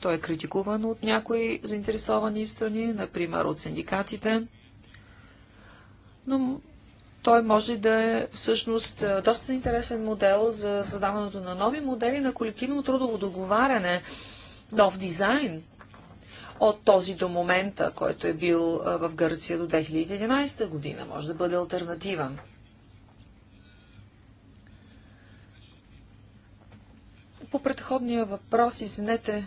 Той е критикуван от някои заинтересовани страни, например от синдикатите. Но той може да е всъщност е, доста интересен модел за създаването на нови модели на колективно трудово договаряне, нов дизайн от този до момента, който е бил е, в Гърция до 2011 година. Може да бъде альтернатива. По предходния въпрос, извинете,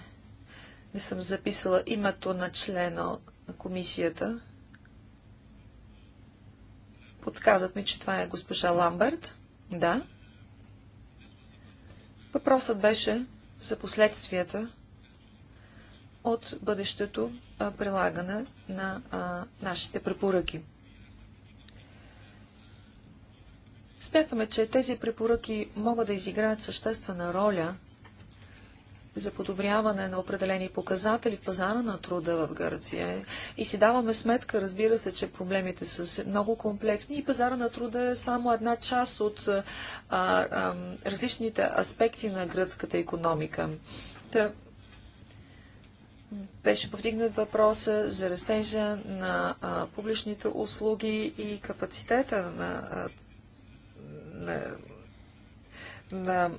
не съм записала името на члена на комисията. Подсказват ми, че това е госпожа Ламберт. Да. Въпросът беше за последствията от бъдещето а, прилагане на а, нашите препоръки. Смятаме, че тези препоръки могат да изиграят съществена роля за подобряване на определени показатели в пазара на труда в Гърция и си даваме сметка, разбира се, че проблемите са много комплексни и пазара на труда е само една част от а, а, различните аспекти на гръцката економика. Та, беше повдигнат въпроса за растежа на а, публичните услуги и капацитета на, а, на, на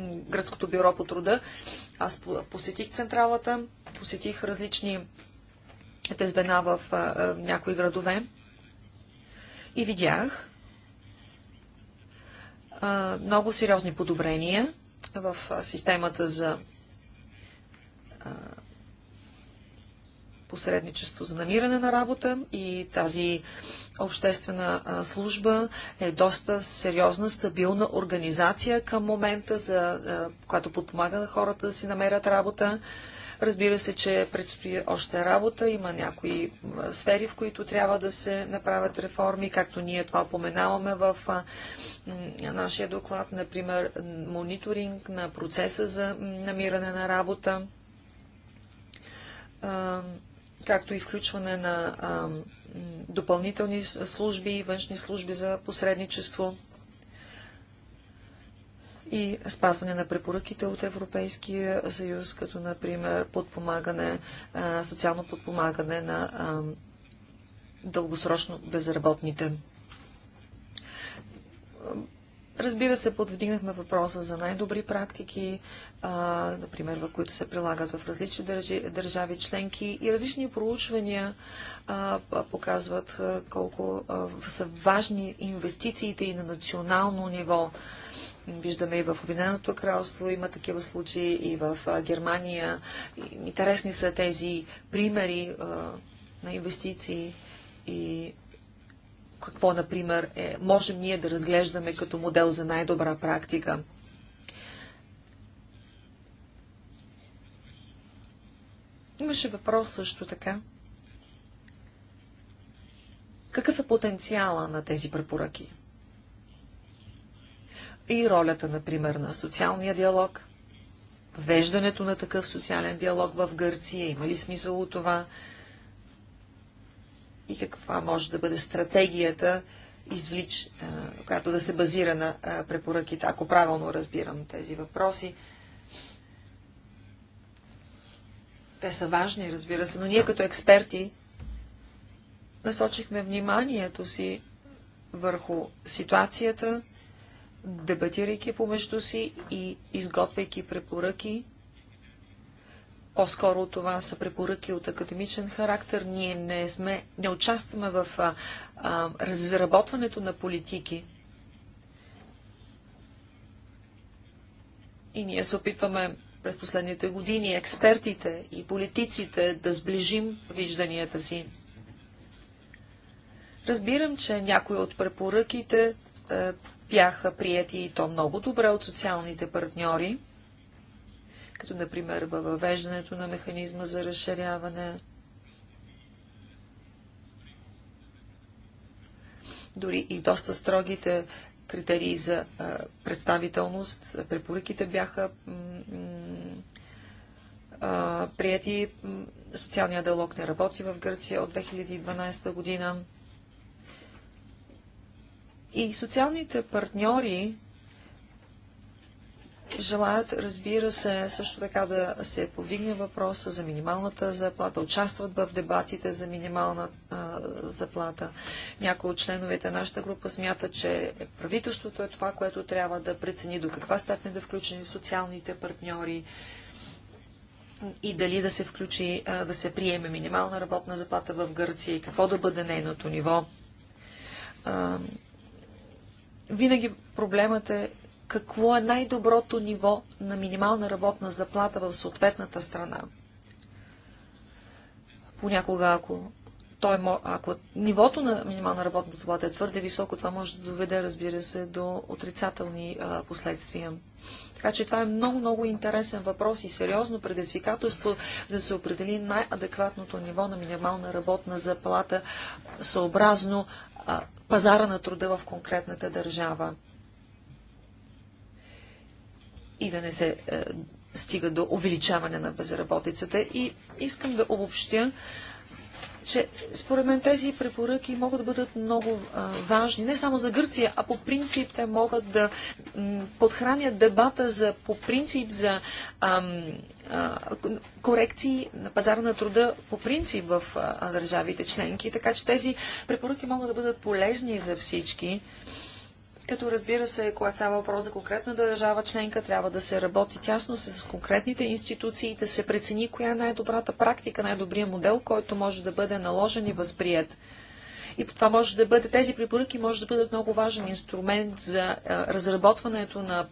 Гръцкото бюро по труда. Аз посетих централата, посетих различни те звена в а, някои градове и видях а, много сериозни подобрения в а, системата за посредничество за намиране на работа и тази обществена служба е доста сериозна, стабилна организация към момента, за, която подпомага на хората да си намерят работа. Разбира се, че предстои още работа, има някои сфери, в които трябва да се направят реформи, както ние това поменаваме в нашия доклад, например мониторинг на процеса за намиране на работа както и включване на а, допълнителни служби и външни служби за посредничество и спазване на препоръките от Европейския съюз, като например подпомагане, а, социално подпомагане на а, дългосрочно безработните. Разбира се, подвдигнахме въпроса за най-добри практики, а, например, в които се прилагат в различни държи, държави членки и различни проучвания а, показват а, колко а, са важни инвестициите и на национално ниво. Виждаме и в Обединеното кралство има такива случаи, и в а, Германия. Интересни са тези примери а, на инвестиции и какво, например, е, можем ние да разглеждаме като модел за най-добра практика. Имаше въпрос също така. Какъв е потенциала на тези препоръки? И ролята, например, на социалния диалог, веждането на такъв социален диалог в Гърция, има ли смисъл от това? и каква може да бъде стратегията, извлич, която да се базира на препоръките, ако правилно разбирам тези въпроси. Те са важни, разбира се, но ние като експерти насочихме вниманието си върху ситуацията, дебатирайки помежду си и изготвяйки препоръки по-скоро това са препоръки от академичен характер. Ние не, сме, не участваме в а, а, разработването на политики. И ние се опитваме през последните години експертите и политиците да сближим вижданията си. Разбирам, че някои от препоръките бяха прияти и то много добре от социалните партньори като например въвеждането на механизма за разширяване, дори и доста строгите критерии за а, представителност. Препоръките бяха прияти. Социалния диалог не работи в Гърция от 2012 година. И социалните партньори Желаят, разбира се, също така да се повигне въпроса за минималната заплата, участват в дебатите за минимална а, заплата. Някои от членовете на нашата група смятат, че правителството е това, което трябва да прецени до каква степен да включени социалните партньори и дали да се включи, а, да се приеме минимална работна заплата в Гърция и какво да бъде нейното ниво. А, винаги проблемът е какво е най-доброто ниво на минимална работна заплата в съответната страна. Понякога, ако, той, ако нивото на минимална работна заплата е твърде високо, това може да доведе, разбира се, до отрицателни а, последствия. Така че това е много-много интересен въпрос и сериозно предизвикателство да се определи най-адекватното ниво на минимална работна заплата съобразно а, пазара на труда в конкретната държава и да не се е, стига до увеличаване на безработицата. И искам да обобщя, че според мен тези препоръки могат да бъдат много е, важни, не само за Гърция, а по принцип те могат да подхранят дебата за, по принцип за корекции на пазара на труда по принцип в държавите членки, така че тези препоръки могат да бъдат полезни за всички като разбира се, когато става въпрос за конкретна държава членка, трябва да се работи тясно с конкретните институции и да се прецени коя е най-добрата практика, най-добрият модел, който може да бъде наложен и възприят. И това може да бъде, тези препоръки може да бъдат много важен инструмент за разработването на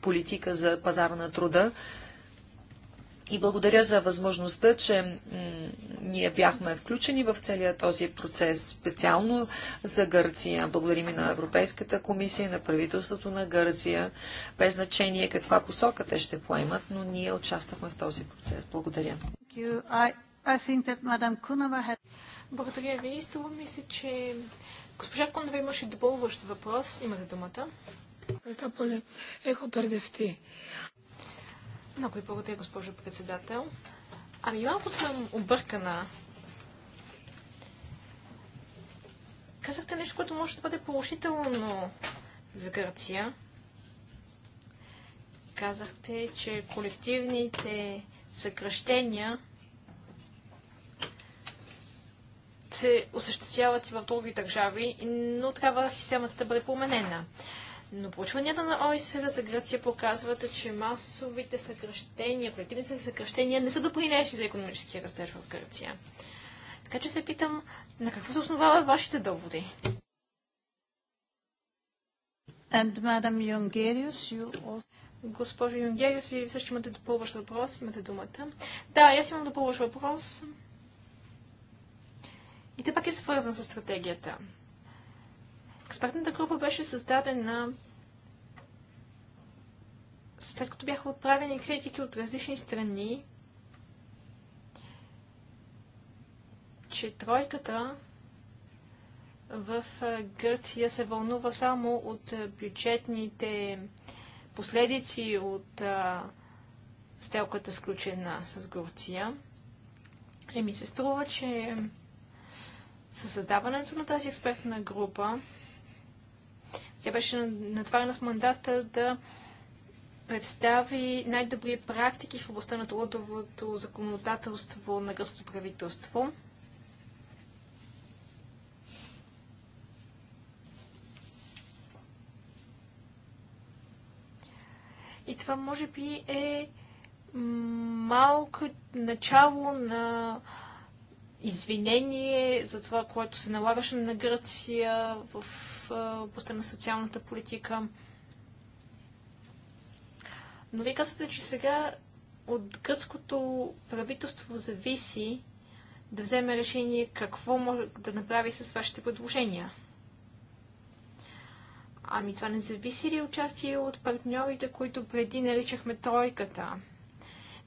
политика за пазара на труда, и благодаря за възможността, че ние бяхме включени в целия този процес специално за Гърция. Благодарим и на Европейската комисия, и на правителството на Гърция. Без значение каква посока те ще поемат, но ние участвахме в този процес. Благодаря. Had... Благодаря ви. Струва ми се, че госпожа Кунова имаше допълващ въпрос. Имате думата. Ехо πολύ. Много ви благодаря, госпожо председател. Ами малко съм объркана. Казахте нещо, което може да бъде положително за Гърция. Казахте, че колективните съкръщения се осъществяват и в други държави, но трябва системата да бъде поменена. Но проучванията на ОИСР за Гърция показват, че масовите съкръщения, колективните съкръщения не са допринесли за економическия растеж в Гърция. Така че се питам, на какво се основава вашите доводи? And Madam you also... Госпожо Юнгериус, вие също имате допълващ въпрос, имате думата. Да, аз имам допълващ въпрос. И те пак е свързан с стратегията. Експертната група беше създадена след като бяха отправени критики от различни страни, че тройката в Гърция се вълнува само от бюджетните последици от а, сключена с Гърция. ми се струва, че със създаването на тази експертна група тя беше натварена с мандата да представи най-добри практики в областта на трудовото законодателство на гръцкото правителство. И това може би е малко начало на извинение за това, което се налагаше на Гърция в областта на социалната политика. Но вие казвате, че сега от гръцкото правителство зависи да вземе решение какво може да направи с вашите предложения. Ами това не зависи ли участие от партньорите, които преди наричахме тройката?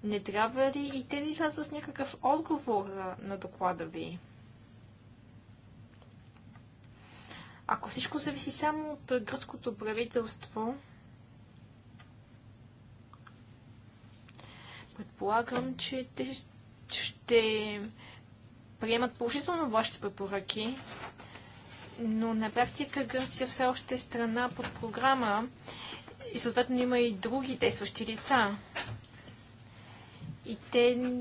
Не трябва ли и те ли с някакъв отговор на доклада ви? Ако всичко зависи само от гръцкото правителство, предполагам, че те ще приемат положително вашите препоръки, но на практика Гърция все още е страна под програма и съответно има и други действащи лица. И те,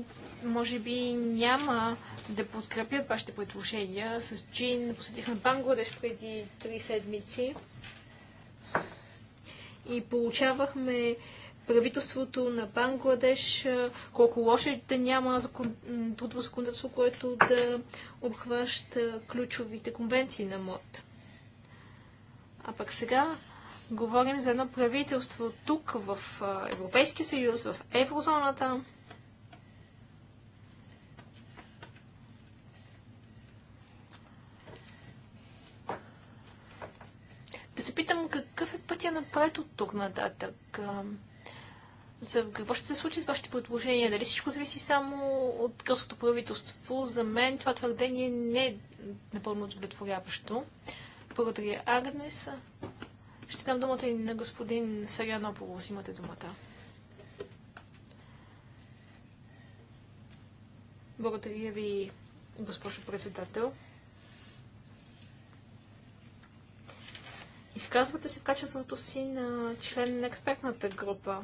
може би, няма да подкрепят вашите предложения. С Джин посетихме Бангладеш преди три седмици и получавахме правителството на Бангладеш, колко лошо е да няма закон... трудово законодателство, което да обхваща ключовите конвенции на МОД. А пък сега говорим за едно правителство тук в Европейския съюз, в еврозоната, питам какъв е пътя напред от тук нататък. За какво ще се случи с вашите предложения? Дали всичко зависи само от гръцкото правителство? За мен това твърдение не е напълно удовлетворяващо. Благодаря, Агнес. Ще дам думата и на господин Сарянополос. Имате думата. Благодаря ви, госпожо председател. Изказвате се в качеството си на член на експертната група.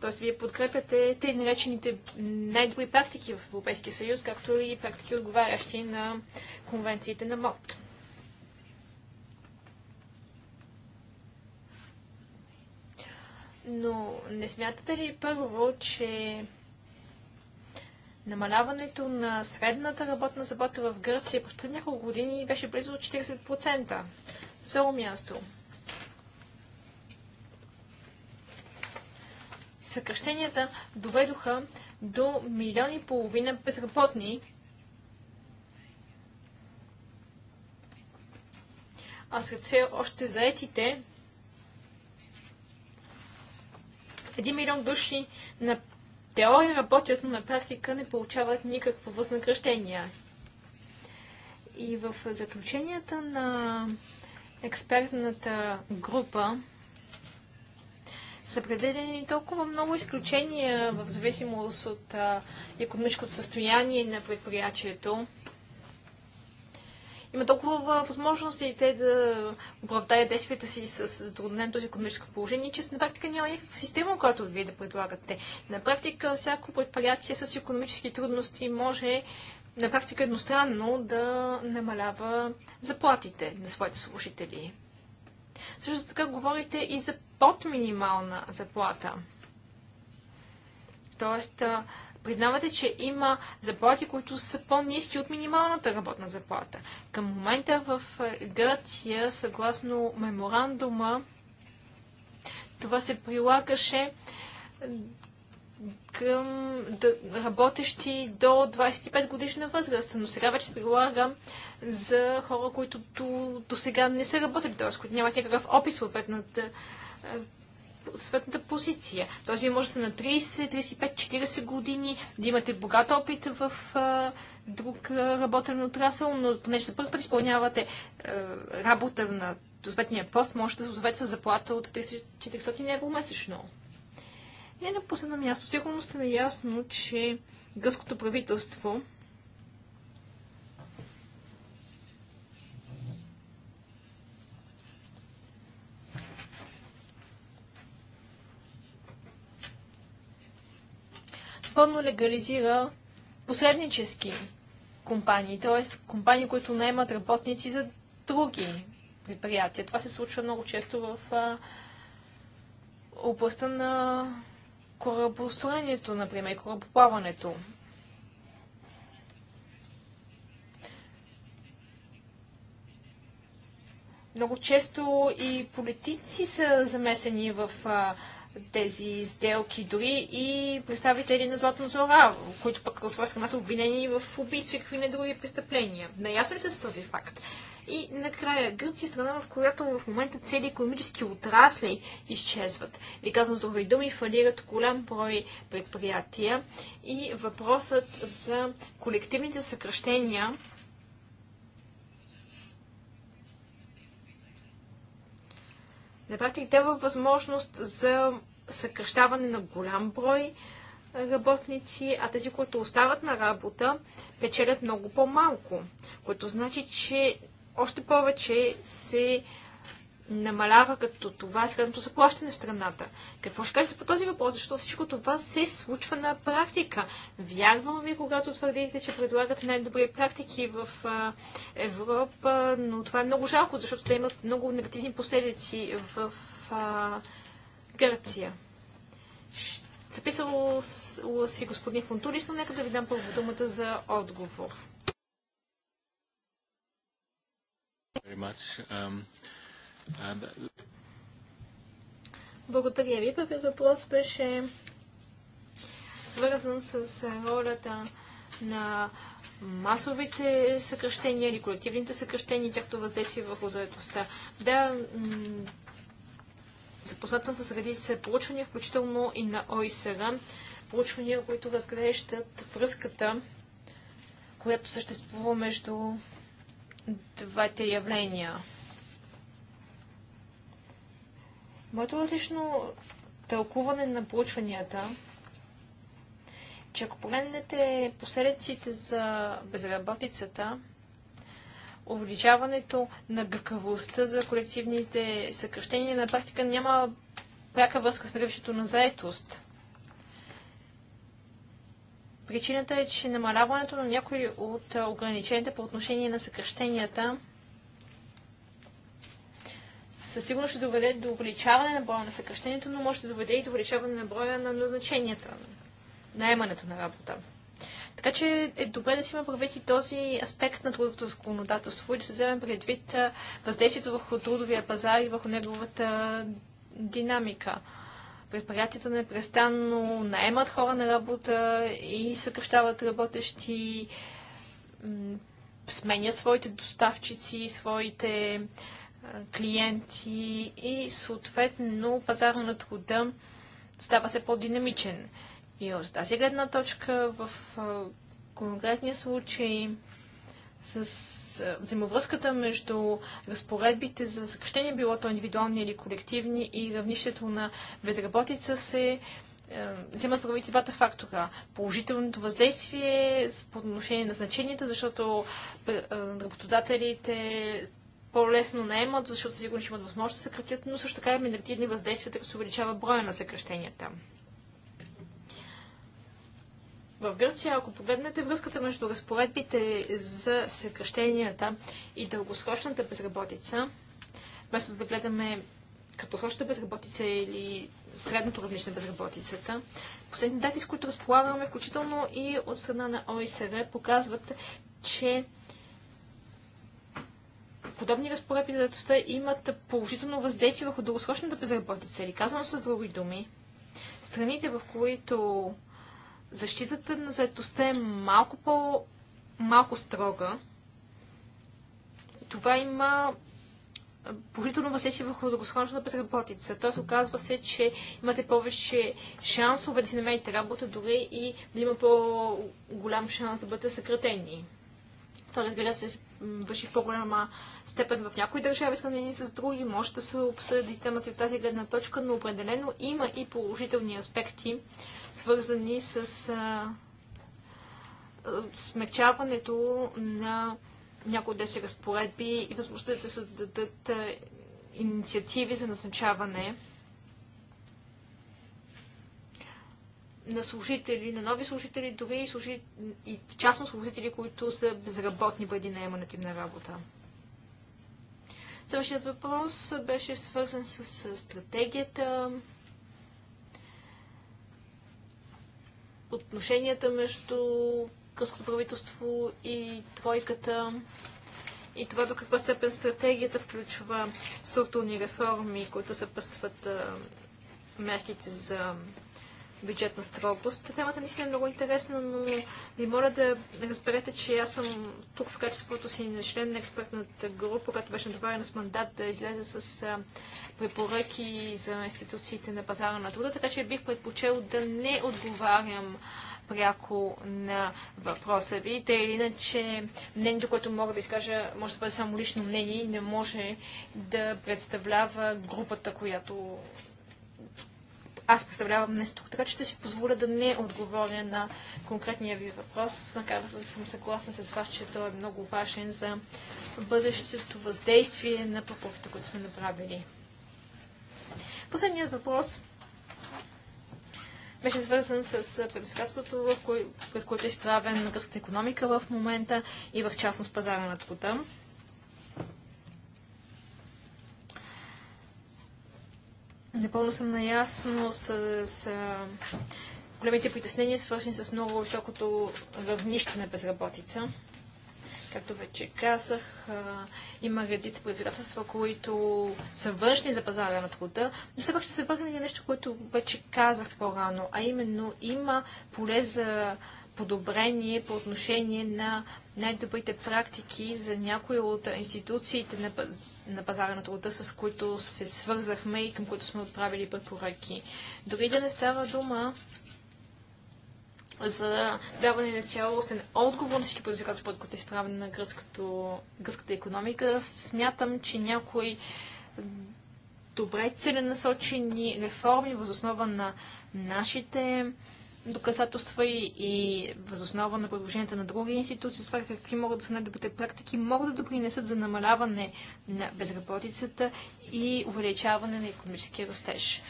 Тоест, вие подкрепяте тъй наречените най-добри практики в Европейския съюз, както и практики, отговарящи на конвенциите на МОД. Но не смятате ли първо, че Намаляването на средната работна заплата в Гърция през пред няколко години беше близо 40%. Второ място. Съкръщенията доведоха до милиони и половина безработни, а сред все още заетите 1 милион души на теория работят, но на практика не получават никакво възнаграждение. И в заключенията на експертната група са предвидени толкова много изключения в зависимост от економическото състояние на предприятието, има толкова възможности те да оправдаят действията си с затрудненото си економическо положение, че на практика няма никаква система, която вие да предлагате. На практика всяко предприятие с економически трудности може на практика едностранно да намалява заплатите на своите служители. Също така говорите и за под минимална заплата. Тоест, признавате, че има заплати, които са по-низки от минималната работна заплата. Към момента в е, Гърция, съгласно меморандума, това се прилагаше към работещи до 25 годишна възраст, но сега вече се прилага за хора, които до, до сега не са работили, т.е. които нямат някакъв опис в е, съответната позиция. Т.е. вие можете на 30, 35, 40 години да имате богат опит в а, друг а, работен отрасъл, но понеже за първ път изпълнявате а, работа на съответния пост, можете да се озовете с заплата от 300-400 евро месечно. И на последно място, сигурно сте наясно, че гръцкото правителство Пълно легализира посреднически компании, т.е. компании, които наемат работници за други предприятия. Това се случва много често в а, областта на корабостроението, например, корабоплаването. Много често и политици са замесени в а, тези сделки, дори и представители на Златна зора, които пък от своя страна са обвинени в убийства и какви не други престъпления. Наясно ли са с този факт? И накрая, Гърция е страна, в която в момента цели економически отрасли изчезват. И казвам с други думи, фалират голям брой предприятия. И въпросът за колективните съкръщения На практика дава възможност за съкръщаване на голям брой работници, а тези, които остават на работа, печелят много по-малко, което значи, че още повече се намалява като това е средното заплащане в страната. Какво ще кажете по този въпрос? Защо всичко това се случва на практика? Вярвам ви, когато твърдите, че предлагате най-добри практики в Европа, но това е много жалко, защото те имат много негативни последици в Гърция. Записал си господин Фонтулис, но нека да ви дам първо думата за отговор. Very much. Um... Благодаря ви. Първият въпрос беше свързан с ролята на масовите съкръщения или колективните съкръщения, тяхто въздействие върху заедостта. Да, запознат съм с редица проучвания, включително и на ОИСР, проучвания, които разглеждат връзката, която съществува между двете явления Моето различно тълкуване на получванията, че ако погледнете последиците за безработицата, увеличаването на гъкавостта за колективните съкръщения на практика няма пряка връзка с наличието на заетост. Причината е, че намаляването на някои от ограниченията по отношение на съкръщенията – със сигурност ще доведе до увеличаване на броя на съкръщението, но може да доведе и до увеличаване на броя на назначенията, наемането на работа. Така че е добре да си има предвид и този аспект на трудовото законодателство и да се вземе предвид въздействието върху трудовия пазар и върху неговата динамика. Предприятията непрестанно наемат хора на работа и съкръщават работещи, сменят своите доставчици, своите клиенти и съответно пазара на труда става се по-динамичен. И от тази гледна точка в конкретния случай с взаимовръзката между разпоредбите за съкрещение, било то индивидуални или колективни, и равнището на безработица се вземат правите двата фактора. Положителното въздействие по отношение на значенията, защото работодателите по-лесно наемат, защото сигурно ще имат възможност да съкратят, но също така има негативни въздействия, като се увеличава броя на съкръщенията. В Гърция, ако погледнете връзката между разпоредбите за съкръщенията и дългосрочната безработица, вместо да гледаме като срочната безработица или средното равнище на безработицата. Последните дати, с които разполагаме, включително и от страна на ОИСР, показват, че подобни разпоредби за заедостта имат положително въздействие върху дългосрочната безработица. Или казано с други думи, страните, в които защитата на заедостта е малко по малко строга, това има положително въздействие върху дългосрочната безработица. Тоест оказва се, че имате повече шансове да си намерите работа, дори и да има по-голям шанс да бъдете съкратени. Това, разбира се, върши в по-голяма степен в някои държави, сравнени с други. Може да се обсъди темата от тази гледна точка, но определено има и положителни аспекти, свързани с а, смягчаването на някои деси разпоредби и възможността да се дадат инициативи за назначаване на служители, на нови служители, дори и, служи... и в частност служители, които са безработни преди наемането им на работа. Следващият въпрос беше свързан с, с стратегията, отношенията между Кръското правителство и тройката и това до каква степен стратегията включва структурни реформи, които съпътстват мерките за бюджетна строгост. Темата си е много интересна, но ви моля да разберете, че аз съм тук в качеството си на член на експертната група, която беше натоварена с мандат да излезе с препоръки за институциите на пазара на труда, така че бих предпочел да не отговарям пряко на въпроса ви. Те или иначе мнението, което мога да изкажа, може да бъде само лично мнение и не може да представлява групата, която аз представлявам днес тук. Така че ще си позволя да не отговоря на конкретния ви въпрос, макар да съм съгласна с вас, че той е много важен за бъдещето въздействие на препоръките, които сме направили. Последният въпрос беше свързан с предизвикателството, пред което е изправен гръцката економика в момента и в частност пазара на труда. Напълно съм наясно с, с големите притеснения, свързани с много високото равнище на безработица. Както вече казах, има редица производителства, които са външни за пазара на труда, но все пак ще се върне на нещо, което вече казах по-рано, а именно има поле за подобрение по отношение на най-добрите практики за някои от институциите на, паз... на пазара на труда, с които се свързахме и към които сме отправили препоръки. Дори да не става дума за даване на цялостен отговор на всички предизвикателства, под които е изправена на гръцкото, гръцката економика, смятам, че някои добре целенасочени реформи възоснова на нашите доказателства и, и възоснова на предложенията на други институции, това какви могат да са най-добрите практики, могат да допринесат за намаляване на безработицата и увеличаване на економическия растеж.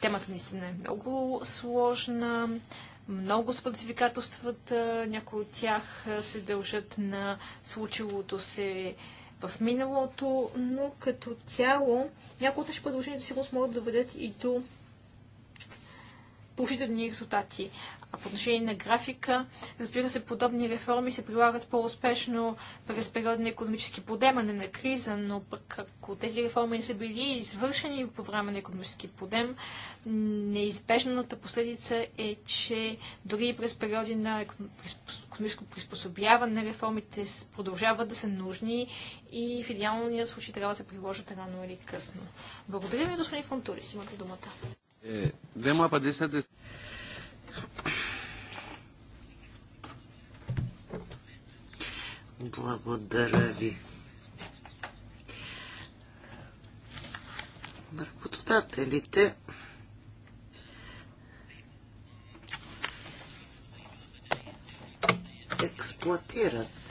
Темата наистина е много сложна, много с някои от тях се дължат на случилото се в миналото, но като цяло някои от тези предложения сигурно могат да доведат и до положителни резултати. А по отношение на графика, разбира се, подобни реформи се прилагат по-успешно през период на економически подемане на криза, но пък ако тези реформи не са били извършени по време на економически подем, неизбежната последица е, че дори и през периоди на економическо приспособяване реформите продължават да са нужни и в идеалния случай трябва да се приложат рано или късно. Благодаря ви, господин Фонтурис. Имате думата δεν μου απαντήσατε. Благодаря ви. Работодателите експлуатират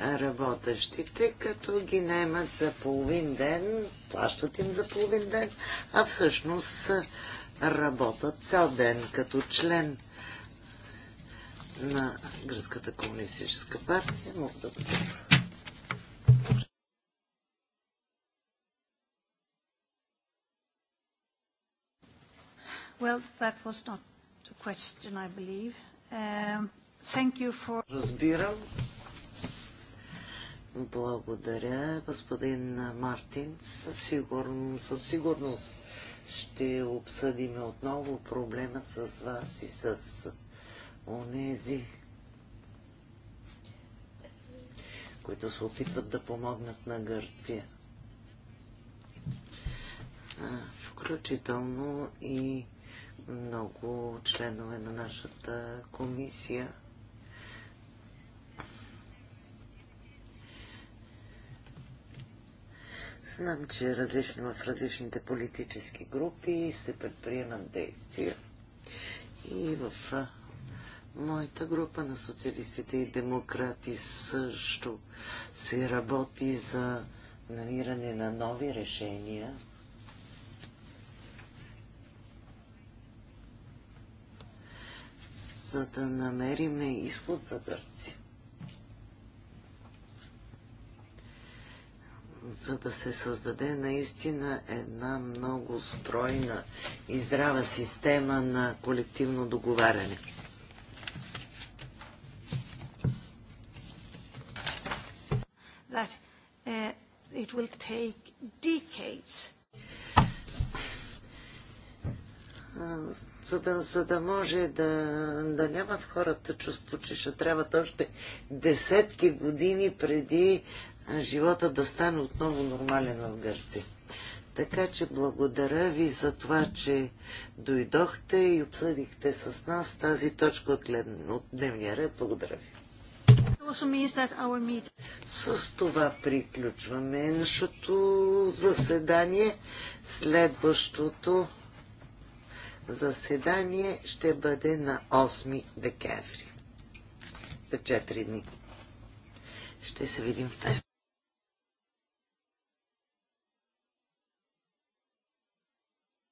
работещите, като ги наймат за половин ден плащат им за половин ден, а всъщност работят цял ден като член на Гръцката комунистическа партия. Мога да бъде. Well, that was not a question, I believe. Um, thank you for... Разбирам. Благодаря, господин Мартин. Със, сигур... със сигурност ще обсъдим отново проблема с вас и с онези, които се опитват да помогнат на Гърция. Включително и много членове на нашата комисия – Знам, че различни в различните политически групи се предприемат действия. И в моята група на социалистите и демократи също се работи за намиране на нови решения. За да намериме изход за Гърция. за да се създаде наистина една много стройна и здрава система на колективно договаряне. That, uh, it will take decades. За да, за да може да, да нямат хората чувство, че ще трябват още десетки години преди живота да стане отново нормален в Гърция. Така че благодаря ви за това, че дойдохте и обсъдихте с нас тази точка от, лед... от дневния ред. Благодаря ви. С това приключваме нашето заседание. Следващото заседание ще бъде на 8 декември. За 4 дни. Ще се видим в тази.